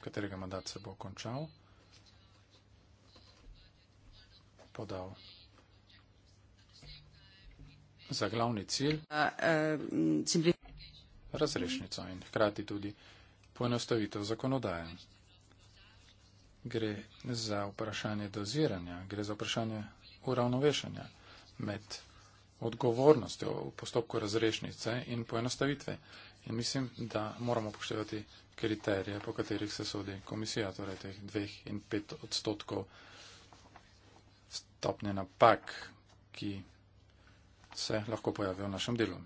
katerega mandat se bo končal, podal za glavni cilj razrešnico in hkrati tudi poenostavitev zakonodaje. Gre za vprašanje doziranja, gre za vprašanje uravnovešanja med odgovornostjo v postopku razrešnice in poenostavitve. In mislim, da moramo poštevati kriterije, po katerih se sodi komisija, torej teh 2 in 5 odstotkov stopnje napak, ki se lahko pojavijo v našem delu.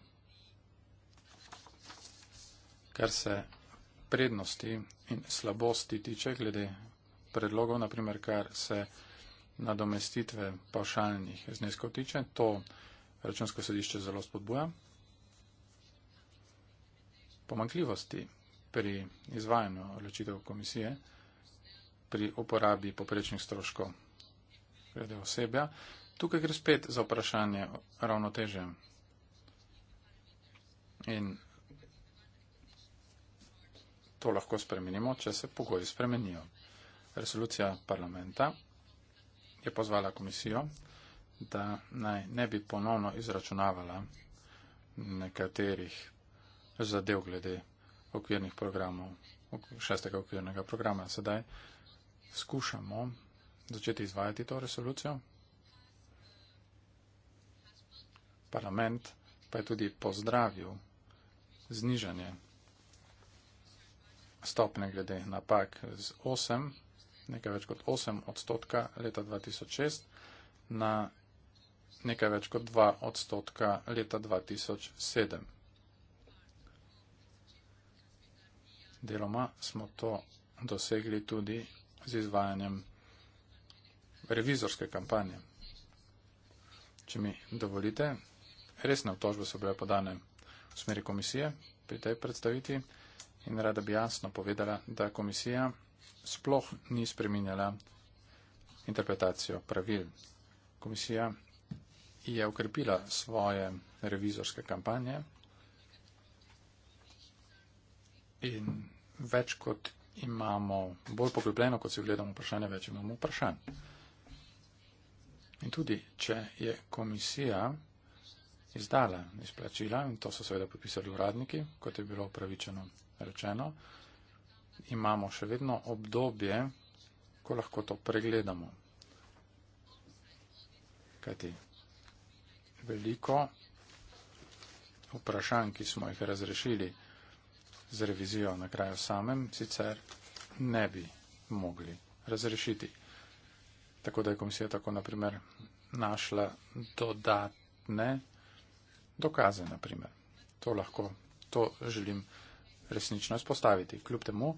Kar se prednosti in slabosti tiče, glede predlogov, naprimer, kar se nadomestitve pavšalnih zneskov tiče, to računsko sodišče zelo spodbuja pomankljivosti pri izvajanju odločitev komisije, pri uporabi poprečnih stroškov glede osebja. Tukaj gre spet za vprašanje ravnoteže. In to lahko spremenimo, če se pogoji spremenijo. Resolucija parlamenta je pozvala komisijo, da naj ne bi ponovno izračunavala nekaterih zadev glede okvirnih programov, šestega okvirnega programa. Sedaj skušamo začeti izvajati to resolucijo. Parlament pa je tudi pozdravil znižanje stopne glede napak z 8, nekaj več kot 8 odstotka leta 2006 na nekaj več kot 2 odstotka leta 2007. deloma smo to dosegli tudi z izvajanjem revizorske kampanje. Če mi dovolite, resne obtožbe so bile podane v smeri komisije pri tej predstavitvi in rada bi jasno povedala, da komisija sploh ni spreminjala interpretacijo pravil. Komisija je ukrepila svoje revizorske kampanje. in več kot imamo, bolj poglobljeno, kot si gledamo vprašanje, več imamo vprašanj. In tudi, če je komisija izdala izplačila, in to so seveda podpisali uradniki, kot je bilo upravičeno rečeno, imamo še vedno obdobje, ko lahko to pregledamo. Kajti veliko vprašanj, ki smo jih razrešili, z revizijo na kraju samem sicer ne bi mogli razrešiti. Tako da je komisija tako naprimer našla dodatne dokaze. Naprimer. To lahko, to želim resnično izpostaviti. Kljub temu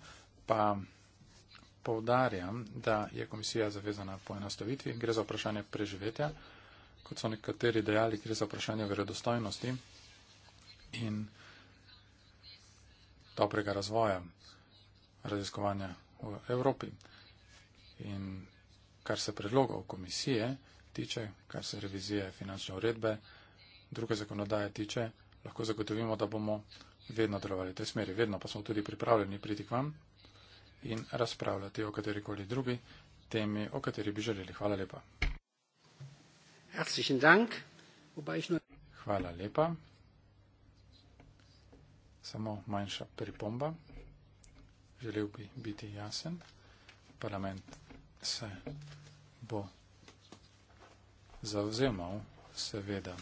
pa povdarjam, da je komisija zavezana po enostavitvi. Gre za vprašanje preživetja, kot so nekateri dejali, gre za vprašanje verodostojnosti. In dobrega razvoja raziskovanja v Evropi. In kar se predlogov komisije tiče, kar se revizije finančne uredbe, druge zakonodaje tiče, lahko zagotovimo, da bomo vedno delovali v tej smeri. Vedno pa smo tudi pripravljeni priti k vam in razpravljati o katerikoli drugi temi, o kateri bi želeli. Hvala lepa. Hvala lepa samo manjša pripomba. Želel bi biti jasen. Parlament se bo zavzemal seveda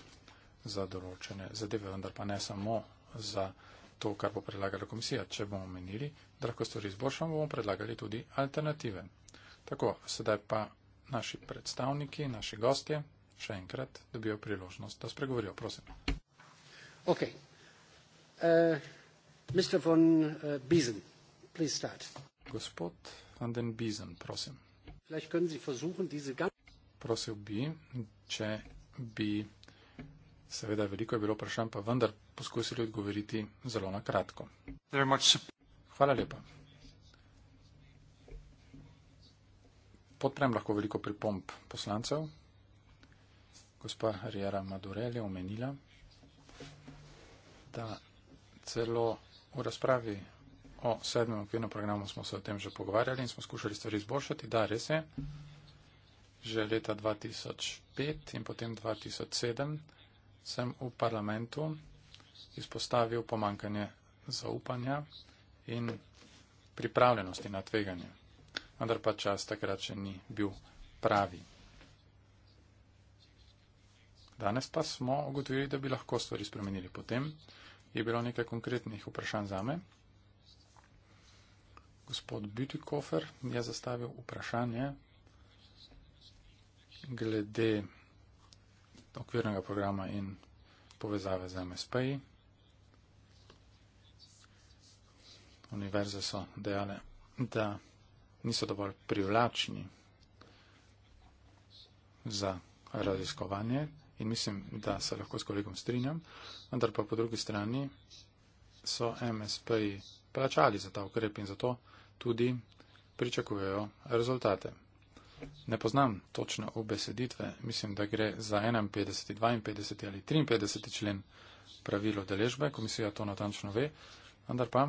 za določene zadeve, vendar pa ne samo za to, kar bo predlagala komisija. Če bomo menili, da lahko stvari izboljšamo, bomo predlagali tudi alternative. Tako, sedaj pa naši predstavniki, naši gostje še enkrat dobijo priložnost, da spregovorijo. Prosim. Okay. Uh, Mr. von uh, Biesen, please start. Gospod van den Biesen, prosim. Vielleicht können Sie versuchen, diese ganze... Prosil bi, če bi, seveda veliko je bilo vprašanj, pa vendar poskusili odgovoriti zelo na kratko. Hvala lepa. Podprem lahko veliko pripomb poslancev. Gospa Riera Madurelli omenila, da celo v razpravi o sedmem okvirnem programu smo se o tem že pogovarjali in smo skušali stvari izboljšati. Da, res je. Že leta 2005 in potem 2007 sem v parlamentu izpostavil pomankanje zaupanja in pripravljenosti na tveganje. Vendar pa čas takrat še ni bil pravi. Danes pa smo ugotovili, da bi lahko stvari spremenili potem, je bilo nekaj konkretnih vprašanj za me. Gospod Bütikofer je zastavil vprašanje glede okvirnega programa in povezave z MSP-ji. Univerze so dejale, da niso dovolj privlačni za raziskovanje in mislim, da se lahko s kolegom strinjam, vendar pa po drugi strani so MSP-ji plačali za ta ukrep in zato tudi pričakujejo rezultate. Ne poznam točno obeseditve, mislim, da gre za 51, 52 ali 53 člen pravilo deležbe, komisija to natančno ve, vendar pa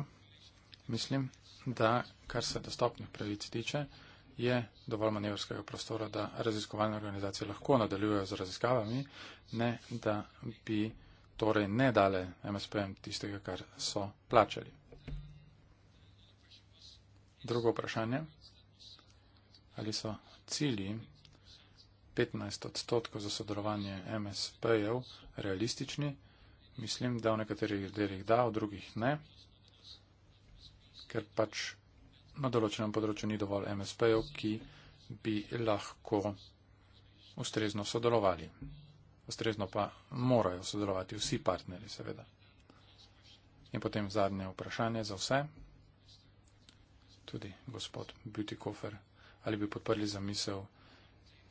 mislim, da kar se dostopnih pravic tiče, je dovolj manevrskega prostora, da raziskovalne organizacije lahko nadaljujejo z raziskavami, ne da bi torej ne dale MSP-jem tistega, kar so plačali. Drugo vprašanje. Ali so cilji 15 odstotkov za sodelovanje MSP-jev realistični? Mislim, da v nekaterih delih da, v drugih ne, ker pač na določenem področju ni dovolj MSP-jev, ki bi lahko ustrezno sodelovali. Ustrezno pa morajo sodelovati vsi partnerji, seveda. In potem zadnje vprašanje za vse, tudi gospod Butikofer, ali bi podprli zamisel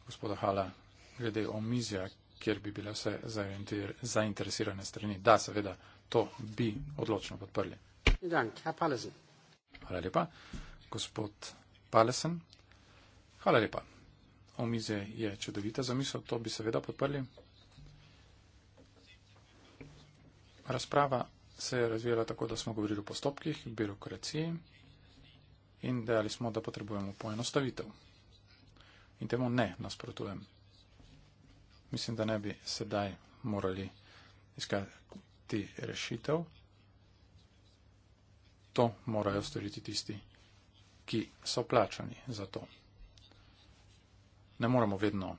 gospoda Hala glede omizja, kjer bi bile vse zainteresirane strani. Da, seveda, to bi odločno podprli. Hvala lepa gospod Palesen. Hvala lepa. Omize je čudovita zamisel, to bi seveda podprli. Razprava se je razvijala tako, da smo govorili o postopkih, birokraciji in dejali smo, da potrebujemo poenostavitev. In temu ne nasprotujem. Mislim, da ne bi sedaj morali iskati rešitev. To morajo storiti tisti, ki so plačani za to. Ne moramo vedno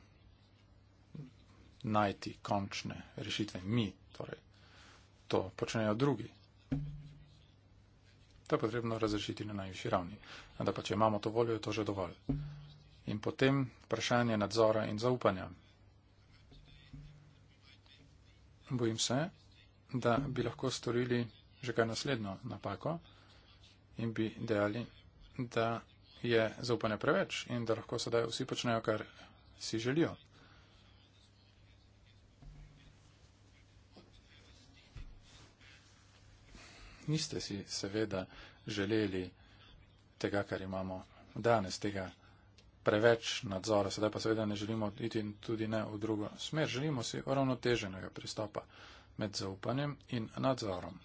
najti končne rešitve mi, torej to počnejo drugi. To je potrebno razrešiti na najvišji ravni. Da pa če imamo to voljo, je to že dovolj. In potem vprašanje nadzora in zaupanja. Bojim se, da bi lahko storili že kaj naslednjo napako in bi dejali, da je zaupanje preveč in da lahko sedaj vsi počnejo, kar si želijo. Niste si seveda želeli tega, kar imamo danes, tega preveč nadzora, sedaj pa seveda ne želimo iti tudi ne v drugo smer, želimo si uravnoteženega pristopa med zaupanjem in nadzorom.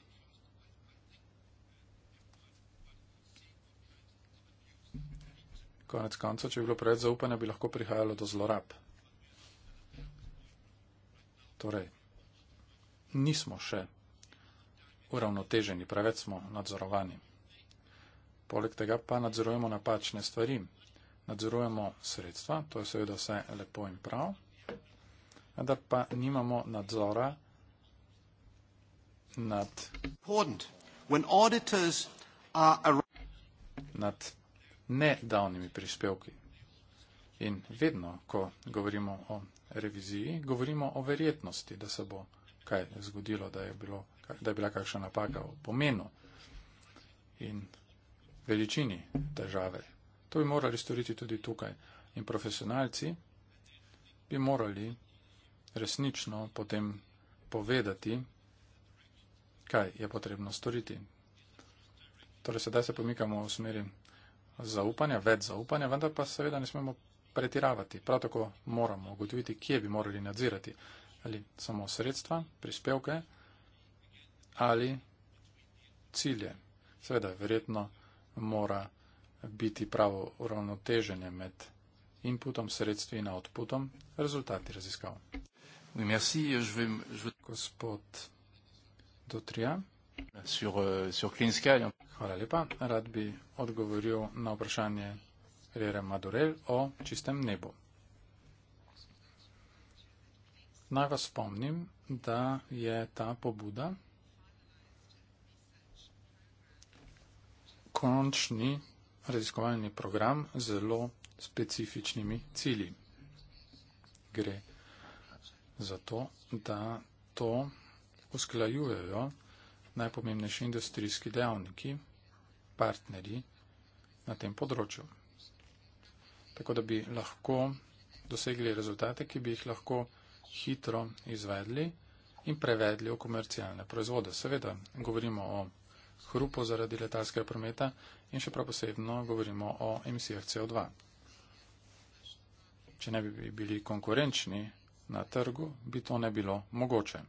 Konec konca, če je bilo preveč zaupanja, bi lahko prihajalo do zlorab. Torej, nismo še uravnoteženi, preveč smo nadzorovani. Poleg tega pa nadzorujemo napačne stvari. Nadzorujemo sredstva, to je seveda vse lepo in prav, vendar pa nimamo nadzora nad, nad nedavnimi prispevki. In vedno, ko govorimo o reviziji, govorimo o verjetnosti, da se bo kaj zgodilo, da je, bilo, da je bila kakšna napaka v pomenu in veličini države. To bi morali storiti tudi tukaj. In profesionalci bi morali resnično potem povedati, kaj je potrebno storiti. Torej, sedaj se pomikamo v smeri zaupanja, več zaupanja, vendar pa seveda ne smemo pretiravati. Prav tako moramo ugotoviti, kje bi morali nadzirati. Ali samo sredstva, prispevke ali cilje. Seveda, verjetno mora biti pravo uravnoteženje med inputom, sredstvi in outputom, rezultati raziskav. Merci, je vem, je... Gospod Dotrija. Sur, eh, sur Clean Sky. Hvala lepa. Rad bi odgovoril na vprašanje Rere Madurel o čistem nebu. Naj vas spomnim, da je ta pobuda končni raziskovalni program z zelo specifičnimi cilji. Gre za to, da to usklajujejo najpomembnejši industrijski dejavniki, partnerji na tem področju. Tako da bi lahko dosegli rezultate, ki bi jih lahko hitro izvedli in prevedli v komercialne proizvode. Seveda govorimo o hrupu zaradi letalskega prometa in še prav posebno govorimo o emisijah CO2. Če ne bi bili konkurenčni na trgu, bi to ne bilo mogoče.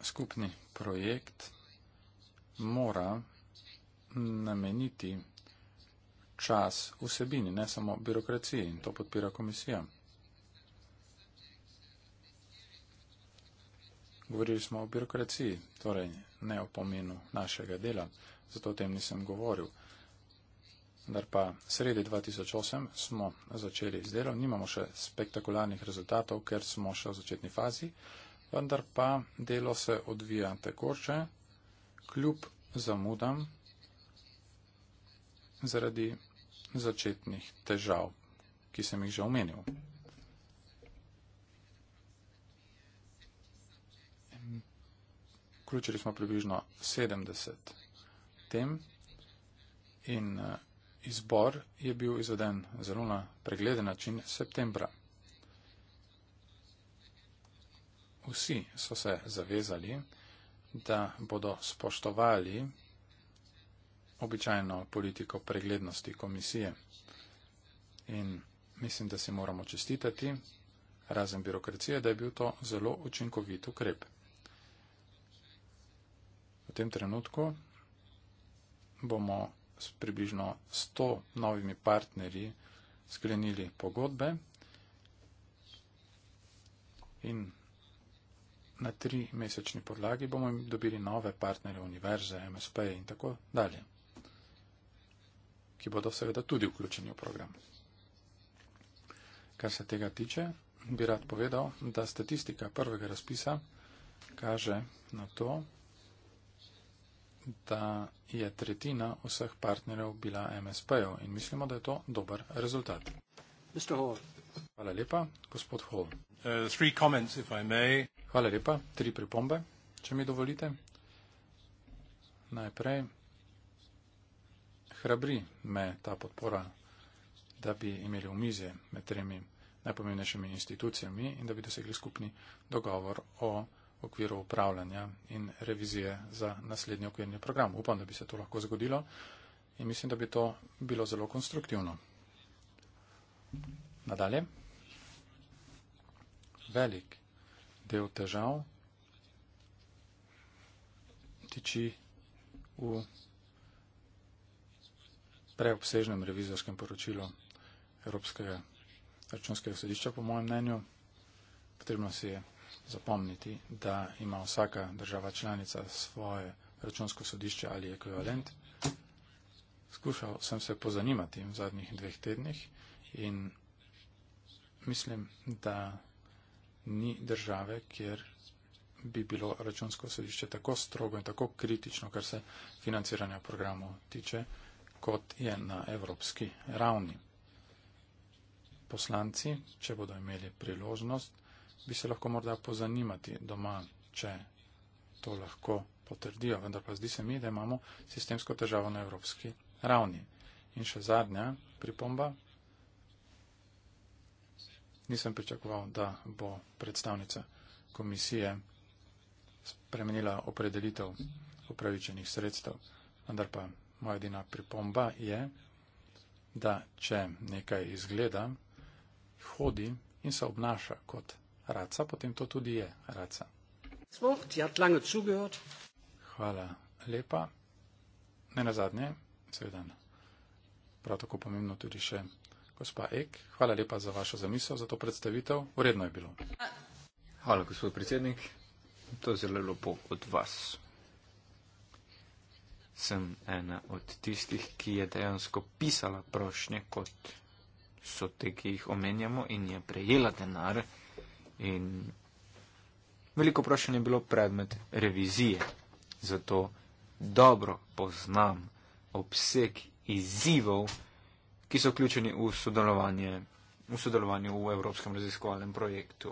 skupni projekt mora nameniti čas vsebini, ne samo birokraciji in to podpira komisija. Govorili smo o birokraciji, torej ne o pomenu našega dela, zato o tem nisem govoril. Dar pa sredi 2008 smo začeli z delom, nimamo še spektakularnih rezultatov, ker smo še v začetni fazi, vendar pa delo se odvija tekoče, kljub zamudam zaradi začetnih težav, ki sem jih že omenil. Vključili smo približno 70 tem in eh, izbor je bil izveden zelo na pregleden način septembra. Vsi so se zavezali, da bodo spoštovali običajno politiko preglednosti komisije. In mislim, da si moramo čestitati, razen birokracije, da je bil to zelo učinkovit ukrep. V tem trenutku bomo s približno 100 novimi partnerji sklenili pogodbe in na tri mesečni podlagi bomo jim dobili nove partnere univerze, MSP in tako dalje, ki bodo seveda tudi vključeni v program. Kar se tega tiče, bi rad povedal, da statistika prvega razpisa kaže na to, da je tretjina vseh partnerjev bila MSP-jev in mislimo, da je to dober rezultat. Hvala lepa, gospod Hall. Uh, three comments, if I may. Hvala lepa. Tri pripombe, če mi dovolite. Najprej, hrabri me ta podpora, da bi imeli umizje med tremi najpomembnejšimi institucijami in da bi dosegli skupni dogovor o okviru upravljanja in revizije za naslednji okvirni program. Upam, da bi se to lahko zgodilo in mislim, da bi to bilo zelo konstruktivno. Nadalje. Velik del težav tiči v preobsežnem revizorskem poročilu Evropskega računskega sodišča, po mojem mnenju. Potrebno si je zapomniti, da ima vsaka država članica svoje računsko sodišče ali ekvivalent. Skušal sem se pozanimati v zadnjih dveh tednih in mislim, da ni države, kjer bi bilo računsko sodišče tako strogo in tako kritično, kar se financiranja programov tiče, kot je na evropski ravni. Poslanci, če bodo imeli priložnost, bi se lahko morda pozanimati doma, če to lahko potrdijo, vendar pa zdi se mi, da imamo sistemsko težavo na evropski ravni. In še zadnja pripomba, nisem pričakoval, da bo predstavnica komisije spremenila opredelitev upravičenih sredstev. Vendar pa moja edina pripomba je, da če nekaj izgleda, hodi in se obnaša kot raca, potem to tudi je raca. Hvala lepa. Ne nazadnje, seveda, prav tako pomembno tudi še Gospa Ek, hvala lepa za vašo zamisel, za to predstavitev. Uredno je bilo. Hvala, gospod predsednik. To je zelo lepo od vas. Sem ena od tistih, ki je dejansko pisala prošnje, kot so te, ki jih omenjamo, in je prejela denar. In veliko prošnje je bilo predmet revizije. Zato dobro poznam obseg izzivov, ki so vključeni v sodelovanje, v sodelovanje v Evropskem raziskovalnem projektu.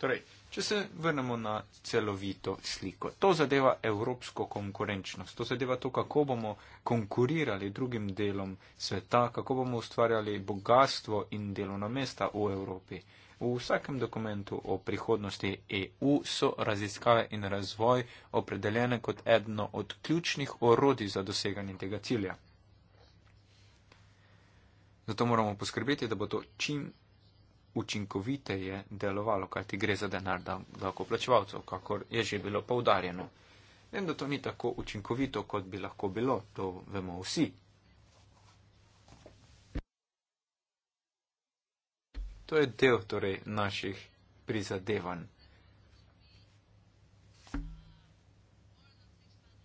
Torej, če se vrnemo na celovito sliko, to zadeva evropsko konkurenčnost, to zadeva to, kako bomo konkurirali drugim delom sveta, kako bomo ustvarjali bogatstvo in delovna mesta v Evropi. V vsakem dokumentu o prihodnosti EU so raziskave in razvoj opredeljene kot edno od ključnih orodij za doseganje tega cilja. Zato moramo poskrbeti, da bo to čim učinkoviteje delovalo, kajti gre za denar davkoplačevalcev, kakor je že bilo poudarjeno. Vem, da to ni tako učinkovito, kot bi lahko bilo, to vemo vsi. To je del torej naših prizadevanj.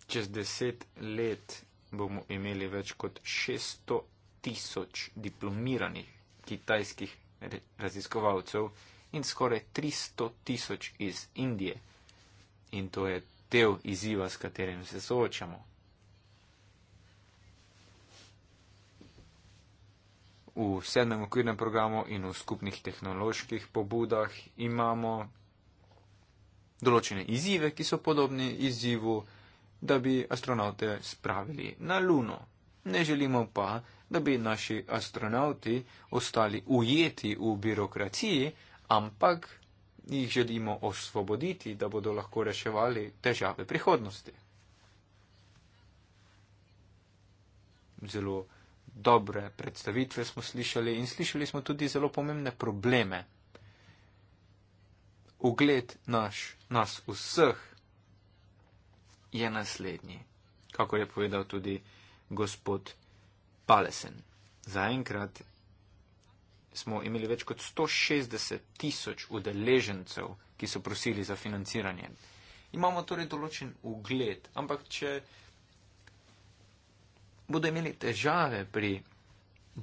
Čez deset let bomo imeli več kot 600 tisoč diplomiranih kitajskih raziskovalcev in skoraj 300 tisoč iz Indije. In to je del izziva, s katerim se soočamo. V sedmem okvirnem programu in v skupnih tehnoloških pobudah imamo določene izzive, ki so podobni izzivu, da bi astronaute spravili na Luno. Ne želimo pa, da bi naši astronauti ostali ujeti v birokraciji, ampak jih želimo osvoboditi, da bodo lahko reševali težave prihodnosti. Zelo dobre predstavitve smo slišali in slišali smo tudi zelo pomembne probleme. Ugled naš, nas vseh je naslednji, kako je povedal tudi gospod Palesen. Zaenkrat smo imeli več kot 160 tisoč udeležencev, ki so prosili za financiranje. Imamo torej določen ugled, ampak če bodo imeli težave pri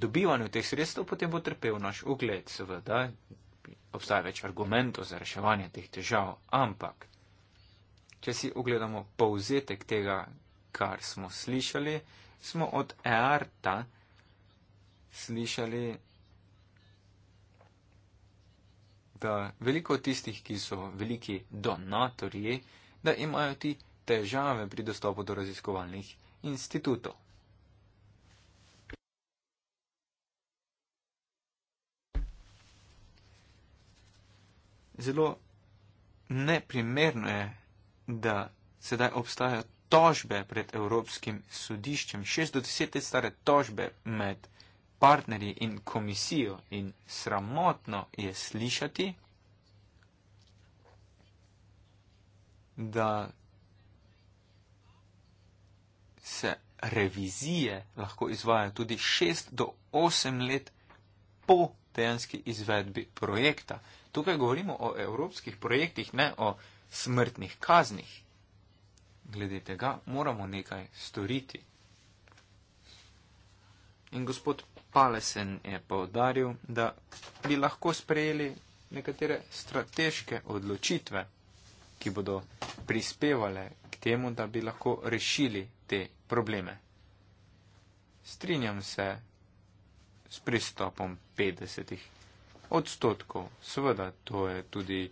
dobivanju teh sredstev, potem bo trpel naš ugled, seveda. Obstaja več argumentov za reševanje teh težav, ampak če si ogledamo povzetek tega, kar smo slišali, smo od Earta slišali, da veliko tistih, ki so veliki donatorji, da imajo ti težave pri dostopu do raziskovalnih institutov. Zelo neprimerno je, da sedaj obstajajo tožbe pred Evropskim sodiščem, šest do deset let stare tožbe med partnerji in komisijo in sramotno je slišati, da se revizije lahko izvajajo tudi šest do osem let po dejanski izvedbi projekta. Tukaj govorimo o evropskih projektih, ne o smrtnih kaznih glede tega moramo nekaj storiti. In gospod Palesen je povdaril, da bi lahko sprejeli nekatere strateške odločitve, ki bodo prispevale k temu, da bi lahko rešili te probleme. Strinjam se s pristopom 50 odstotkov. Seveda, to je tudi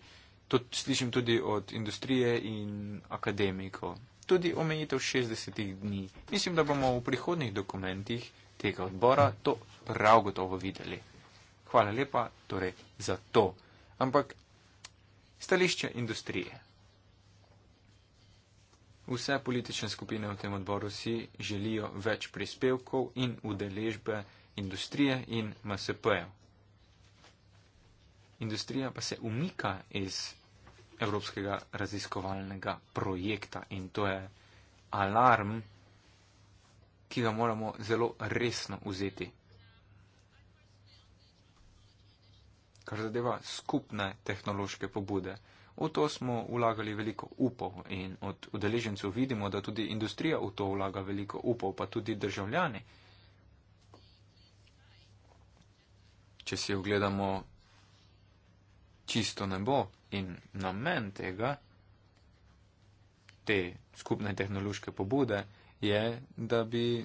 to slišim tudi od industrije in akademikov. Tudi omejitev 60 dni. Mislim, da bomo v prihodnih dokumentih tega odbora to prav gotovo videli. Hvala lepa torej za to. Ampak stališče industrije. Vse politične skupine v tem odboru si želijo več prispevkov in udeležbe industrije in MSP-jev industrija pa se umika iz evropskega raziskovalnega projekta in to je alarm, ki ga moramo zelo resno vzeti. Kar zadeva skupne tehnološke pobude. V to smo vlagali veliko upov in od udeležencev vidimo, da tudi industrija v to vlaga veliko upov, pa tudi državljani. Če si ogledamo čisto nebo in namen tega, te skupne tehnološke pobude, je, da bi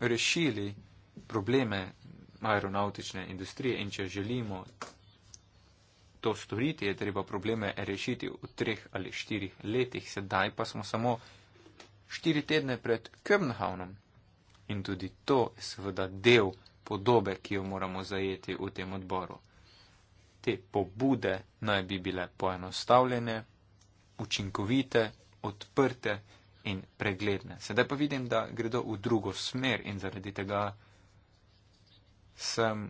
rešili probleme aeronautične industrije in če želimo to storiti, je treba probleme rešiti v treh ali štirih letih. Sedaj pa smo samo štiri tedne pred Köbenhavnom in tudi to je seveda del podobe, ki jo moramo zajeti v tem odboru te pobude naj bi bile poenostavljene, učinkovite, odprte in pregledne. Sedaj pa vidim, da gredo v drugo smer in zaradi tega sem.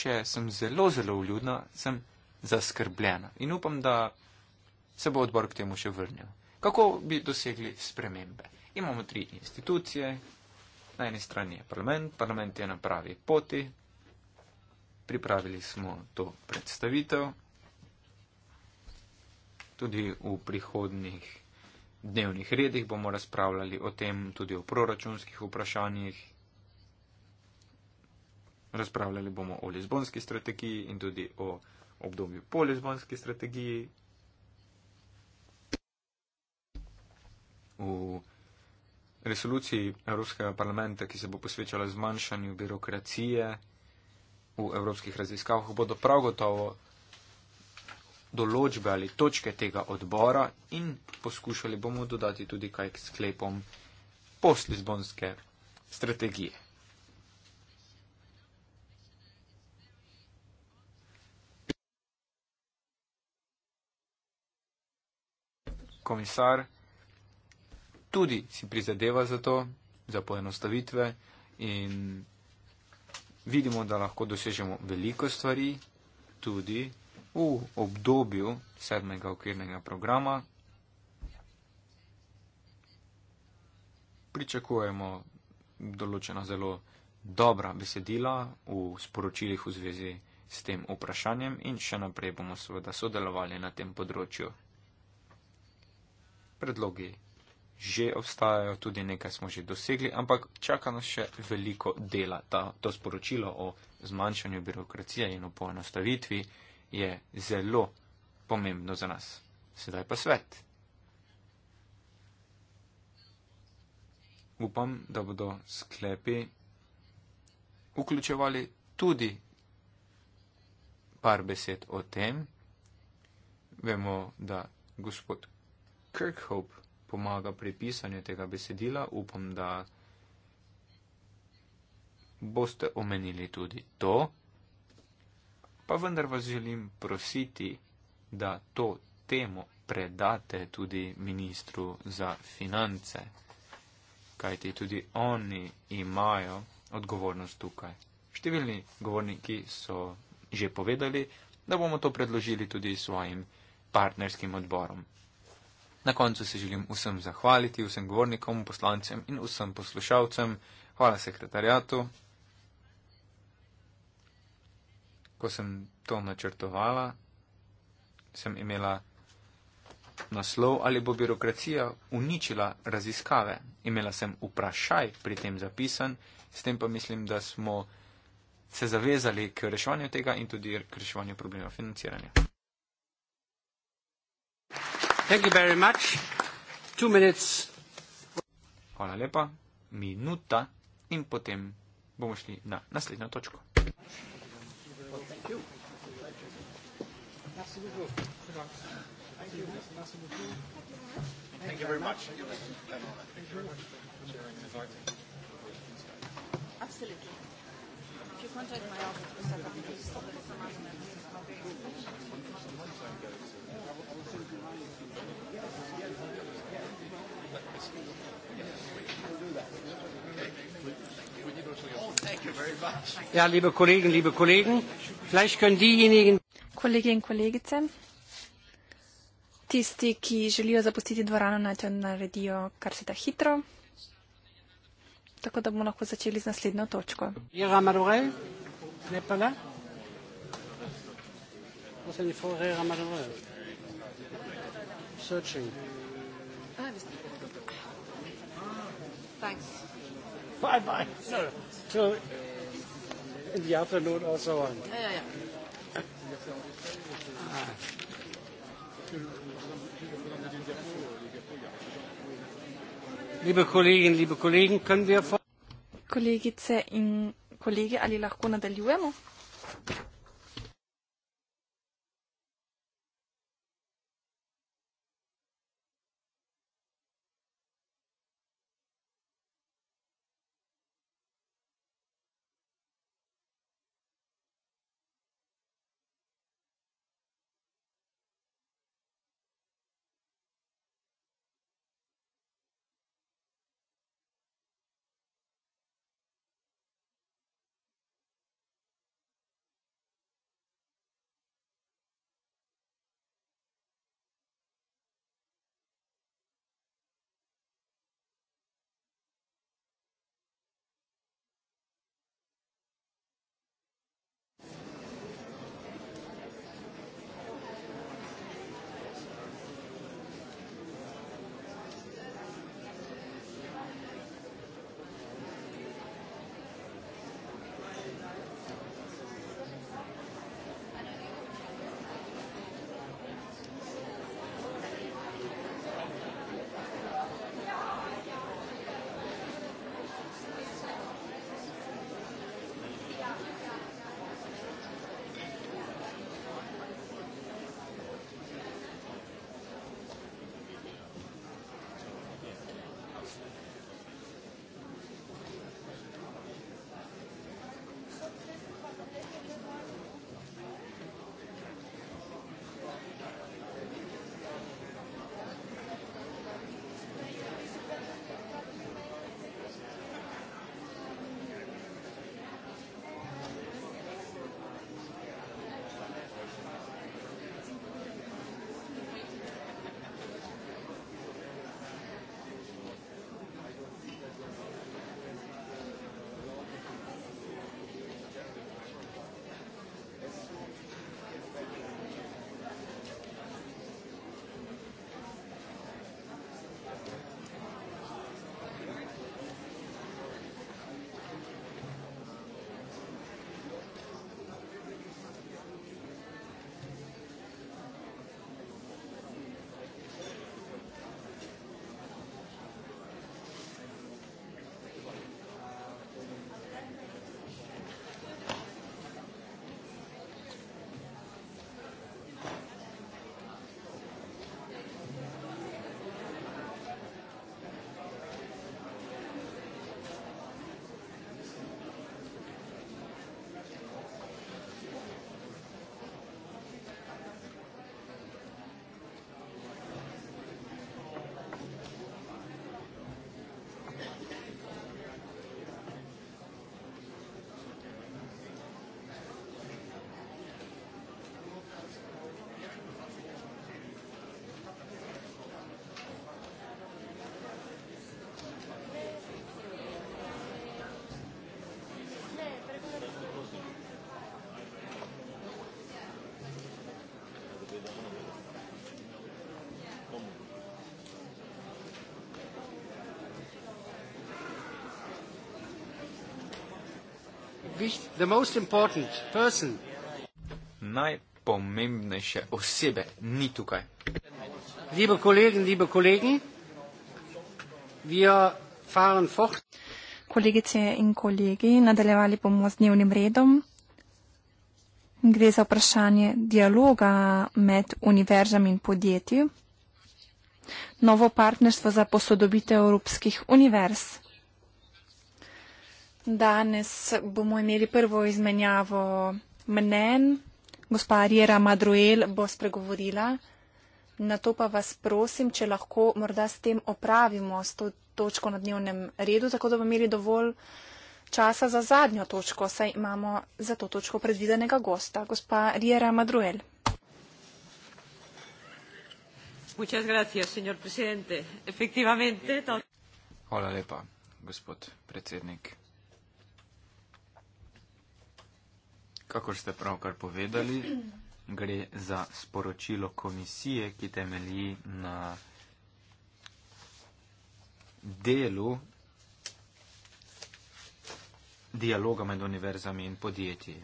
Če sem zelo, zelo vljudna, sem zaskrbljena in upam, da se bo odbor k temu še vrnil. Kako bi dosegli spremembe? Imamo tri institucije. Na eni strani je parlament, parlament je na pravi poti, pripravili smo to predstavitev. Tudi v prihodnih dnevnih redih bomo razpravljali o tem, tudi o proračunskih vprašanjih. Razpravljali bomo o lizbonski strategiji in tudi o obdobju po lizbonski strategiji. V resoluciji Evropskega parlamenta, ki se bo posvečala zmanjšanju birokracije, v evropskih raziskavah, bodo prav gotovo določbe ali točke tega odbora in poskušali bomo dodati tudi kaj k sklepom poslizbonske strategije. Komisar tudi si prizadeva za to, za poenostavitve in vidimo, da lahko dosežemo veliko stvari tudi v obdobju sedmega okvirnega programa. Pričakujemo določena zelo dobra besedila v sporočilih v zvezi s tem vprašanjem in še naprej bomo seveda sodelovali na tem področju. Predlogi že obstajajo, tudi nekaj smo že dosegli, ampak čaka nas še veliko dela. Ta, to sporočilo o zmanjšanju birokracije in o poenostavitvi je zelo pomembno za nas. Sedaj pa svet. Upam, da bodo sklepi vključevali tudi par besed o tem. Vemo, da gospod Kirkhope pomaga pri pisanju tega besedila, upam, da boste omenili tudi to. Pa vendar vas želim prositi, da to temo predate tudi ministru za finance, kajti tudi oni imajo odgovornost tukaj. Številni govorniki so že povedali, da bomo to predložili tudi svojim partnerskim odborom. Na koncu se želim vsem zahvaliti, vsem govornikom, poslancem in vsem poslušalcem. Hvala sekretarjatu. Ko sem to načrtovala, sem imela naslov ali bo birokracija uničila raziskave. Imela sem vprašaj pri tem zapisan, s tem pa mislim, da smo se zavezali k reševanju tega in tudi k reševanju problema financiranja. Hvala lepa. Minuta in potem bomo šli na naslednjo točko. Thank you. Thank you. Thank you. Thank you. Thank you. Thank you. Absolutely. Ja, liebe Kollegen, liebe Kollegen, vielleicht können diejenigen Kolleginnen und Kollegen, tisti, ki želijo zapustiti dvorano, naj to naredijo kar se da hitro tako da bomo lahko začeli z naslednjo točko. Ah, Thank you. Liebe Kolleginnen, liebe Kollegen, können wir. Kolegice in kolege, ali lahko nadaljujemo? Najpomembnejše osebe ni tukaj. Liebe Kollegen, liebe Kollegen, wir fahren fort. Kolegice in kolegi, nadaljevali bomo z dnevnim redom. Gre za vprašanje dialoga med univerzami in podjetji. Novo partnerstvo za posodobitev evropskih univerz. Danes bomo imeli prvo izmenjavo mnen. Gospa Arjera Madruel bo spregovorila. Na to pa vas prosim, če lahko morda s tem opravimo s to točko na dnevnem redu, tako da bomo imeli dovolj časa za zadnjo točko, saj imamo za to točko predvidenega gosta. Gospa Riera Madruel. Hvala lepa, gospod predsednik. Kako ste pravkar povedali, gre za sporočilo komisije, ki temelji na delu dialoga med univerzami in podjetji.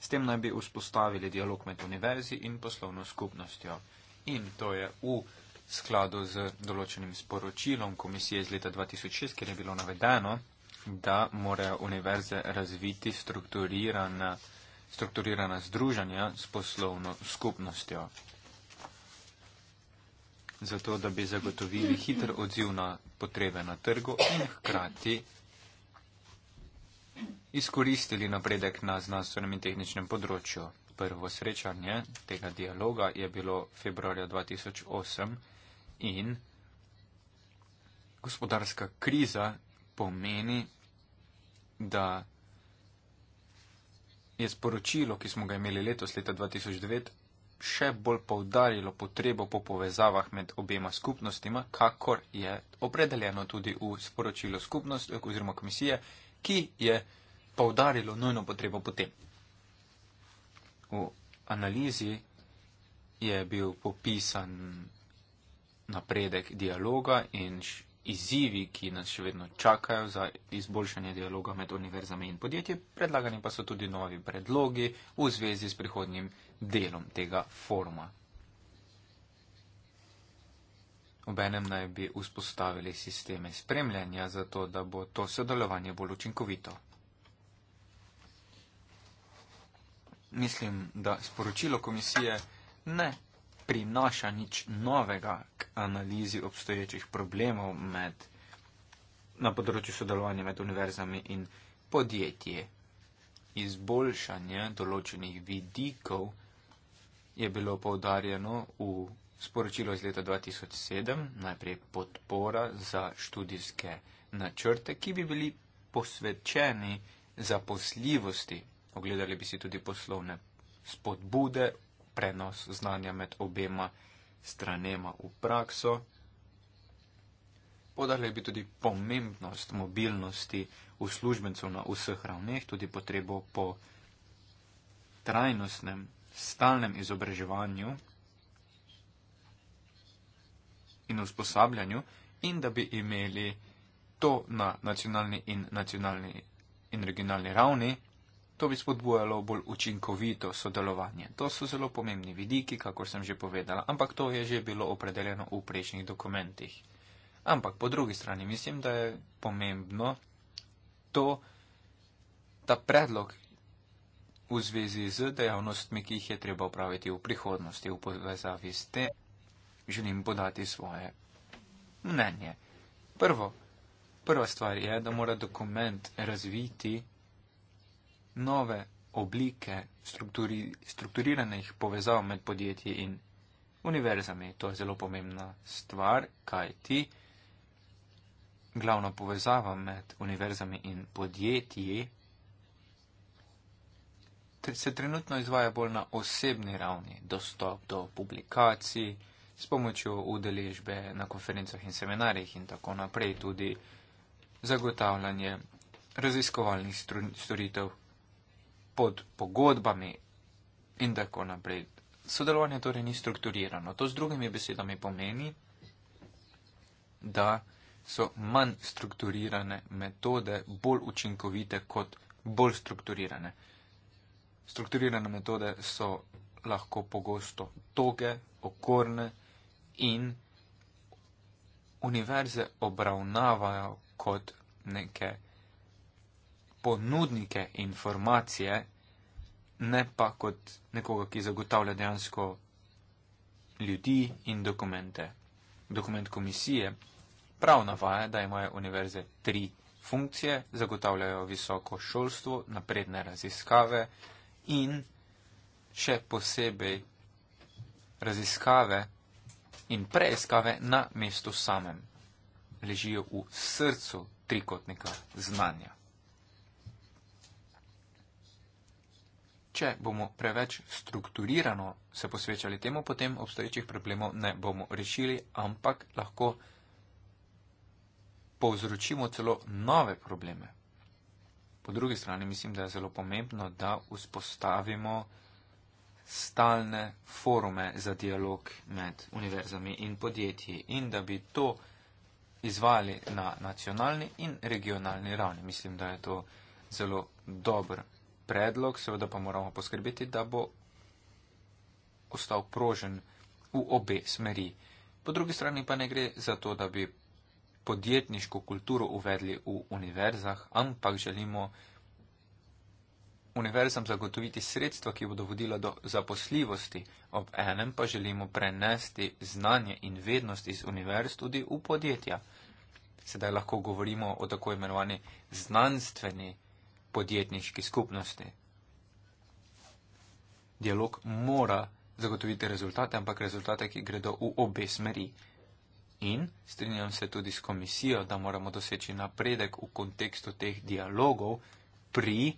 S tem naj bi vzpostavili dialog med univerzi in poslovno skupnostjo. In to je v skladu z določenim sporočilom komisije iz leta 2006, kjer je bilo navedeno, da morajo univerze razviti strukturirana, strukturirana združanja s poslovno skupnostjo, zato da bi zagotovili hiter odziv na potrebe na trgu in hkrati izkoristili napredek na znanstvenem in tehničnem področju. Prvo srečanje tega dialoga je bilo februarja 2008 in gospodarska kriza pomeni, da je sporočilo, ki smo ga imeli letos leta 2009, še bolj povdarilo potrebo po povezavah med obema skupnostima, kakor je opredeljeno tudi v sporočilo skupnosti oziroma komisije, ki je povdarilo nujno potrebo potem. V analizi je bil popisan napredek dialoga in izzivi, ki nas še vedno čakajo za izboljšanje dialoga med univerzami in podjetji, predlagani pa so tudi novi predlogi v zvezi s prihodnjim delom tega foruma. Obenem naj bi vzpostavili sisteme spremljanja, zato da bo to sodelovanje bolj učinkovito. Mislim, da sporočilo komisije ne prinaša nič novega k analizi obstoječih problemov med, na področju sodelovanja med univerzami in podjetje. Izboljšanje določenih vidikov je bilo povdarjeno v sporočilu iz leta 2007, najprej podpora za študijske načrte, ki bi bili posvečeni zaposljivosti. Ogledali bi si tudi poslovne spodbude, prenos znanja med obema stranema v prakso. Podarila bi tudi pomembnost mobilnosti uslužbencev na vseh ravneh, tudi potrebo po trajnostnem, stalnem izobraževanju in usposabljanju in da bi imeli to na nacionalni in nacionalni in regionalni ravni To bi spodbujalo bolj učinkovito sodelovanje. To so zelo pomembni vidiki, kakor sem že povedala, ampak to je že bilo opredeljeno v prejšnjih dokumentih. Ampak po drugi strani mislim, da je pomembno to, ta predlog v zvezi z dejavnostmi, ki jih je treba upraviti v prihodnosti, v povezavi s te, želim podati svoje mnenje. Prvo, prva stvar je, da mora dokument razviti nove oblike strukturi, strukturiranih povezav med podjetji in univerzami. To je zelo pomembna stvar, kaj ti glavna povezava med univerzami in podjetji se trenutno izvaja bolj na osebni ravni. Dostop do publikacij s pomočjo udeležbe na konferencah in seminarjih in tako naprej tudi zagotavljanje raziskovalnih storitev pod pogodbami in tako naprej. Sodelovanje torej ni strukturirano. To z drugimi besedami pomeni, da so manj strukturirane metode bolj učinkovite kot bolj strukturirane. Strukturirane metode so lahko pogosto toge, okorne in univerze obravnavajo kot neke ponudnike informacije, ne pa kot nekoga, ki zagotavlja dejansko ljudi in dokumente. Dokument komisije prav navaja, da imajo univerze tri funkcije, zagotavljajo visoko šolstvo, napredne raziskave in še posebej raziskave in preiskave na mestu samem. Ležijo v srcu trikotnika znanja. če bomo preveč strukturirano se posvečali temu, potem obstoječih problemov ne bomo rešili, ampak lahko povzročimo celo nove probleme. Po drugi strani mislim, da je zelo pomembno, da vzpostavimo stalne forume za dialog med univerzami in podjetji in da bi to izvali na nacionalni in regionalni ravni. Mislim, da je to zelo dobro predlog, seveda pa moramo poskrbeti, da bo ostal prožen v obe smeri. Po drugi strani pa ne gre za to, da bi podjetniško kulturo uvedli v univerzah, ampak želimo univerzam zagotoviti sredstva, ki bodo vodila do zaposljivosti, ob enem pa želimo prenesti znanje in vednost iz univerz tudi v podjetja. Sedaj lahko govorimo o tako imenovani znanstveni podjetniški skupnosti. Dialog mora zagotoviti rezultate, ampak rezultate, ki gredo v obe smeri. In strinjam se tudi s komisijo, da moramo doseči napredek v kontekstu teh dialogov pri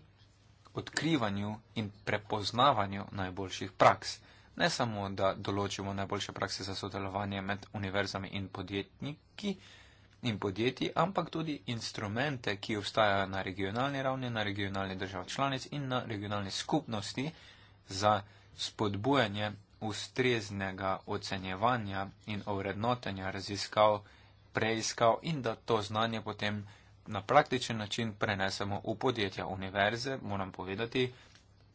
odkrivanju in prepoznavanju najboljših praks. Ne samo, da določimo najboljše prakse za sodelovanje med univerzami in podjetniki, in podjetij, ampak tudi instrumente, ki obstajajo na regionalni ravni, na regionalni držav članic in na regionalni skupnosti za spodbujanje ustreznega ocenjevanja in ovrednotenja raziskav, preiskav in da to znanje potem na praktičen način prenesemo v podjetja univerze, moram povedati,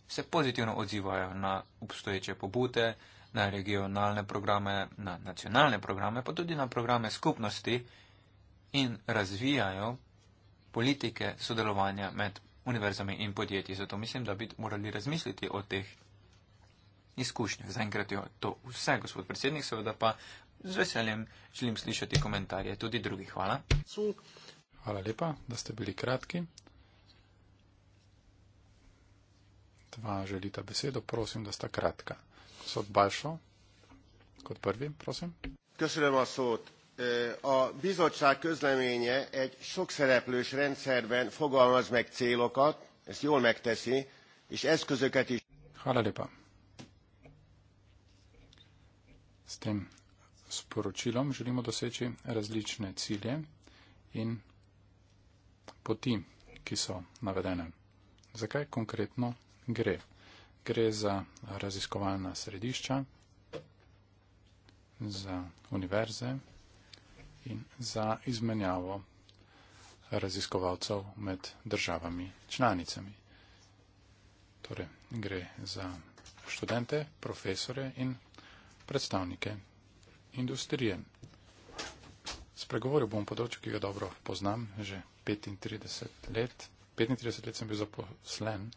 se pozitivno odzivajo na obstoječe pobute, na regionalne programe, na nacionalne programe, pa tudi na programe skupnosti, in razvijajo politike sodelovanja med univerzami in podjetji. Zato mislim, da bi morali razmisliti o teh izkušnjah. Zaenkrat je to vse, gospod predsednik, seveda pa z veseljem želim slišati komentarje tudi drugih. Hvala. Hvala lepa, da ste bili kratki. Dva želita besedo, prosim, da sta kratka. Sod Balšo, kot prvi, prosim. Kaj se le ima sod? a bizottság közleménye egy sokszereplős rendszerben fogalmaz meg célokat, ezt jól megteszi, és eszközöket is. Hvala lepa. S tem sporočilom želimo doseči različne cilje in poti, ki so navedene. Zakaj konkretno gre? Gre za raziskovalna središča, za univerze, in za izmenjavo raziskovalcev med državami članicami. Torej, gre za študente, profesore in predstavnike industrije. Spregovoril bom področju, ki ga dobro poznam, že 35 let. 35 let sem bil zaposlen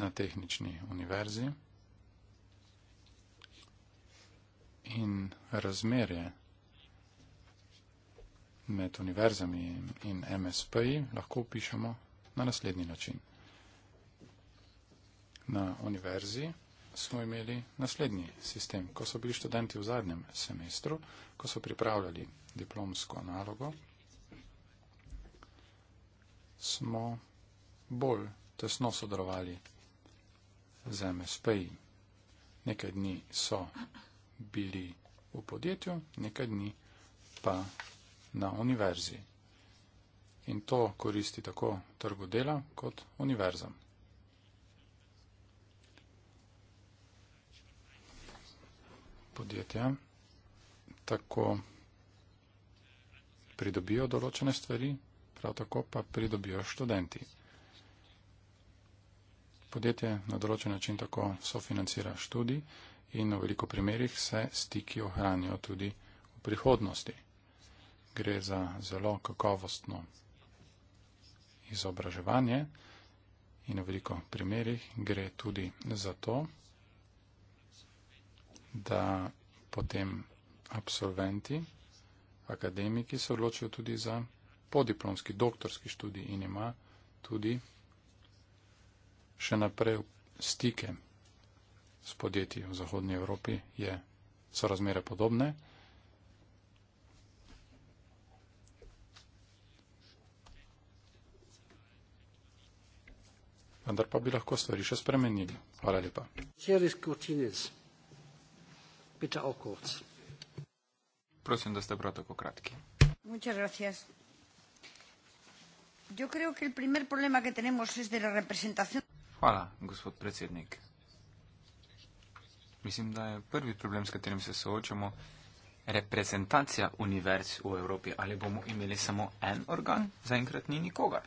na tehnični univerzi in razmerje med univerzami in MSP-ji lahko pišemo na naslednji način. Na univerzi smo imeli naslednji sistem. Ko so bili študenti v zadnjem semestru, ko so pripravljali diplomsko nalogo, smo bolj tesno sodelovali z MSP-ji. Nekaj dni so bili v podjetju, nekaj dni pa na univerzi. In to koristi tako trgu dela kot univerzam. Podjetja tako pridobijo določene stvari, prav tako pa pridobijo študenti. Podjetje na določen način tako sofinancira študij in v veliko primerjih se stiki ohranijo tudi v prihodnosti gre za zelo kakovostno izobraževanje in v veliko primerih gre tudi za to, da potem absolventi, akademiki se odločijo tudi za podiplomski doktorski študij in ima tudi še naprej stike s podjetji v Zahodnji Evropi, je, so razmere podobne. vendar pa bi lahko stvari še spremenili. Hvala lepa. Prosim, da ste prav tako kratki. Hvala, gospod predsednik. Mislim, da je prvi problem, s katerim se soočamo, reprezentacija univerz v Evropi. Ali bomo imeli samo en organ? Zaenkrat ni nikogar.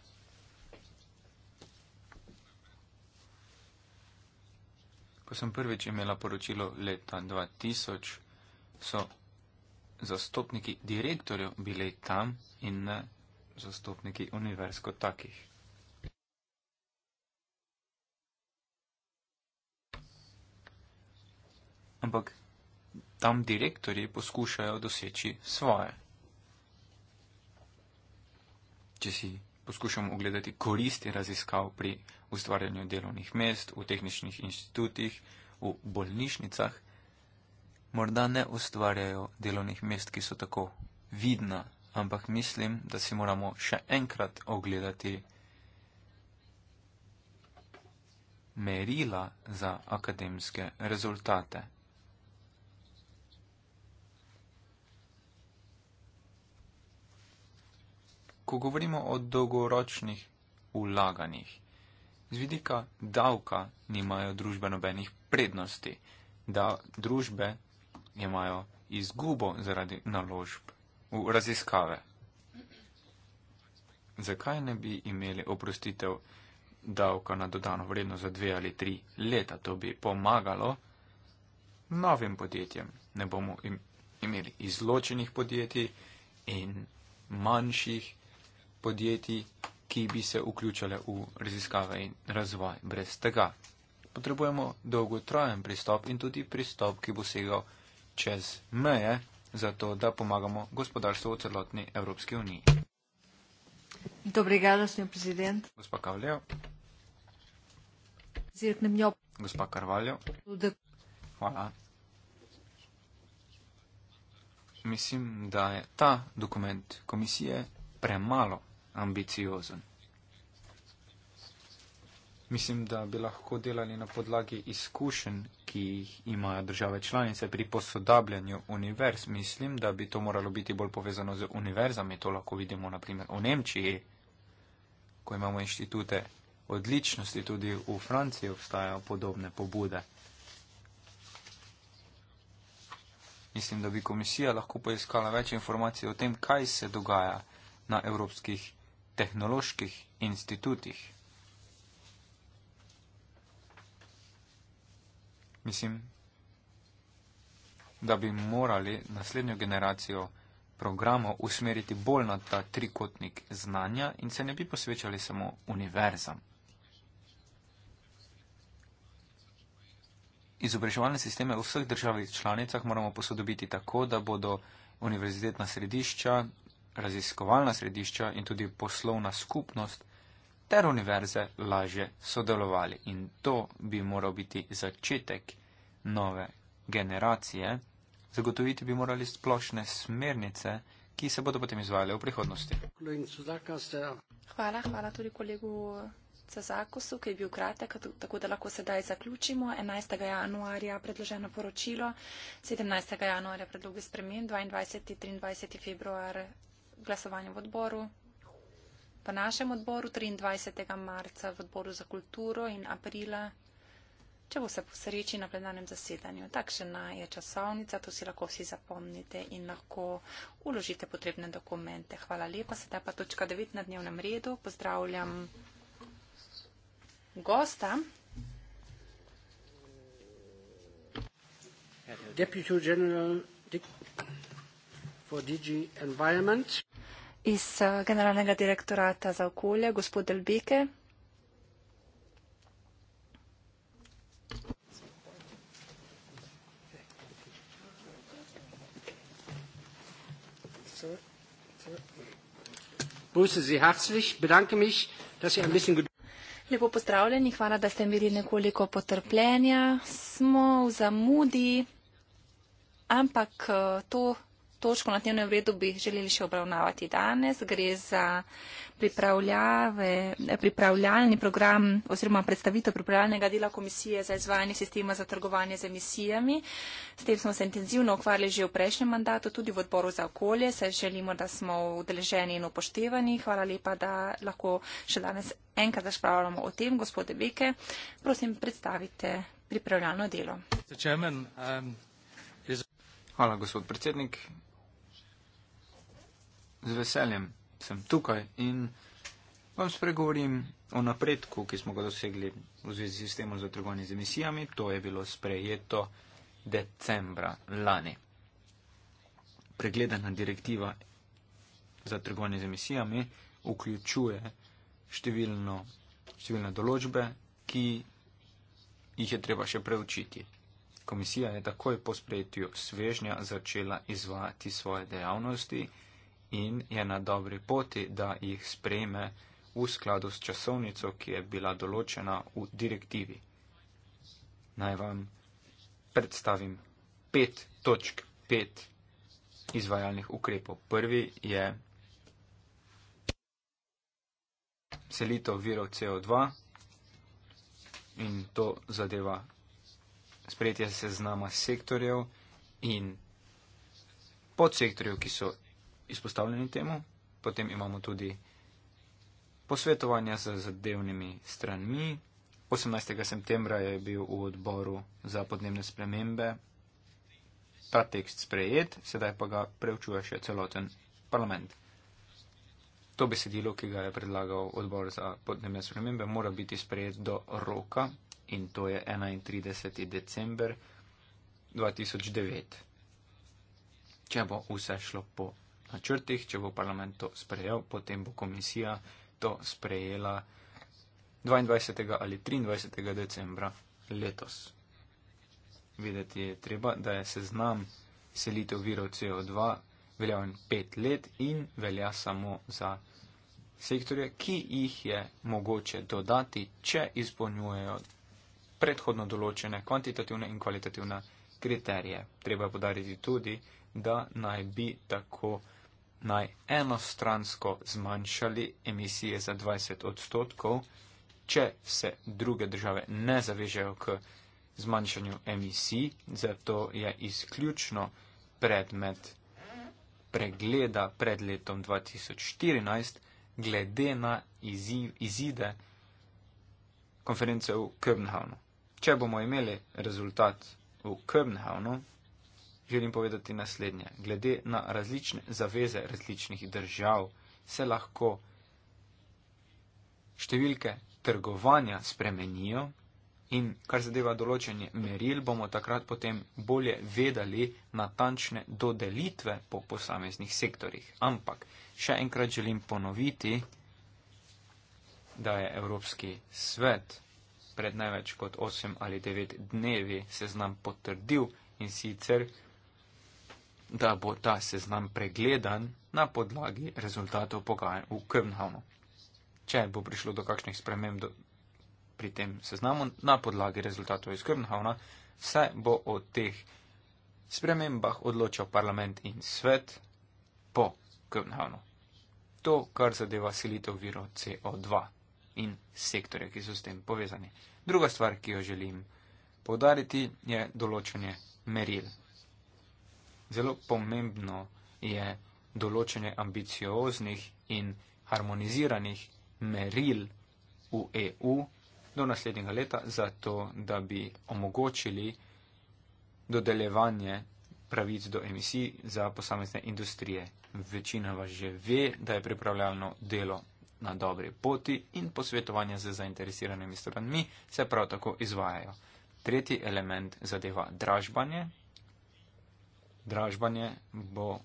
Ko sem prvič imela poročilo leta 2000, so zastopniki direktorjev bili tam in ne zastopniki univerz kot takih. Ampak tam direktorji poskušajo doseči svoje. Če si poskušamo ogledati koristi raziskav pri ustvarjanju delovnih mest, v tehničnih inštitutih, v bolnišnicah, morda ne ustvarjajo delovnih mest, ki so tako vidna, ampak mislim, da si moramo še enkrat ogledati merila za akademske rezultate. Ko govorimo o dolgoročnih vlaganjih, z vidika davka nimajo družbe nobenih prednosti, da družbe imajo izgubo zaradi naložb v raziskave. Zakaj ne bi imeli oprostitev davka na dodano vredno za dve ali tri leta? To bi pomagalo novim podjetjem. Ne bomo imeli izločenih podjetij in manjših podjetij, ki bi se vključile v raziskave in razvoj. Brez tega potrebujemo dolgotrajen pristop in tudi pristop, ki bo segal čez meje, zato da pomagamo gospodarstvu v celotni Evropski uniji. Dobrega, gospod prezident. Gospa Kavljev. Zirknem jo. Gospa Karvaljo. Hvala. Mislim, da je ta dokument komisije premalo ambiciozen. Mislim, da bi lahko delali na podlagi izkušenj, ki jih imajo države članice pri posodabljanju univerz. Mislim, da bi to moralo biti bolj povezano z univerzami. To lahko vidimo naprimer v Nemčiji, ko imamo inštitute odličnosti, tudi v Franciji obstajajo podobne pobude. Mislim, da bi komisija lahko poiskala več informacij o tem, kaj se dogaja na evropskih tehnoloških institutih. Mislim, da bi morali naslednjo generacijo programov usmeriti bolj na ta trikotnik znanja in se ne bi posvečali samo univerzam. Izobraževalne sisteme v vseh državah članicah moramo posodobiti tako, da bodo univerzitetna središča raziskovalna središča in tudi poslovna skupnost ter univerze lažje sodelovali. In to bi moral biti začetek nove generacije. Zagotoviti bi morali splošne smernice, ki se bodo potem izvajale v prihodnosti. Hvala, hvala tudi kolegu Cezakosu, ki je bil kratek, tako da lahko sedaj zaključimo. 11. januarja predloženo poročilo, 17. januarja predloge spremen, 22. in 23. februar glasovanje v odboru. V našem odboru 23. marca, v odboru za kulturo in aprila, če bo se posreči na plenarnem zasedanju. Takšna je časovnica, to si lahko vsi zapomnite in lahko uložite potrebne dokumente. Hvala lepa, sedaj pa točka 9 na dnevnem redu. Pozdravljam gosta. Deputy General Dick for DG Environment. Iz eh, generalnega direktorata za okolje, gospod Delbike. Lepo pozdravljeni, hvala, da ste imeli nekoliko potrpljenja. Smo v zamudi, ampak eh, to točko na dnevnem redu bi želeli še obravnavati danes. Gre za pripravljalni program oziroma predstavitev pripravljalnega dela komisije za izvajanje sistema za trgovanje z emisijami. S tem smo se intenzivno ukvarjali že v prejšnjem mandatu, tudi v odboru za okolje. Se želimo, da smo udeleženi in upoštevani. Hvala lepa, da lahko še danes enkrat razpravljamo o tem, gospode Beke. Prosim, predstavite pripravljalno delo. Um, Hvala, gospod predsednik z veseljem sem tukaj in vam spregovorim o napredku, ki smo ga dosegli v zvezi s sistemom za trgovanje z emisijami. To je bilo sprejeto decembra lani. Pregledana direktiva za trgovanje z emisijami vključuje številno, številne določbe, ki jih je treba še preučiti. Komisija je takoj po sprejetju svežnja začela izvajati svoje dejavnosti in je na dobri poti, da jih sprejme v skladu s časovnico, ki je bila določena v direktivi. Naj vam predstavim pet točk, pet izvajalnih ukrepov. Prvi je selitev virov CO2 in to zadeva sprejetje seznama sektorjev in podsektorjev, ki so izpostavljeni temu. Potem imamo tudi posvetovanja z zadevnimi stranmi. 18. septembra je bil v odboru za podnebne spremembe ta tekst sprejet, sedaj pa ga preučuje še celoten parlament. To besedilo, ki ga je predlagal odbor za podnebne spremembe, mora biti sprejet do roka in to je 31. december 2009. Če bo vse šlo po načrtih, če bo parlament to sprejel, potem bo komisija to sprejela 22. ali 23. decembra letos. Videti je treba, da je seznam selitev virov CO2 veljaven pet let in velja samo za sektorje, ki jih je mogoče dodati, če izpolnjujejo predhodno določene kvantitativne in kvalitativne kriterije. Treba podariti tudi, da naj bi tako naj enostransko zmanjšali emisije za 20 odstotkov, če se druge države ne zavežejo k zmanjšanju emisij, zato je izključno predmet pregleda pred letom 2014 glede na iziv, izide konference v Köbenhavnu. Če bomo imeli rezultat v Köbenhavnu, želim povedati naslednje. Glede na različne zaveze različnih držav se lahko številke trgovanja spremenijo in kar zadeva določenje meril, bomo takrat potem bolje vedeli natančne dodelitve po posameznih sektorjih. Ampak še enkrat želim ponoviti, da je Evropski svet pred največ kot 8 ali 9 dnevi seznam potrdil in sicer da bo ta seznam pregledan na podlagi rezultatov pogajanj v Kövnhavnu. Če bo prišlo do kakšnih sprememb pri tem seznamu na podlagi rezultatov iz Kövnhavna, vse bo o teh spremembah odločal parlament in svet po Kövnhavnu. To, kar zadeva selitev virov CO2 in sektore, ki so s tem povezani. Druga stvar, ki jo želim povdariti, je določanje meril zelo pomembno je določenje ambicioznih in harmoniziranih meril v EU do naslednjega leta, zato da bi omogočili dodeljevanje pravic do emisij za posamezne industrije. Večina vas že ve, da je pripravljalno delo na dobri poti in posvetovanja z zainteresiranimi stranmi se prav tako izvajajo. Tretji element zadeva dražbanje, dražbanje bo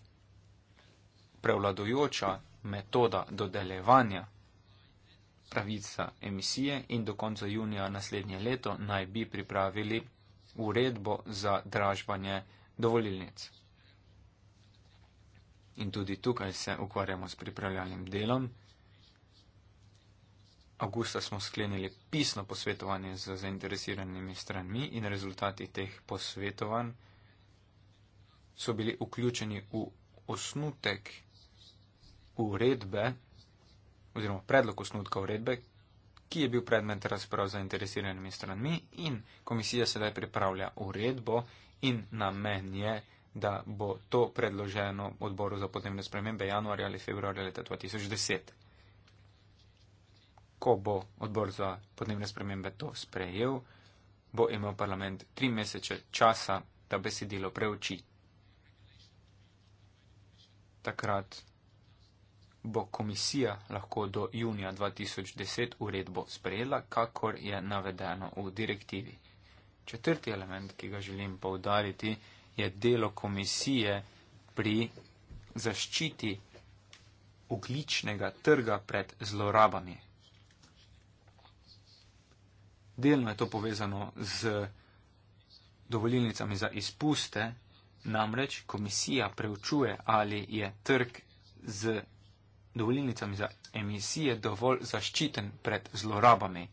prevladojoča metoda dodeljevanja pravica emisije in do konca junija naslednje leto naj bi pripravili uredbo za dražbanje dovolilnic. In tudi tukaj se ukvarjamo s pripravljalnim delom. Augusta smo sklenili pisno posvetovanje z zainteresiranimi stranmi in rezultati teh posvetovanj so bili vključeni v osnutek uredbe oziroma predlog osnutka uredbe, ki je bil predmet razprav zainteresiranimi stranmi in komisija sedaj pripravlja uredbo in namen je, da bo to predloženo odboru za podnebne spremembe januarja ali februarja leta 2010. Ko bo odbor za podnebne spremembe to sprejel, bo imel parlament tri mesece časa, da besedilo preuči takrat bo komisija lahko do junija 2010 uredbo sprejela, kakor je navedeno v direktivi. Četrti element, ki ga želim poudariti, je delo komisije pri zaščiti ugličnega trga pred zlorabami. Delno je to povezano z dovolilnicami za izpuste, Namreč komisija preučuje, ali je trg z dovoljnicami za emisije dovolj zaščiten pred zlorabami.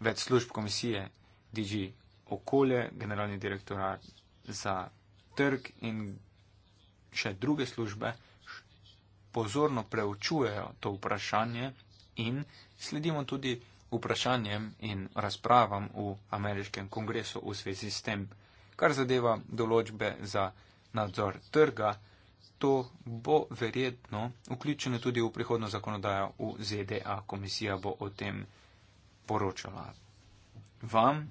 Več služb komisije, DG okolje, generalni direktorat za trg in še druge službe pozorno preučujejo to vprašanje in sledimo tudi vprašanjem in razpravam v ameriškem kongresu v zvezi s tem. Kar zadeva določbe za nadzor trga, to bo verjetno vključeno tudi v prihodno zakonodajo v ZDA. Komisija bo o tem poročala vam,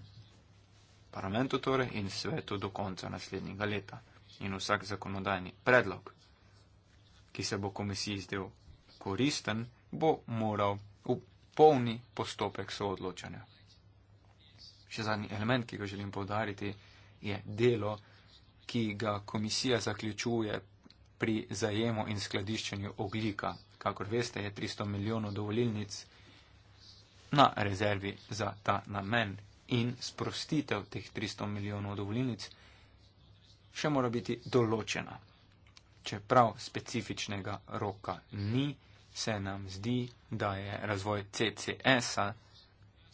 parlamentu torej in svetu do konca naslednjega leta. In vsak zakonodajni predlog, ki se bo komisiji zdel koristen, bo moral v polni postopek soodločanja. Še zadnji element, ki ga želim povdariti, je delo, ki ga komisija zaključuje pri zajemu in skladiščenju oglika. Kakor veste, je 300 milijonov dovolilnic na rezervi za ta namen in sprostitev teh 300 milijonov dovolilnic še mora biti določena. Čeprav specifičnega roka ni, se nam zdi, da je razvoj CCS-a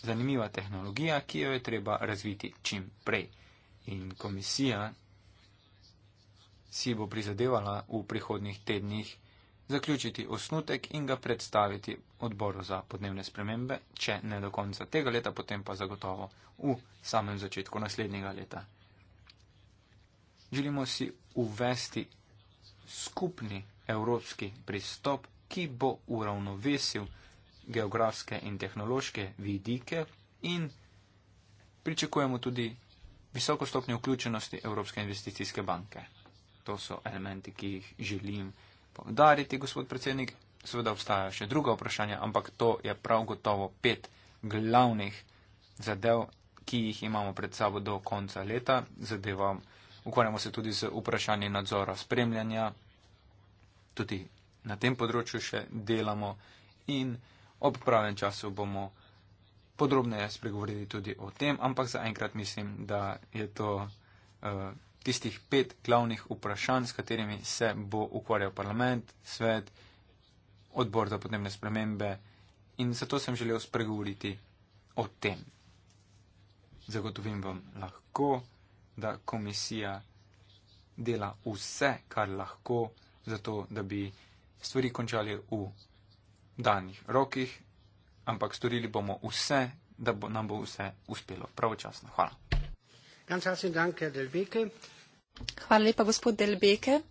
zanimiva tehnologija, ki jo je treba razviti čim prej in komisija si bo prizadevala v prihodnih tednih zaključiti osnutek in ga predstaviti odboru za podnebne spremembe, če ne do konca tega leta, potem pa zagotovo v samem začetku naslednjega leta. Želimo si uvesti skupni evropski pristop, ki bo uravnovesil geografske in tehnološke vidike in pričakujemo tudi visoko stopnjo vključenosti Evropske investicijske banke. To so elementi, ki jih želim povdariti, gospod predsednik. Seveda obstajajo še druga vprašanja, ampak to je prav gotovo pet glavnih zadev, ki jih imamo pred sabo do konca leta. Zadevam, ukvarjamo se tudi z vprašanji nadzora spremljanja, tudi na tem področju še delamo in ob pravem času bomo podrobneje spregovorili tudi o tem, ampak zaenkrat mislim, da je to uh, tistih pet glavnih vprašanj, s katerimi se bo ukvarjal parlament, svet, odbor za podnebne spremembe in zato sem želel spregovoriti o tem. Zagotovim vam lahko, da komisija dela vse, kar lahko, zato da bi stvari končali v danih rokih, ampak storili bomo vse, da bo, nam bo vse uspelo pravočasno. Hvala. Hvala lepa, gospod Delbeke.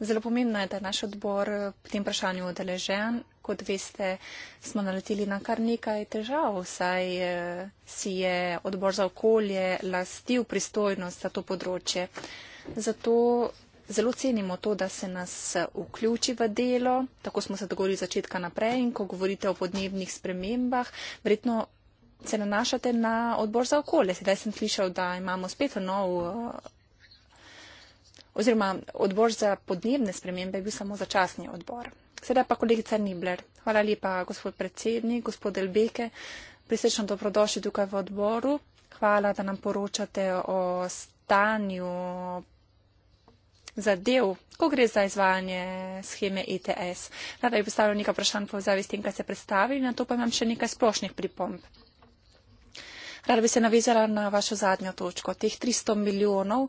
Zelo pomembno je, da je naš odbor pri tem vprašanju odeležen. Kot veste, smo naleteli na kar nekaj težav, saj eh, si je odbor za okolje lastil pristojnost za to področje. Zato zelo cenimo to, da se nas eh, vključi v delo. Tako smo se dogovorili začetka naprej in ko govorite o podnebnih spremembah, verjetno se nanašate na odbor za okolje. Sedaj sem slišal, da imamo spet nov. Eh, oziroma, odbor za podnebne spremembe je bil samo začasni odbor. Sedaj pa kolegica Nibler. Hvala lepa, gospod predsednik, gospod Elbeke. Prisrečno dobrodošli tukaj v odboru. Hvala, da nam poročate o stanju zadev, ko gre za izvajanje scheme ETS. Rada bi postavila nekaj vprašanj povzavi s tem, kaj ste predstavili, na to pa imam še nekaj splošnih pripomb. Rada bi se navezala na vašo zadnjo točko, teh 300 milijonov,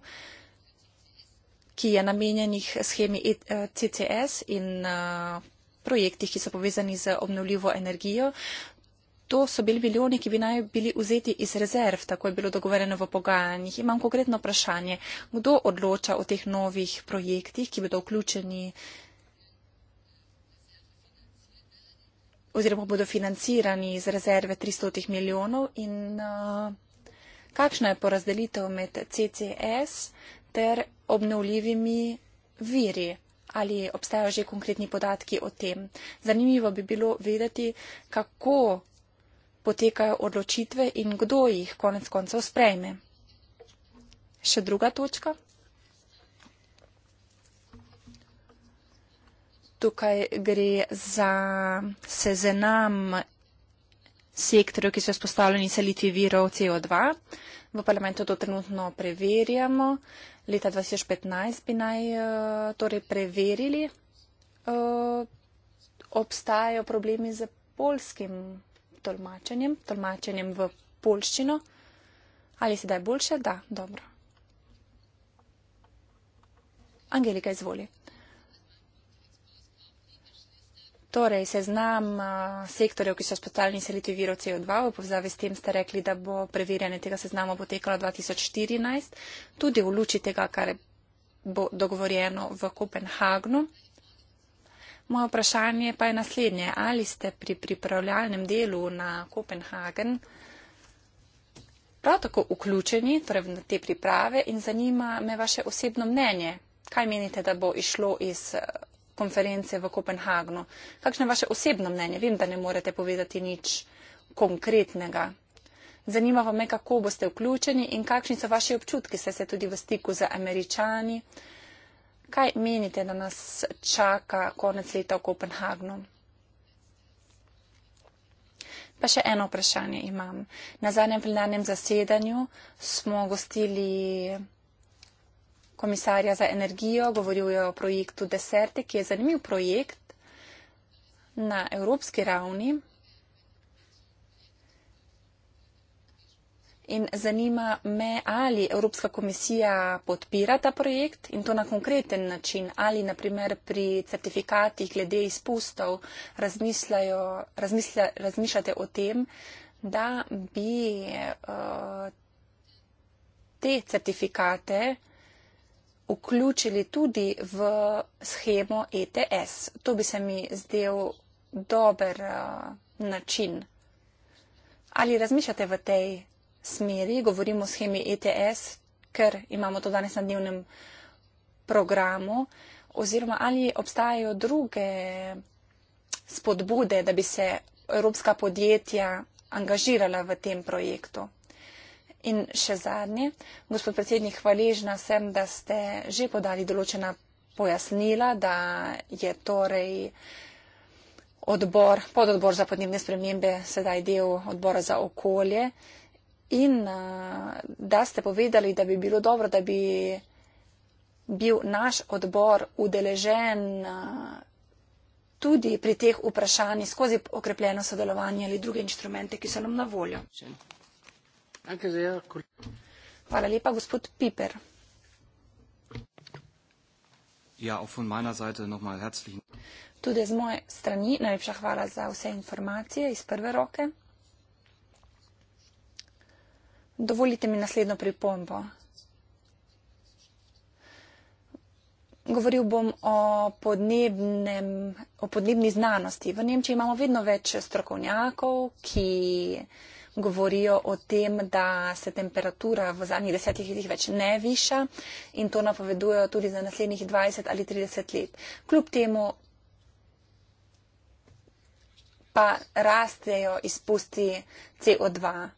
ki je namenjenih schemi e, eh, CCS in eh, projektih, ki so povezani z obnovljivo energijo to so bili milijoni, ki bi naj bili vzeti iz rezerv, tako je bilo dogovoreno v pogajanjih. Imam konkretno vprašanje, kdo odloča o teh novih projektih, ki bodo vključeni oziroma bodo financirani iz rezerve 300 milijonov in uh, kakšna je porazdelitev med CCS ter obnovljivimi viri ali obstajajo že konkretni podatki o tem. Zanimivo bi bilo vedeti, kako potekajo odločitve in kdo jih konec koncev sprejme. Še druga točka. Tukaj gre za seznam sektorjev, ki so izpostavljeni selitvi virov CO2. V parlamentu to trenutno preverjamo. Leta 2015 bi naj eh, torej preverili, eh, obstajajo problemi z polskim tolmačenjem, tolmačenjem v polščino. Ali je sedaj boljše? Da, dobro. Angelika, izvoli. Torej, seznam sektorjev, ki so spostavljeni selitvi viro CO2, v povzavi s tem ste rekli, da bo preverjanje tega seznama potekalo 2014, tudi v luči tega, kar bo dogovorjeno v Kopenhagnu. Moje vprašanje pa je naslednje. Ali ste pri pripravljalnem delu na Kopenhagen prav tako vključeni torej na te priprave in zanima me vaše osebno mnenje? Kaj menite, da bo išlo iz eh, konference v Kopenhagnu? Kakšno je vaše osebno mnenje? Vem, da ne morete povedati nič konkretnega. Zanima me, kako boste vključeni in kakšni so vaši občutki, saj ste tudi v stiku z američani. Kaj menite, da nas čaka konec leta v Kopenhagnu? Pa še eno vprašanje imam. Na zadnjem plenarnem zasedanju smo gostili komisarja za energijo, govoril je o projektu Deserte, ki je zanimiv projekt na evropski ravni. In zanima me, ali Evropska komisija podpira ta projekt in to na konkreten način, ali naprimer pri certifikatih glede izpustov razmišljate o tem, da bi uh, te certifikate vključili tudi v schemo ETS. To bi se mi zdel dober uh, način. Ali razmišljate v tej smeri, govorimo o schemi ETS, ker imamo to danes na dnevnem programu, oziroma ali obstajajo druge spodbude, da bi se evropska podjetja angažirala v tem projektu. In še zadnje, gospod predsednik, hvaležna sem, da ste že podali določena pojasnila, da je torej odbor, pododbor za podnebne spremembe sedaj del odbora za okolje in eh, da ste povedali, da bi bilo dobro, da bi bil naš odbor udeležen eh, tudi pri teh vprašanjih skozi okrepljeno sodelovanje ali druge inštrumente, ki so nam na voljo. Hvala lepa, gospod Piper. Ja, von meiner Seite nochmal herzlichen. Tudi z moje strani najlepša hvala za vse informacije iz prve roke. Dovolite mi naslednjo pripombo. Govoril bom o, podnebnem, o podnebni znanosti. V Nemčiji imamo vedno več strokovnjakov, ki govorijo o tem, da se temperatura v zadnjih desetih letih več ne viša in to napovedujejo tudi za naslednjih 20 ali 30 let. Kljub temu pa rastejo izpusti CO2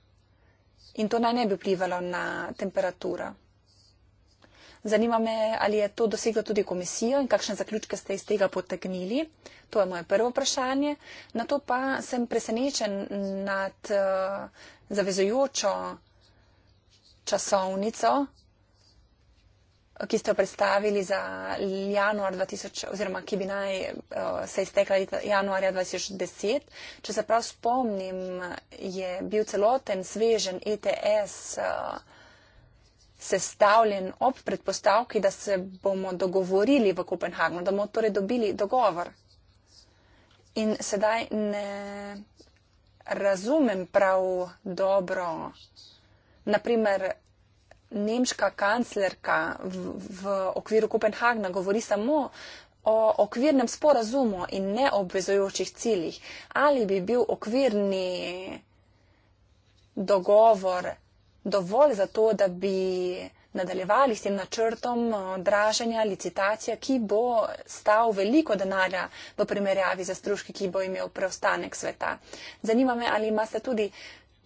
in to naj ne bi vplivalo na temperaturo. Zanima me, ali je to dosegla tudi komisija in kakšne zaključke ste iz tega potegnili. To je moje prvo vprašanje. Na to pa sem presenečen nad uh, eh, zavezojočo časovnico ki ste jo predstavili za januar 2000, oziroma ki bi naj eh, se iztekla januarja 2010. Če se prav spomnim, je bil celoten svežen ETS eh, sestavljen ob predpostavki, da se bomo dogovorili v Kopenhagnu, da bomo torej dobili dogovor. In sedaj ne razumem prav dobro, naprimer, nemška kanclerka v, v okviru Kopenhagna govori samo o okvirnem sporazumu in neobvezojočih ciljih, ali bi bil okvirni dogovor dovolj za to, da bi nadaljevali s tem načrtom eh, draženja, licitacija, ki bo stal veliko denarja v primerjavi za stroški, ki bo imel preostanek sveta. Zanima me, ali imate tudi uh,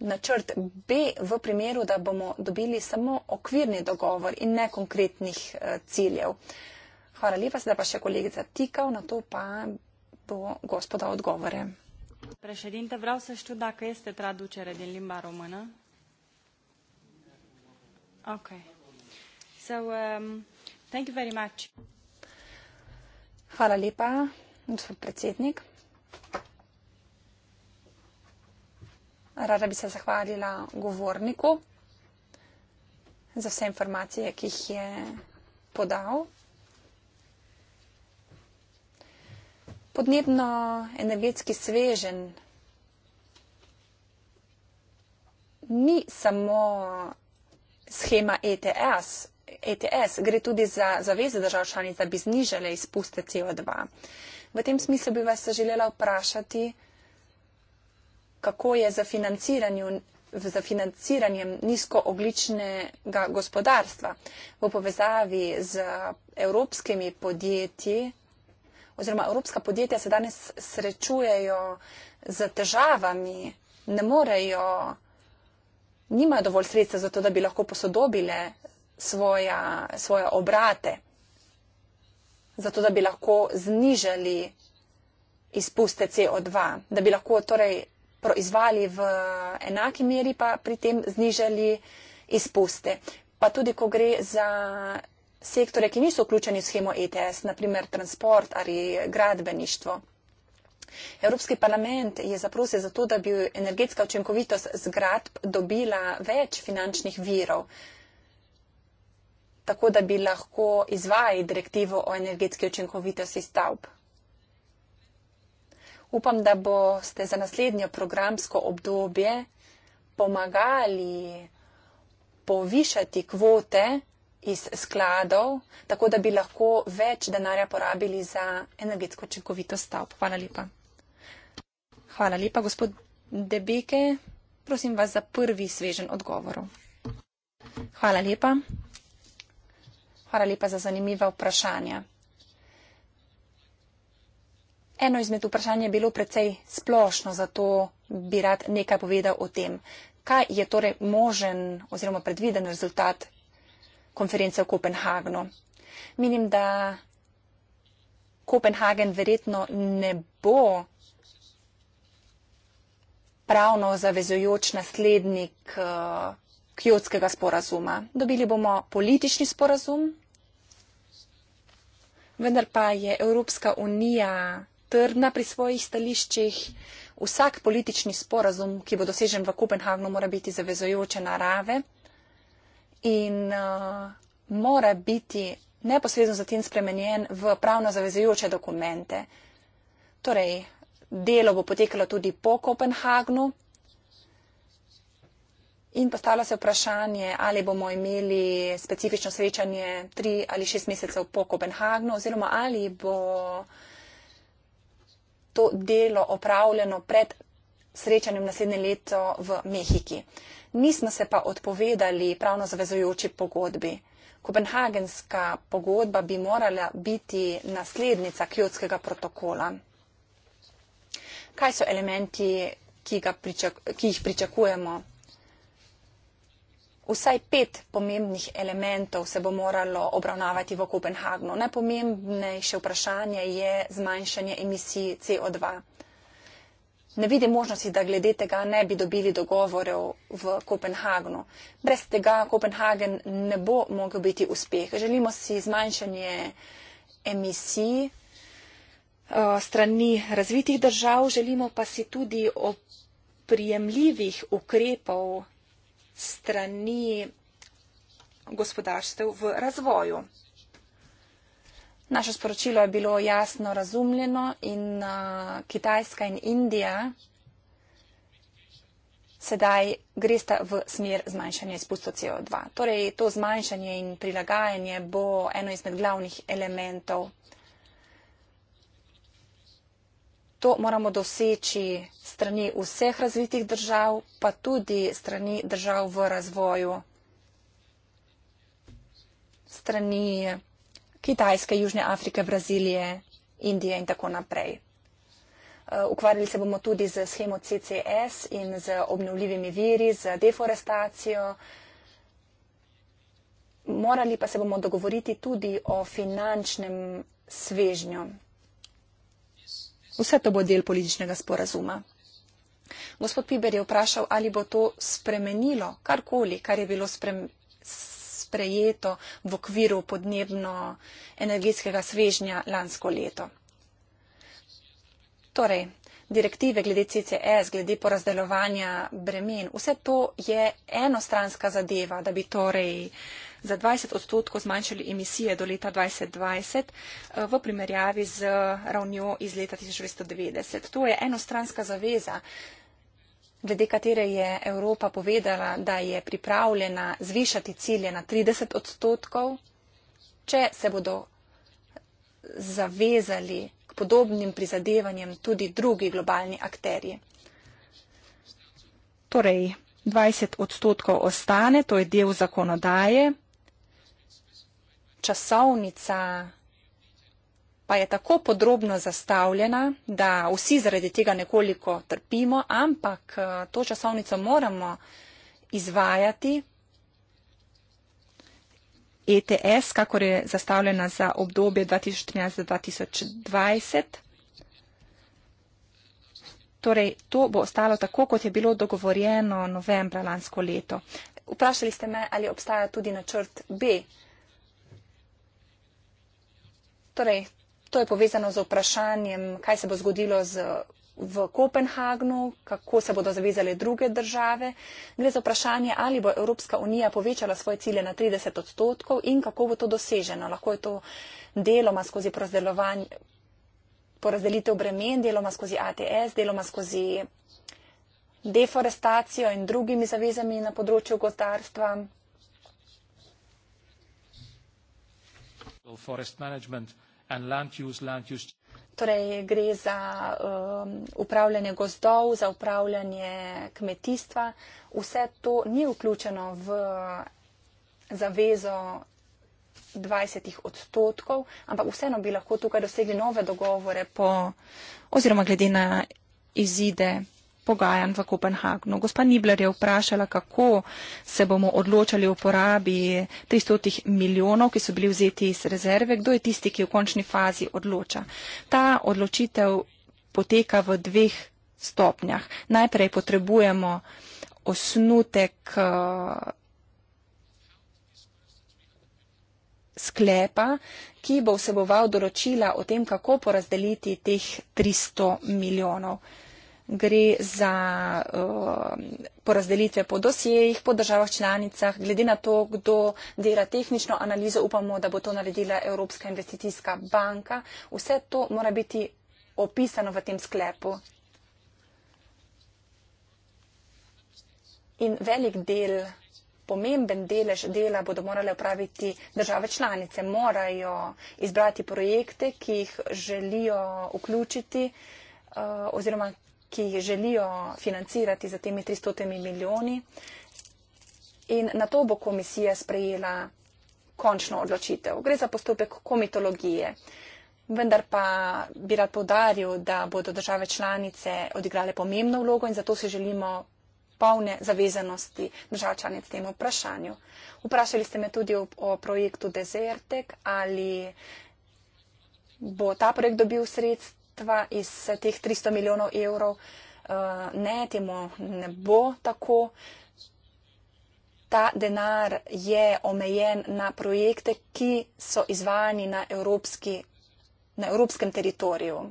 načrt B v primeru, da bomo dobili samo okvirni dogovor in ne konkretnih eh, ciljev. Hvala lepa, zdaj pa še kolegica Tikal, na to pa bo gospoda odgovore. Prešedinte, prav se študa, kaj ste traduče redi limba romana? Ok. So, um, thank you very much. Hvala lepa, gospod predsednik. Rada bi se zahvalila govorniku za vse informacije, ki jih je podal. Podnebno-energetski svežen ni samo schema ETS, ETS gre tudi za zaveze držav članic, da bi znižale izpuste CO2. V tem smislu bi vas želela vprašati, kako je za, za financiranjem nizkoogličnega gospodarstva v povezavi z evropskimi podjetji, oziroma evropska podjetja se danes srečujejo z težavami, ne morejo, nimajo dovolj sredstva za to, da bi lahko posodobile svoja, svoje obrate, zato da bi lahko znižali izpuste CO2, da bi lahko torej proizvali v enaki meri, pa pri tem znižali izpuste. Pa tudi, ko gre za sektore, ki niso vključeni v schemo ETS, naprimer transport ali gradbeništvo. Evropski parlament je zaprosil za to, da bi energetska učinkovitost zgradb dobila več finančnih virov, tako da bi lahko izvajali direktivo o energetski učinkovitosti stavb. Upam, da boste za naslednjo programsko obdobje pomagali povišati kvote iz skladov, tako da bi lahko več denarja porabili za energetsko učinkovito stavb. Hvala lepa. Hvala lepa, gospod Debeke. Prosim vas za prvi svežen odgovor. Hvala lepa. Hvala lepa za zanimiva vprašanja. Eno izmed vprašanj je bilo precej splošno, zato bi rad nekaj povedal o tem. Kaj je torej možen oziroma predviden rezultat konference v Kopenhagnu? Menim, da Kopenhagen verjetno ne bo pravno zavezojoč naslednik eh, kjotskega sporazuma. Dobili bomo politični sporazum, vendar pa je Evropska unija trdna pri svojih stališčih. Vsak politični sporazum, ki bo dosežen v Kopenhagnu, mora biti zavezojoče narave in uh, mora biti neposredno zatem spremenjen v pravno zavezojoče dokumente. Torej, delo bo potekalo tudi po Kopenhagnu. In postavlja se vprašanje, ali bomo imeli specifično srečanje tri ali šest mesecev po Kopenhagnu, oziroma ali bo uh, to delo opravljeno pred srečanjem naslednje leto v Mehiki. Nismo se pa odpovedali pravno zavezujoči pogodbi. Kopenhagenska pogodba bi morala biti naslednica kjotskega protokola. Kaj so elementi, ki, pričak ki jih pričakujemo Vsaj pet pomembnih elementov se bo moralo obravnavati v Kopenhagnu. Najpomembnejše vprašanje je zmanjšanje emisij CO2. Ne vidim možnosti, da glede tega ne bi dobili dogovorov v Kopenhagnu. Brez tega Kopenhagen ne bo mogel biti uspeh. Želimo si zmanjšanje emisij eh, strani razvitih držav, želimo pa si tudi oprijemljivih ukrepov strani gospodarstev v razvoju. Naše sporočilo je bilo jasno razumljeno in uh, Kitajska in Indija sedaj gresta v smer zmanjšanja izpustov CO2. Torej, to zmanjšanje in prilagajanje bo eno izmed glavnih elementov to moramo doseči strani vseh razvitih držav, pa tudi strani držav v razvoju, strani Kitajske, Južne Afrike, Brazilije, Indije in tako naprej. Eh, ukvarjali se bomo tudi z schemo CCS in z obnovljivimi viri, z deforestacijo. Morali pa se bomo dogovoriti tudi o finančnem svežnju, Vse to bo del političnega sporazuma. Gospod Piber je vprašal, ali bo to spremenilo karkoli, kar je bilo sprejeto v okviru podnebno-energetskega svežnja lansko leto. Torej, direktive glede CCS, glede porazdelovanja bremen, vse to je enostranska zadeva, da bi torej uh, za 20 odstotkov zmanjšali emisije do leta 2020 eh, v primerjavi z ravnjo iz leta 1990. To je enostranska zaveza, glede katere je Evropa povedala, da je pripravljena zvišati cilje na 30 odstotkov, če se bodo zavezali k podobnim prizadevanjem tudi drugi globalni akterji. Torej, 20 odstotkov ostane, to je del zakonodaje, časovnica pa je tako podrobno zastavljena, da vsi zaradi tega nekoliko trpimo, ampak eh, to časovnico moramo izvajati. ETS, kako je zastavljena za obdobje 2013-2020. Torej, to bo ostalo tako, kot je bilo dogovorjeno novembra lansko leto. Vprašali ste me, ali obstaja tudi načrt B. Torej, to je povezano z vprašanjem, kaj se bo zgodilo z, v Kopenhagnu, kako se bodo zavezale druge države. Gre za vprašanje, ali bo Evropska unija povečala svoje cilje na 30 odstotkov in kako bo to doseženo. Lahko je to deloma skozi porazdelitev bremen, deloma skozi ATS, deloma skozi deforestacijo in drugimi zavezami na področju gozdarstva. Forest management. Torej, gre za um, upravljanje gozdov, za upravljanje kmetijstva. Vse to ni vključeno v zavezo 20 odstotkov, ampak vseeno bi lahko tukaj dosegli nove dogovore po, oziroma glede na izide pogajanj v Kopenhagnu. Gospa Nibler je vprašala, kako se bomo odločali o uporabi 300 milijonov, ki so bili vzeti iz rezerve, kdo je tisti, ki v končni fazi odloča. Ta odločitev poteka v dveh stopnjah. Najprej potrebujemo osnutek eh, sklepa, ki bo vseboval določila o tem, kako porazdeliti teh 300 milijonov gre za uh, porazdelitve po dosjejih, po državah članicah. Glede na to, kdo dela tehnično analizo, upamo, da bo to naredila Evropska investicijska banka. Vse to mora biti opisano v tem sklepu. In velik del, pomemben delež dela bodo morale upraviti države članice. Morajo izbrati projekte, ki jih želijo vključiti uh, oziroma ki jih želijo financirati za temi 300 milijoni. In na to bo komisija sprejela končno odločitev. Gre za postopek komitologije. Vendar pa bi rad povdaril, da bodo države članice odigrale pomembno vlogo in zato si želimo polne zavezanosti držav članic temu vprašanju. Vprašali ste me tudi o, o projektu Desertek, ali bo ta projekt dobil sredstva sredstva iz eh, teh 300 milijonov evrov. Eh, ne, temu ne bo tako. Ta denar je omejen na projekte, ki so izvajani na, evropski, na evropskem teritoriju.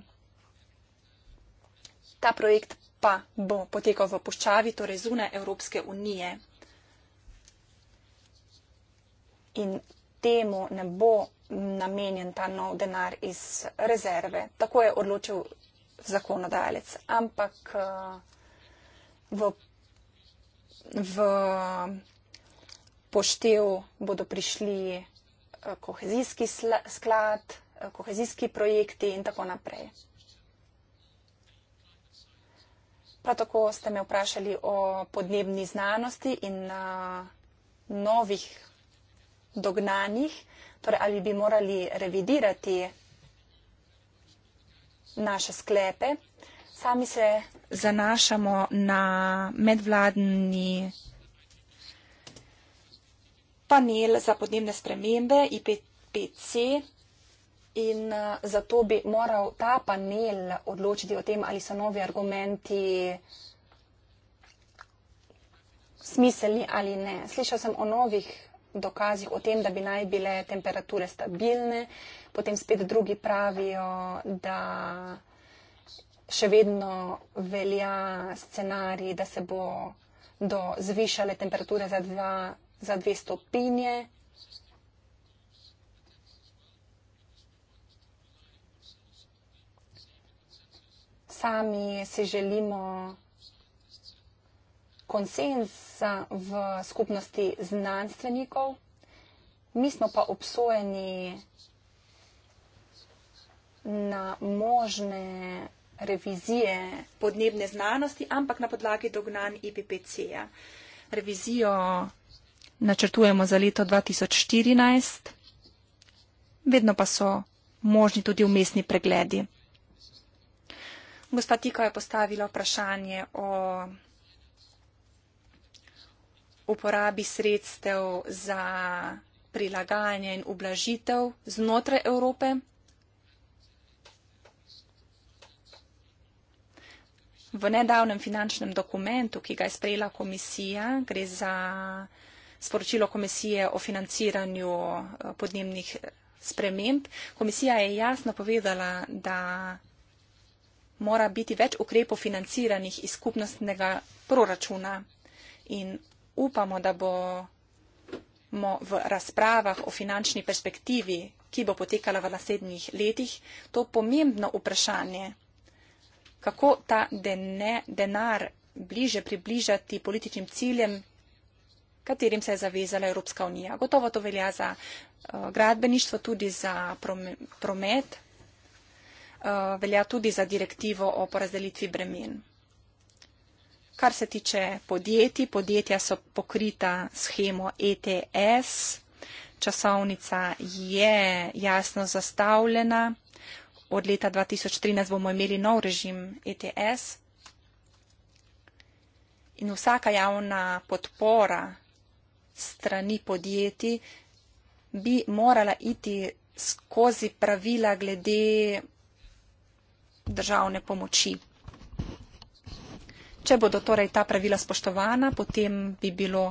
Ta projekt pa bo potekal v puščavi, torej zune Evropske unije. In temu ne bo namenjen ta nov denar iz rezerve. Tako je odločil zakonodajalec. Ampak eh, v, v poštev bodo prišli eh, kohezijski sklad, eh, kohezijski projekti in tako naprej. Prav tako ste me vprašali o podnebni znanosti in uh, novih dognanjih, torej ali bi morali revidirati naše sklepe. Sami se zanašamo na medvladni panel za podnebne spremembe IPPC in uh, zato bi moral ta panel odločiti o tem, ali so novi argumenti smiselni ali ne. Slišal sem o novih dokazih o tem, da bi naj bile temperature stabilne, potem spet drugi pravijo, da še vedno velja scenarij, da se bo do zvišale temperature za, dva, za dve stopinje. Sami si želimo konsensa v skupnosti znanstvenikov, mi smo pa obsojeni na možne revizije podnebne znanosti, ampak na podlagi dognanj IPPC-ja. Revizijo načrtujemo za leto 2014, vedno pa so možni tudi umestni pregledi. Gospa Tiko je postavila vprašanje o uporabi sredstev za prilagajanje in ublažitev znotraj Evrope. V nedavnem finančnem dokumentu, ki ga je sprejela komisija, gre za sporočilo komisije o financiranju eh, podnebnih sprememb. Komisija je jasno povedala, da mora biti več ukrepov financiranih iz skupnostnega proračuna. In upamo, da bomo v razpravah o finančni perspektivi, ki bo potekala v naslednjih letih, to pomembno vprašanje, kako ta dene, denar bliže približati političnim ciljem, katerim se je zavezala Evropska unija. Gotovo to velja za uh, gradbeništvo, tudi za promet, uh, velja tudi za direktivo o porazdelitvi bremen. Kar se tiče podjetij, podjetja so pokrita schemo ETS, časovnica je jasno zastavljena. Od leta 2013 bomo imeli nov režim ETS. In vsaka javna podpora strani podjetij bi morala iti skozi pravila glede državne pomoči. Če bodo torej ta pravila spoštovana, potem bi bilo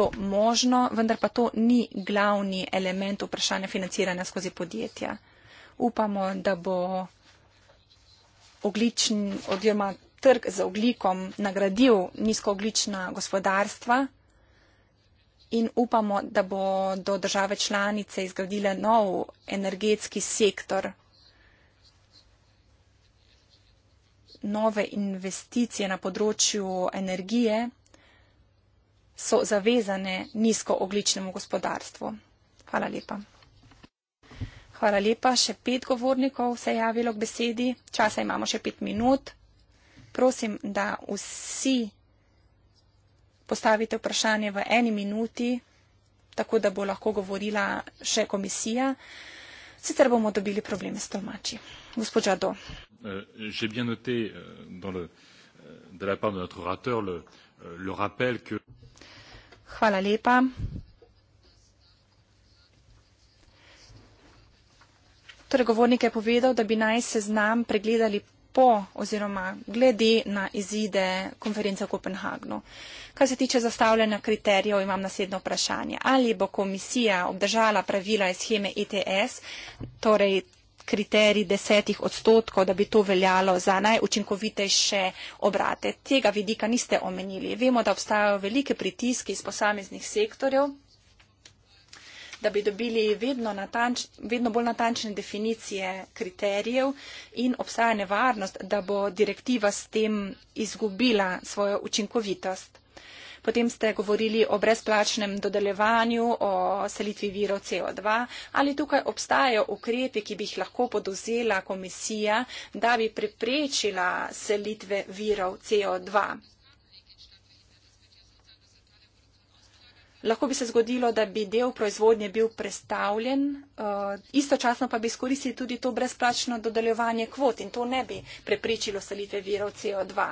to možno, vendar pa to ni glavni element vprašanja financiranja skozi podjetja. Upamo, da bo oglični odjoma trg z oglikom nagradil nizkooglična gospodarstva in upamo, da bodo države članice izgradile nov energetski sektor nove investicije na področju energije so zavezane nizkooglično gospodarstvo. Hvala lepa. Hvala lepa. Še pet govornikov se je javilo k besedi. Časa imamo še pet minut. Prosim, da vsi postavite vprašanje v eni minuti, tako da bo lahko govorila še komisija. Sicer bomo dobili probleme s tolmači gospođado euh, j'ai bien noté euh, dans le euh, de la part de notre orateur le le rappel que hvala lepa Torej, govornik je povedal, da bi naj se znam pregledali po oziroma glede na izide konference v Kopenhagnu. Kar se tiče zastavljanja kriterijev, imam naslednjo vprašanje. Ali bo komisija obdržala pravila iz scheme ETS, torej kriterij desetih odstotkov, da bi to veljalo za najučinkovitejše obrate. Tega vidika niste omenili. Vemo, da obstajajo velike pritiski iz posameznih sektorjev da bi dobili vedno, natanč, vedno bolj natančne definicije kriterijev in obstaja nevarnost, da bo direktiva s tem izgubila svojo učinkovitost. Potem ste govorili o brezplačnem dodeljevanju, o selitvi viro CO2. Ali tukaj obstajajo ukrepe, ki bi jih lahko poduzela komisija, da bi preprečila selitve virov CO2? Lahko bi se zgodilo, da bi del proizvodnje bil predstavljen, eh, istočasno pa bi skoristili tudi to brezplačno dodeljevanje kvot in to ne bi prepričilo selitve virov CO2.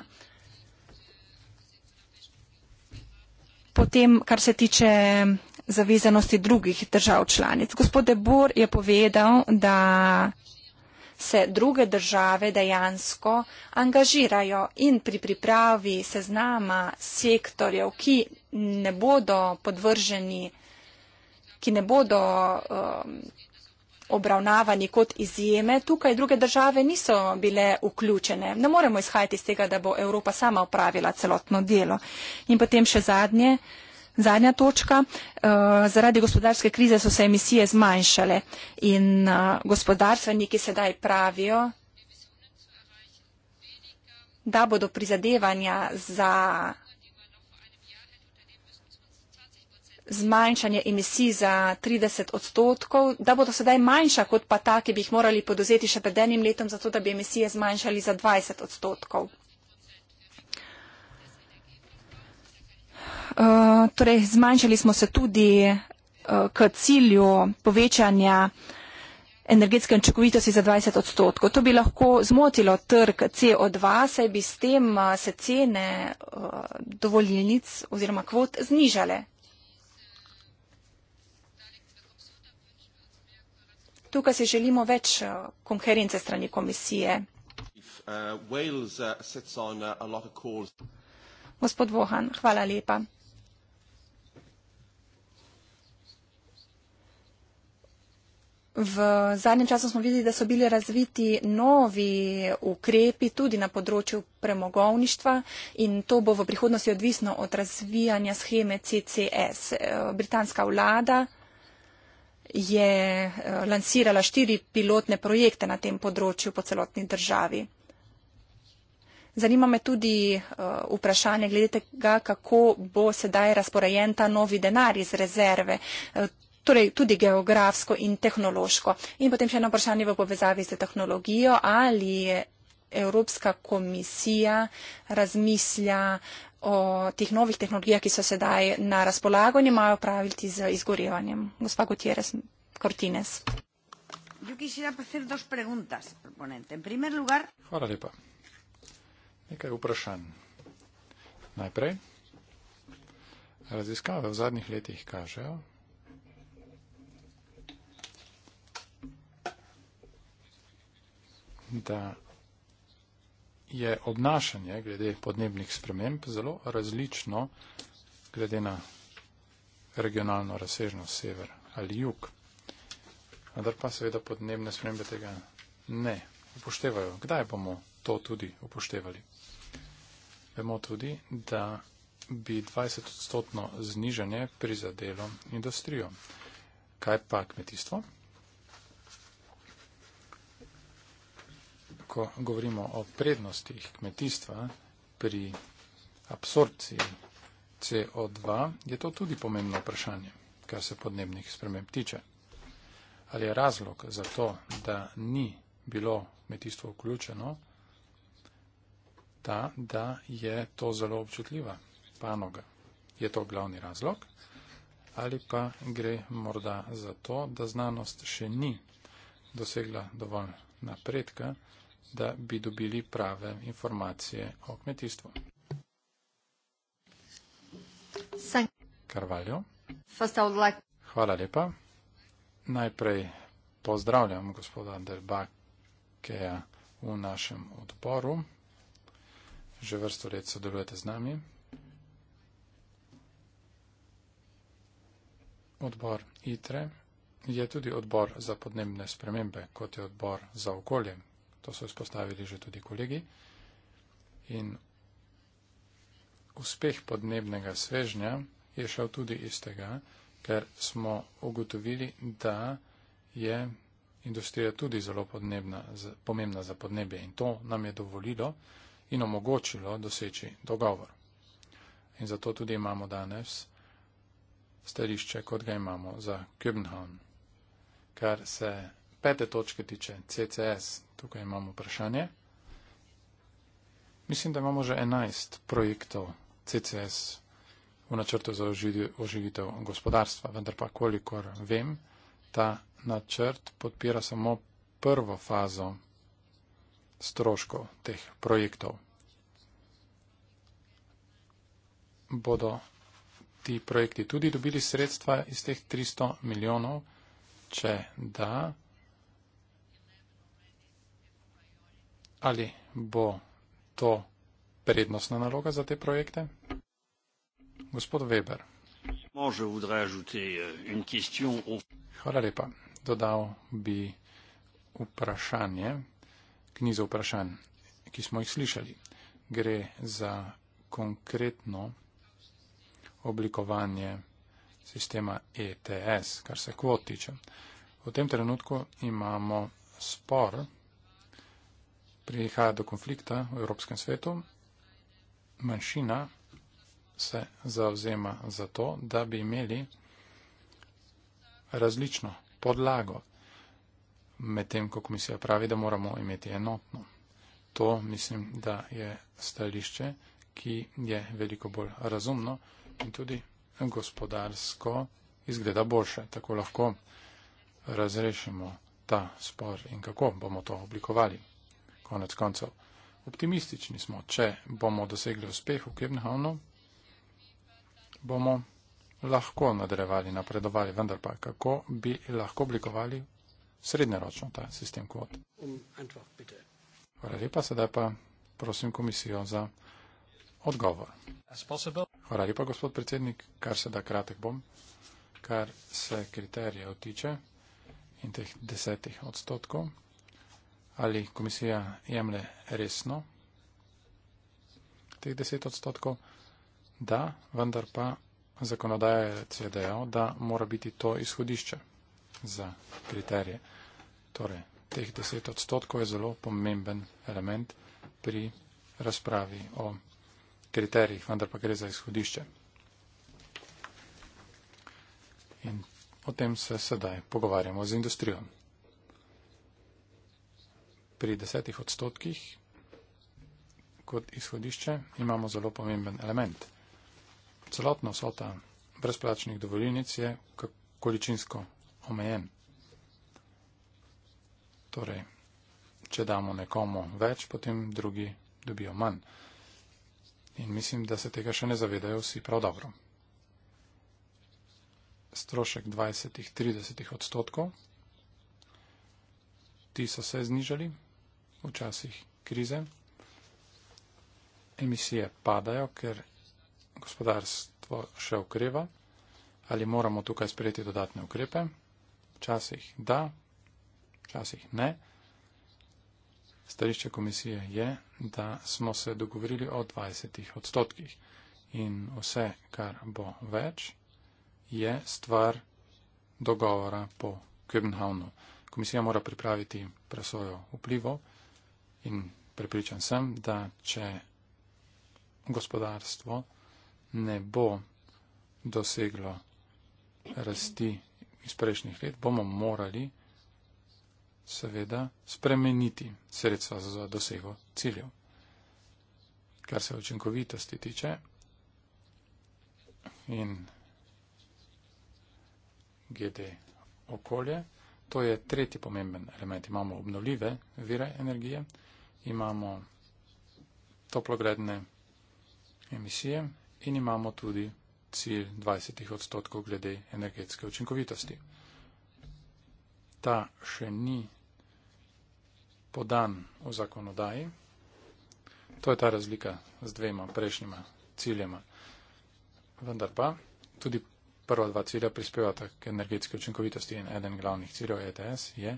Potem, kar se tiče zavezanosti drugih držav članic. Gospod Debor je povedal, da se druge države dejansko angažirajo in pri pripravi seznama sektorjev, ki ne bodo podvrženi, ki ne bodo um, obravnavani kot izjeme. Tukaj druge države niso bile vključene. Ne moremo izhajati iz tega, da bo Evropa sama upravila celotno delo. In potem še zadnje. Zadnja točka. Eh, zaradi gospodarske krize so se emisije zmanjšale in eh, gospodarstveniki sedaj pravijo, da bodo prizadevanja za zmanjšanje emisij za 30 odstotkov, da bodo sedaj manjša kot pa ta, ki bi jih morali podozeti še pred enim letom, zato da bi emisije zmanjšali za 20 odstotkov. Uh, torej, zmanjšali smo se tudi uh, k cilju povečanja energetske učinkovitosti za 20 odstotkov. To bi lahko zmotilo trg CO2, saj bi s tem uh, se cene uh, dovoljenic oziroma kvot znižale. tukaj si želimo več eh, konkurence strani komisije. Eh, eh, Gospod Vohan, hvala lepa. V zadnjem času smo videli, da so bili razviti novi ukrepi tudi na področju premogovništva in to bo v prihodnosti odvisno od razvijanja scheme CCS. Britanska vlada je eh, lansirala štiri pilotne projekte na tem področju po celotni državi. Zanima me tudi eh, vprašanje glede tega, kako bo sedaj razporejen ta novi denar iz rezerve, eh, torej tudi geografsko in tehnološko. In potem še eno vprašanje v povezavi z tehnologijo, ali Evropska komisija razmišlja uh, o teh novih tehnologijah, ki so sedaj na razpolago in imajo praviti z izgorevanjem. Gospa Gutierrez Cortines. Hvala lepa. Nekaj vprašanj. Najprej. Raziskave v zadnjih letih kažejo, da je odnašanje glede podnebnih sprememb zelo različno glede na regionalno razsežnost sever ali jug. Vendar pa seveda podnebne spremembe tega ne upoštevajo. Kdaj bomo to tudi upoštevali? Vemo tudi, da bi 20-odstotno znižanje prizadelo industrijo. Kaj pa kmetijstvo? ko govorimo o prednostih kmetijstva pri absorpciji CO2, je to tudi pomembno vprašanje, kar se podnebnih sprememb tiče. Ali je razlog za to, da ni bilo kmetijstvo vključeno, ta, da je to zelo občutljiva panoga. Je to glavni razlog? Ali pa gre morda za to, da znanost še ni dosegla dovolj napredka, da bi dobili prave informacije o kmetijstvu. Karvaljo. Hvala lepa. Najprej pozdravljam gospoda Derbakeja v našem odboru. Že vrsto let sodelujete z nami. Odbor ITRE je tudi odbor za podnebne spremembe, kot je odbor za okolje, to so izpostavili že tudi kolegi. In uspeh podnebnega svežnja je šel tudi iz tega, ker smo ugotovili, da je industrija tudi zelo podnebna, pomembna za podnebje in to nam je dovolilo in omogočilo doseči dogovor. In zato tudi imamo danes stališče, kot ga imamo za Köbenhavn, kar se pete točke tiče, CCS, tukaj imamo vprašanje. Mislim, da imamo že 11 projektov CCS v načrtu za oživitev gospodarstva, vendar pa kolikor vem, ta načrt podpira samo prvo fazo stroškov teh projektov. Bodo ti projekti tudi dobili sredstva iz teh 300 milijonov, če da. ali bo to prednostna naloga za te projekte? Gospod Weber. Eh, Hvala lepa. Dodal bi vprašanje, knjizo vprašanj, ki smo jih slišali. Gre za konkretno oblikovanje sistema ETS, kar se kvot tiče. V tem trenutku imamo spor prihaja do konflikta v Evropskem svetu, manjšina se zauzema za to, da bi imeli različno podlago, medtem ko komisija pravi, da moramo imeti enotno. To mislim, da je stališče, ki je veliko bolj razumno in tudi gospodarsko izgleda boljše. Tako lahko razrešimo ta spor in kako bomo to oblikovali. Konec koncev. Optimistični smo, če bomo dosegli uspeh v Kibnehavnu, bomo lahko nadrevali, napredovali, vendar pa kako bi lahko oblikovali srednjeročno ta sistem kvot. Um, Hvala lepa, sedaj pa prosim komisijo za odgovor. Hvala lepa, gospod predsednik, kar se da kratek bom, kar se kriterijev tiče in teh desetih odstotkov ali komisija jemlje resno teh 10 odstotkov, da, vendar pa zakonodajec je dejal, da mora biti to izhodišče za kriterije. Torej, teh 10 odstotkov je zelo pomemben element pri razpravi o kriterijih, vendar pa gre za izhodišče. In o tem se sedaj pogovarjamo z industrijo pri desetih odstotkih kot izhodišče, imamo zelo pomemben element. Celotna vsota brezplačnih dovoljenic je količinsko omejen. Torej, če damo nekomu več, potem drugi dobijo manj. In mislim, da se tega še ne zavedajo vsi prav dobro. Strošek 20-30 odstotkov, ti so se znižali, v časih krize. Emisije padajo, ker gospodarstvo še okreva. Ali moramo tukaj sprejeti dodatne ukrepe? Včasih da, včasih ne. Stališče komisije je, da smo se dogovorili o 20 odstotkih in vse, kar bo več, je stvar dogovora po Köbenhavnu. Komisija mora pripraviti presojo vplivo. In prepričan sem, da če gospodarstvo ne bo doseglo rasti iz prejšnjih let, bomo morali seveda spremeniti sredstva za dosego ciljev. Kar se učinkovitosti tiče in GD okolje, to je tretji pomemben element. Imamo obnovljive vire energije imamo toplogredne emisije in imamo tudi cilj 20 odstotkov glede energetske učinkovitosti. Ta še ni podan v zakonodaji. To je ta razlika z dvema prejšnjima ciljema. Vendar pa tudi prva dva cilja prispevata k energetske učinkovitosti in eden glavnih ciljev ETS je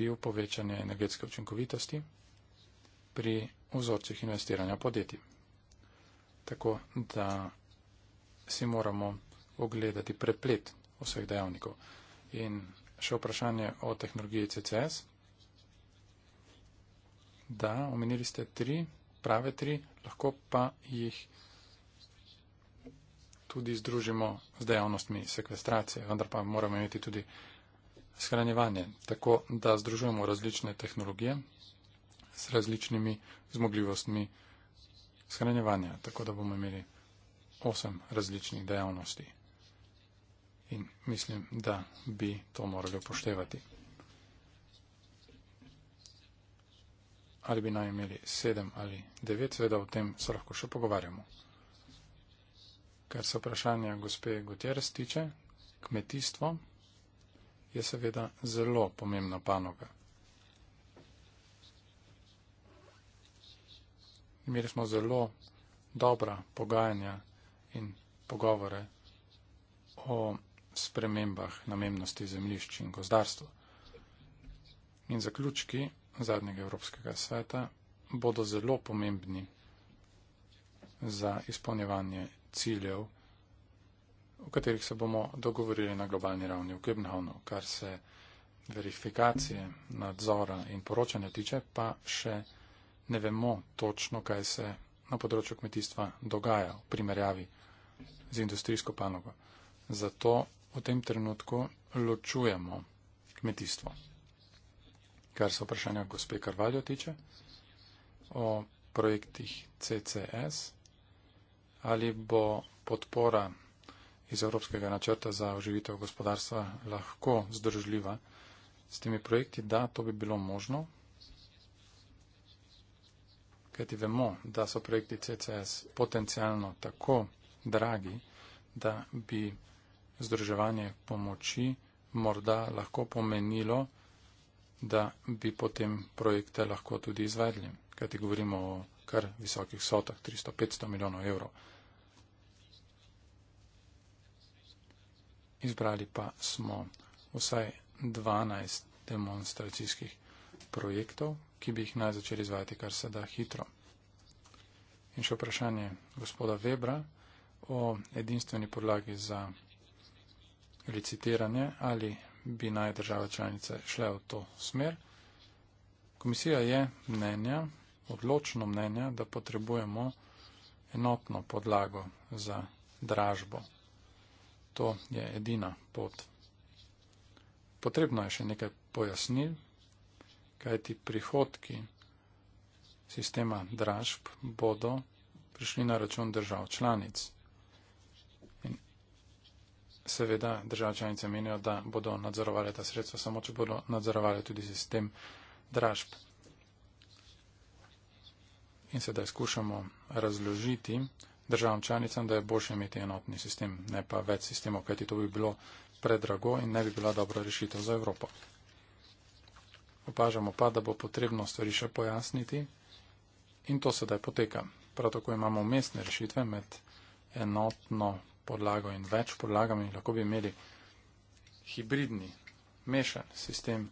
bil povečanje energetske učinkovitosti pri vzorcih investiranja podjetij. Tako da si moramo ogledati preplet vseh dejavnikov. In še vprašanje o tehnologiji CCS. Da, omenili ste tri, prave tri, lahko pa jih tudi združimo z dejavnostmi sekvestracije, vendar pa moramo imeti tudi shranjevanje, tako da združujemo različne tehnologije z različnimi zmogljivostmi shranjevanja, tako da bomo imeli osem različnih dejavnosti. In mislim, da bi to morali upoštevati. Ali bi naj imeli sedem ali devet, seveda o tem se lahko še pogovarjamo. Kar se vprašanja gospe Gutierrez tiče, kmetijstvo je seveda zelo pomembna panoga. Imeli smo zelo dobra pogajanja in pogovore o spremembah namennosti zemljišč in gozdarstva. In zaključki zadnjega Evropskega sveta bodo zelo pomembni za izpolnjevanje ciljev, o katerih se bomo dogovorili na globalni ravni v Kebnhavnu, kar se verifikacije, nadzora in poročanja tiče, pa še ne vemo točno, kaj se na področju kmetijstva dogaja v primerjavi z industrijsko panogo. Zato v tem trenutku ločujemo kmetijstvo. Kar se vprašanja gospe Karvaljo tiče, o projektih CCS, ali bo podpora iz Evropskega načrta za oživitev gospodarstva lahko združljiva s temi projekti, da to bi bilo možno, kajti vemo, da so projekti CCS potencialno tako dragi, da bi združevanje pomoči morda lahko pomenilo, da bi potem projekte lahko tudi izvedli, kajti govorimo o kar visokih sotah, 300-500 milijonov evrov. Izbrali pa smo vsaj 12 demonstracijskih projektov, ki bi jih naj začeli izvajati kar se da hitro. In še vprašanje gospoda Webra o edinstveni podlagi za licitiranje, ali bi naj države članice šle v to smer. Komisija je mnenja, odločno mnenja, da potrebujemo enotno podlago za dražbo. To je edina pot. Potrebno je še nekaj pojasnil, kajti prihodki sistema dražb bodo prišli na račun držav članic. In seveda držav članice menijo, da bodo nadzorovali ta sredstva, samo če bodo nadzorovali tudi sistem dražb. In sedaj skušamo razložiti državam članicam, da je boljše imeti enotni sistem, ne pa več sistemov, kajti to bi bilo predrago in ne bi bila dobra rešitev za Evropo. Opažamo pa, da bo potrebno stvari še pojasniti in to sedaj poteka. Prav tako imamo umestne rešitve med enotno podlago in več podlagami. Lahko bi imeli hibridni, mešan sistem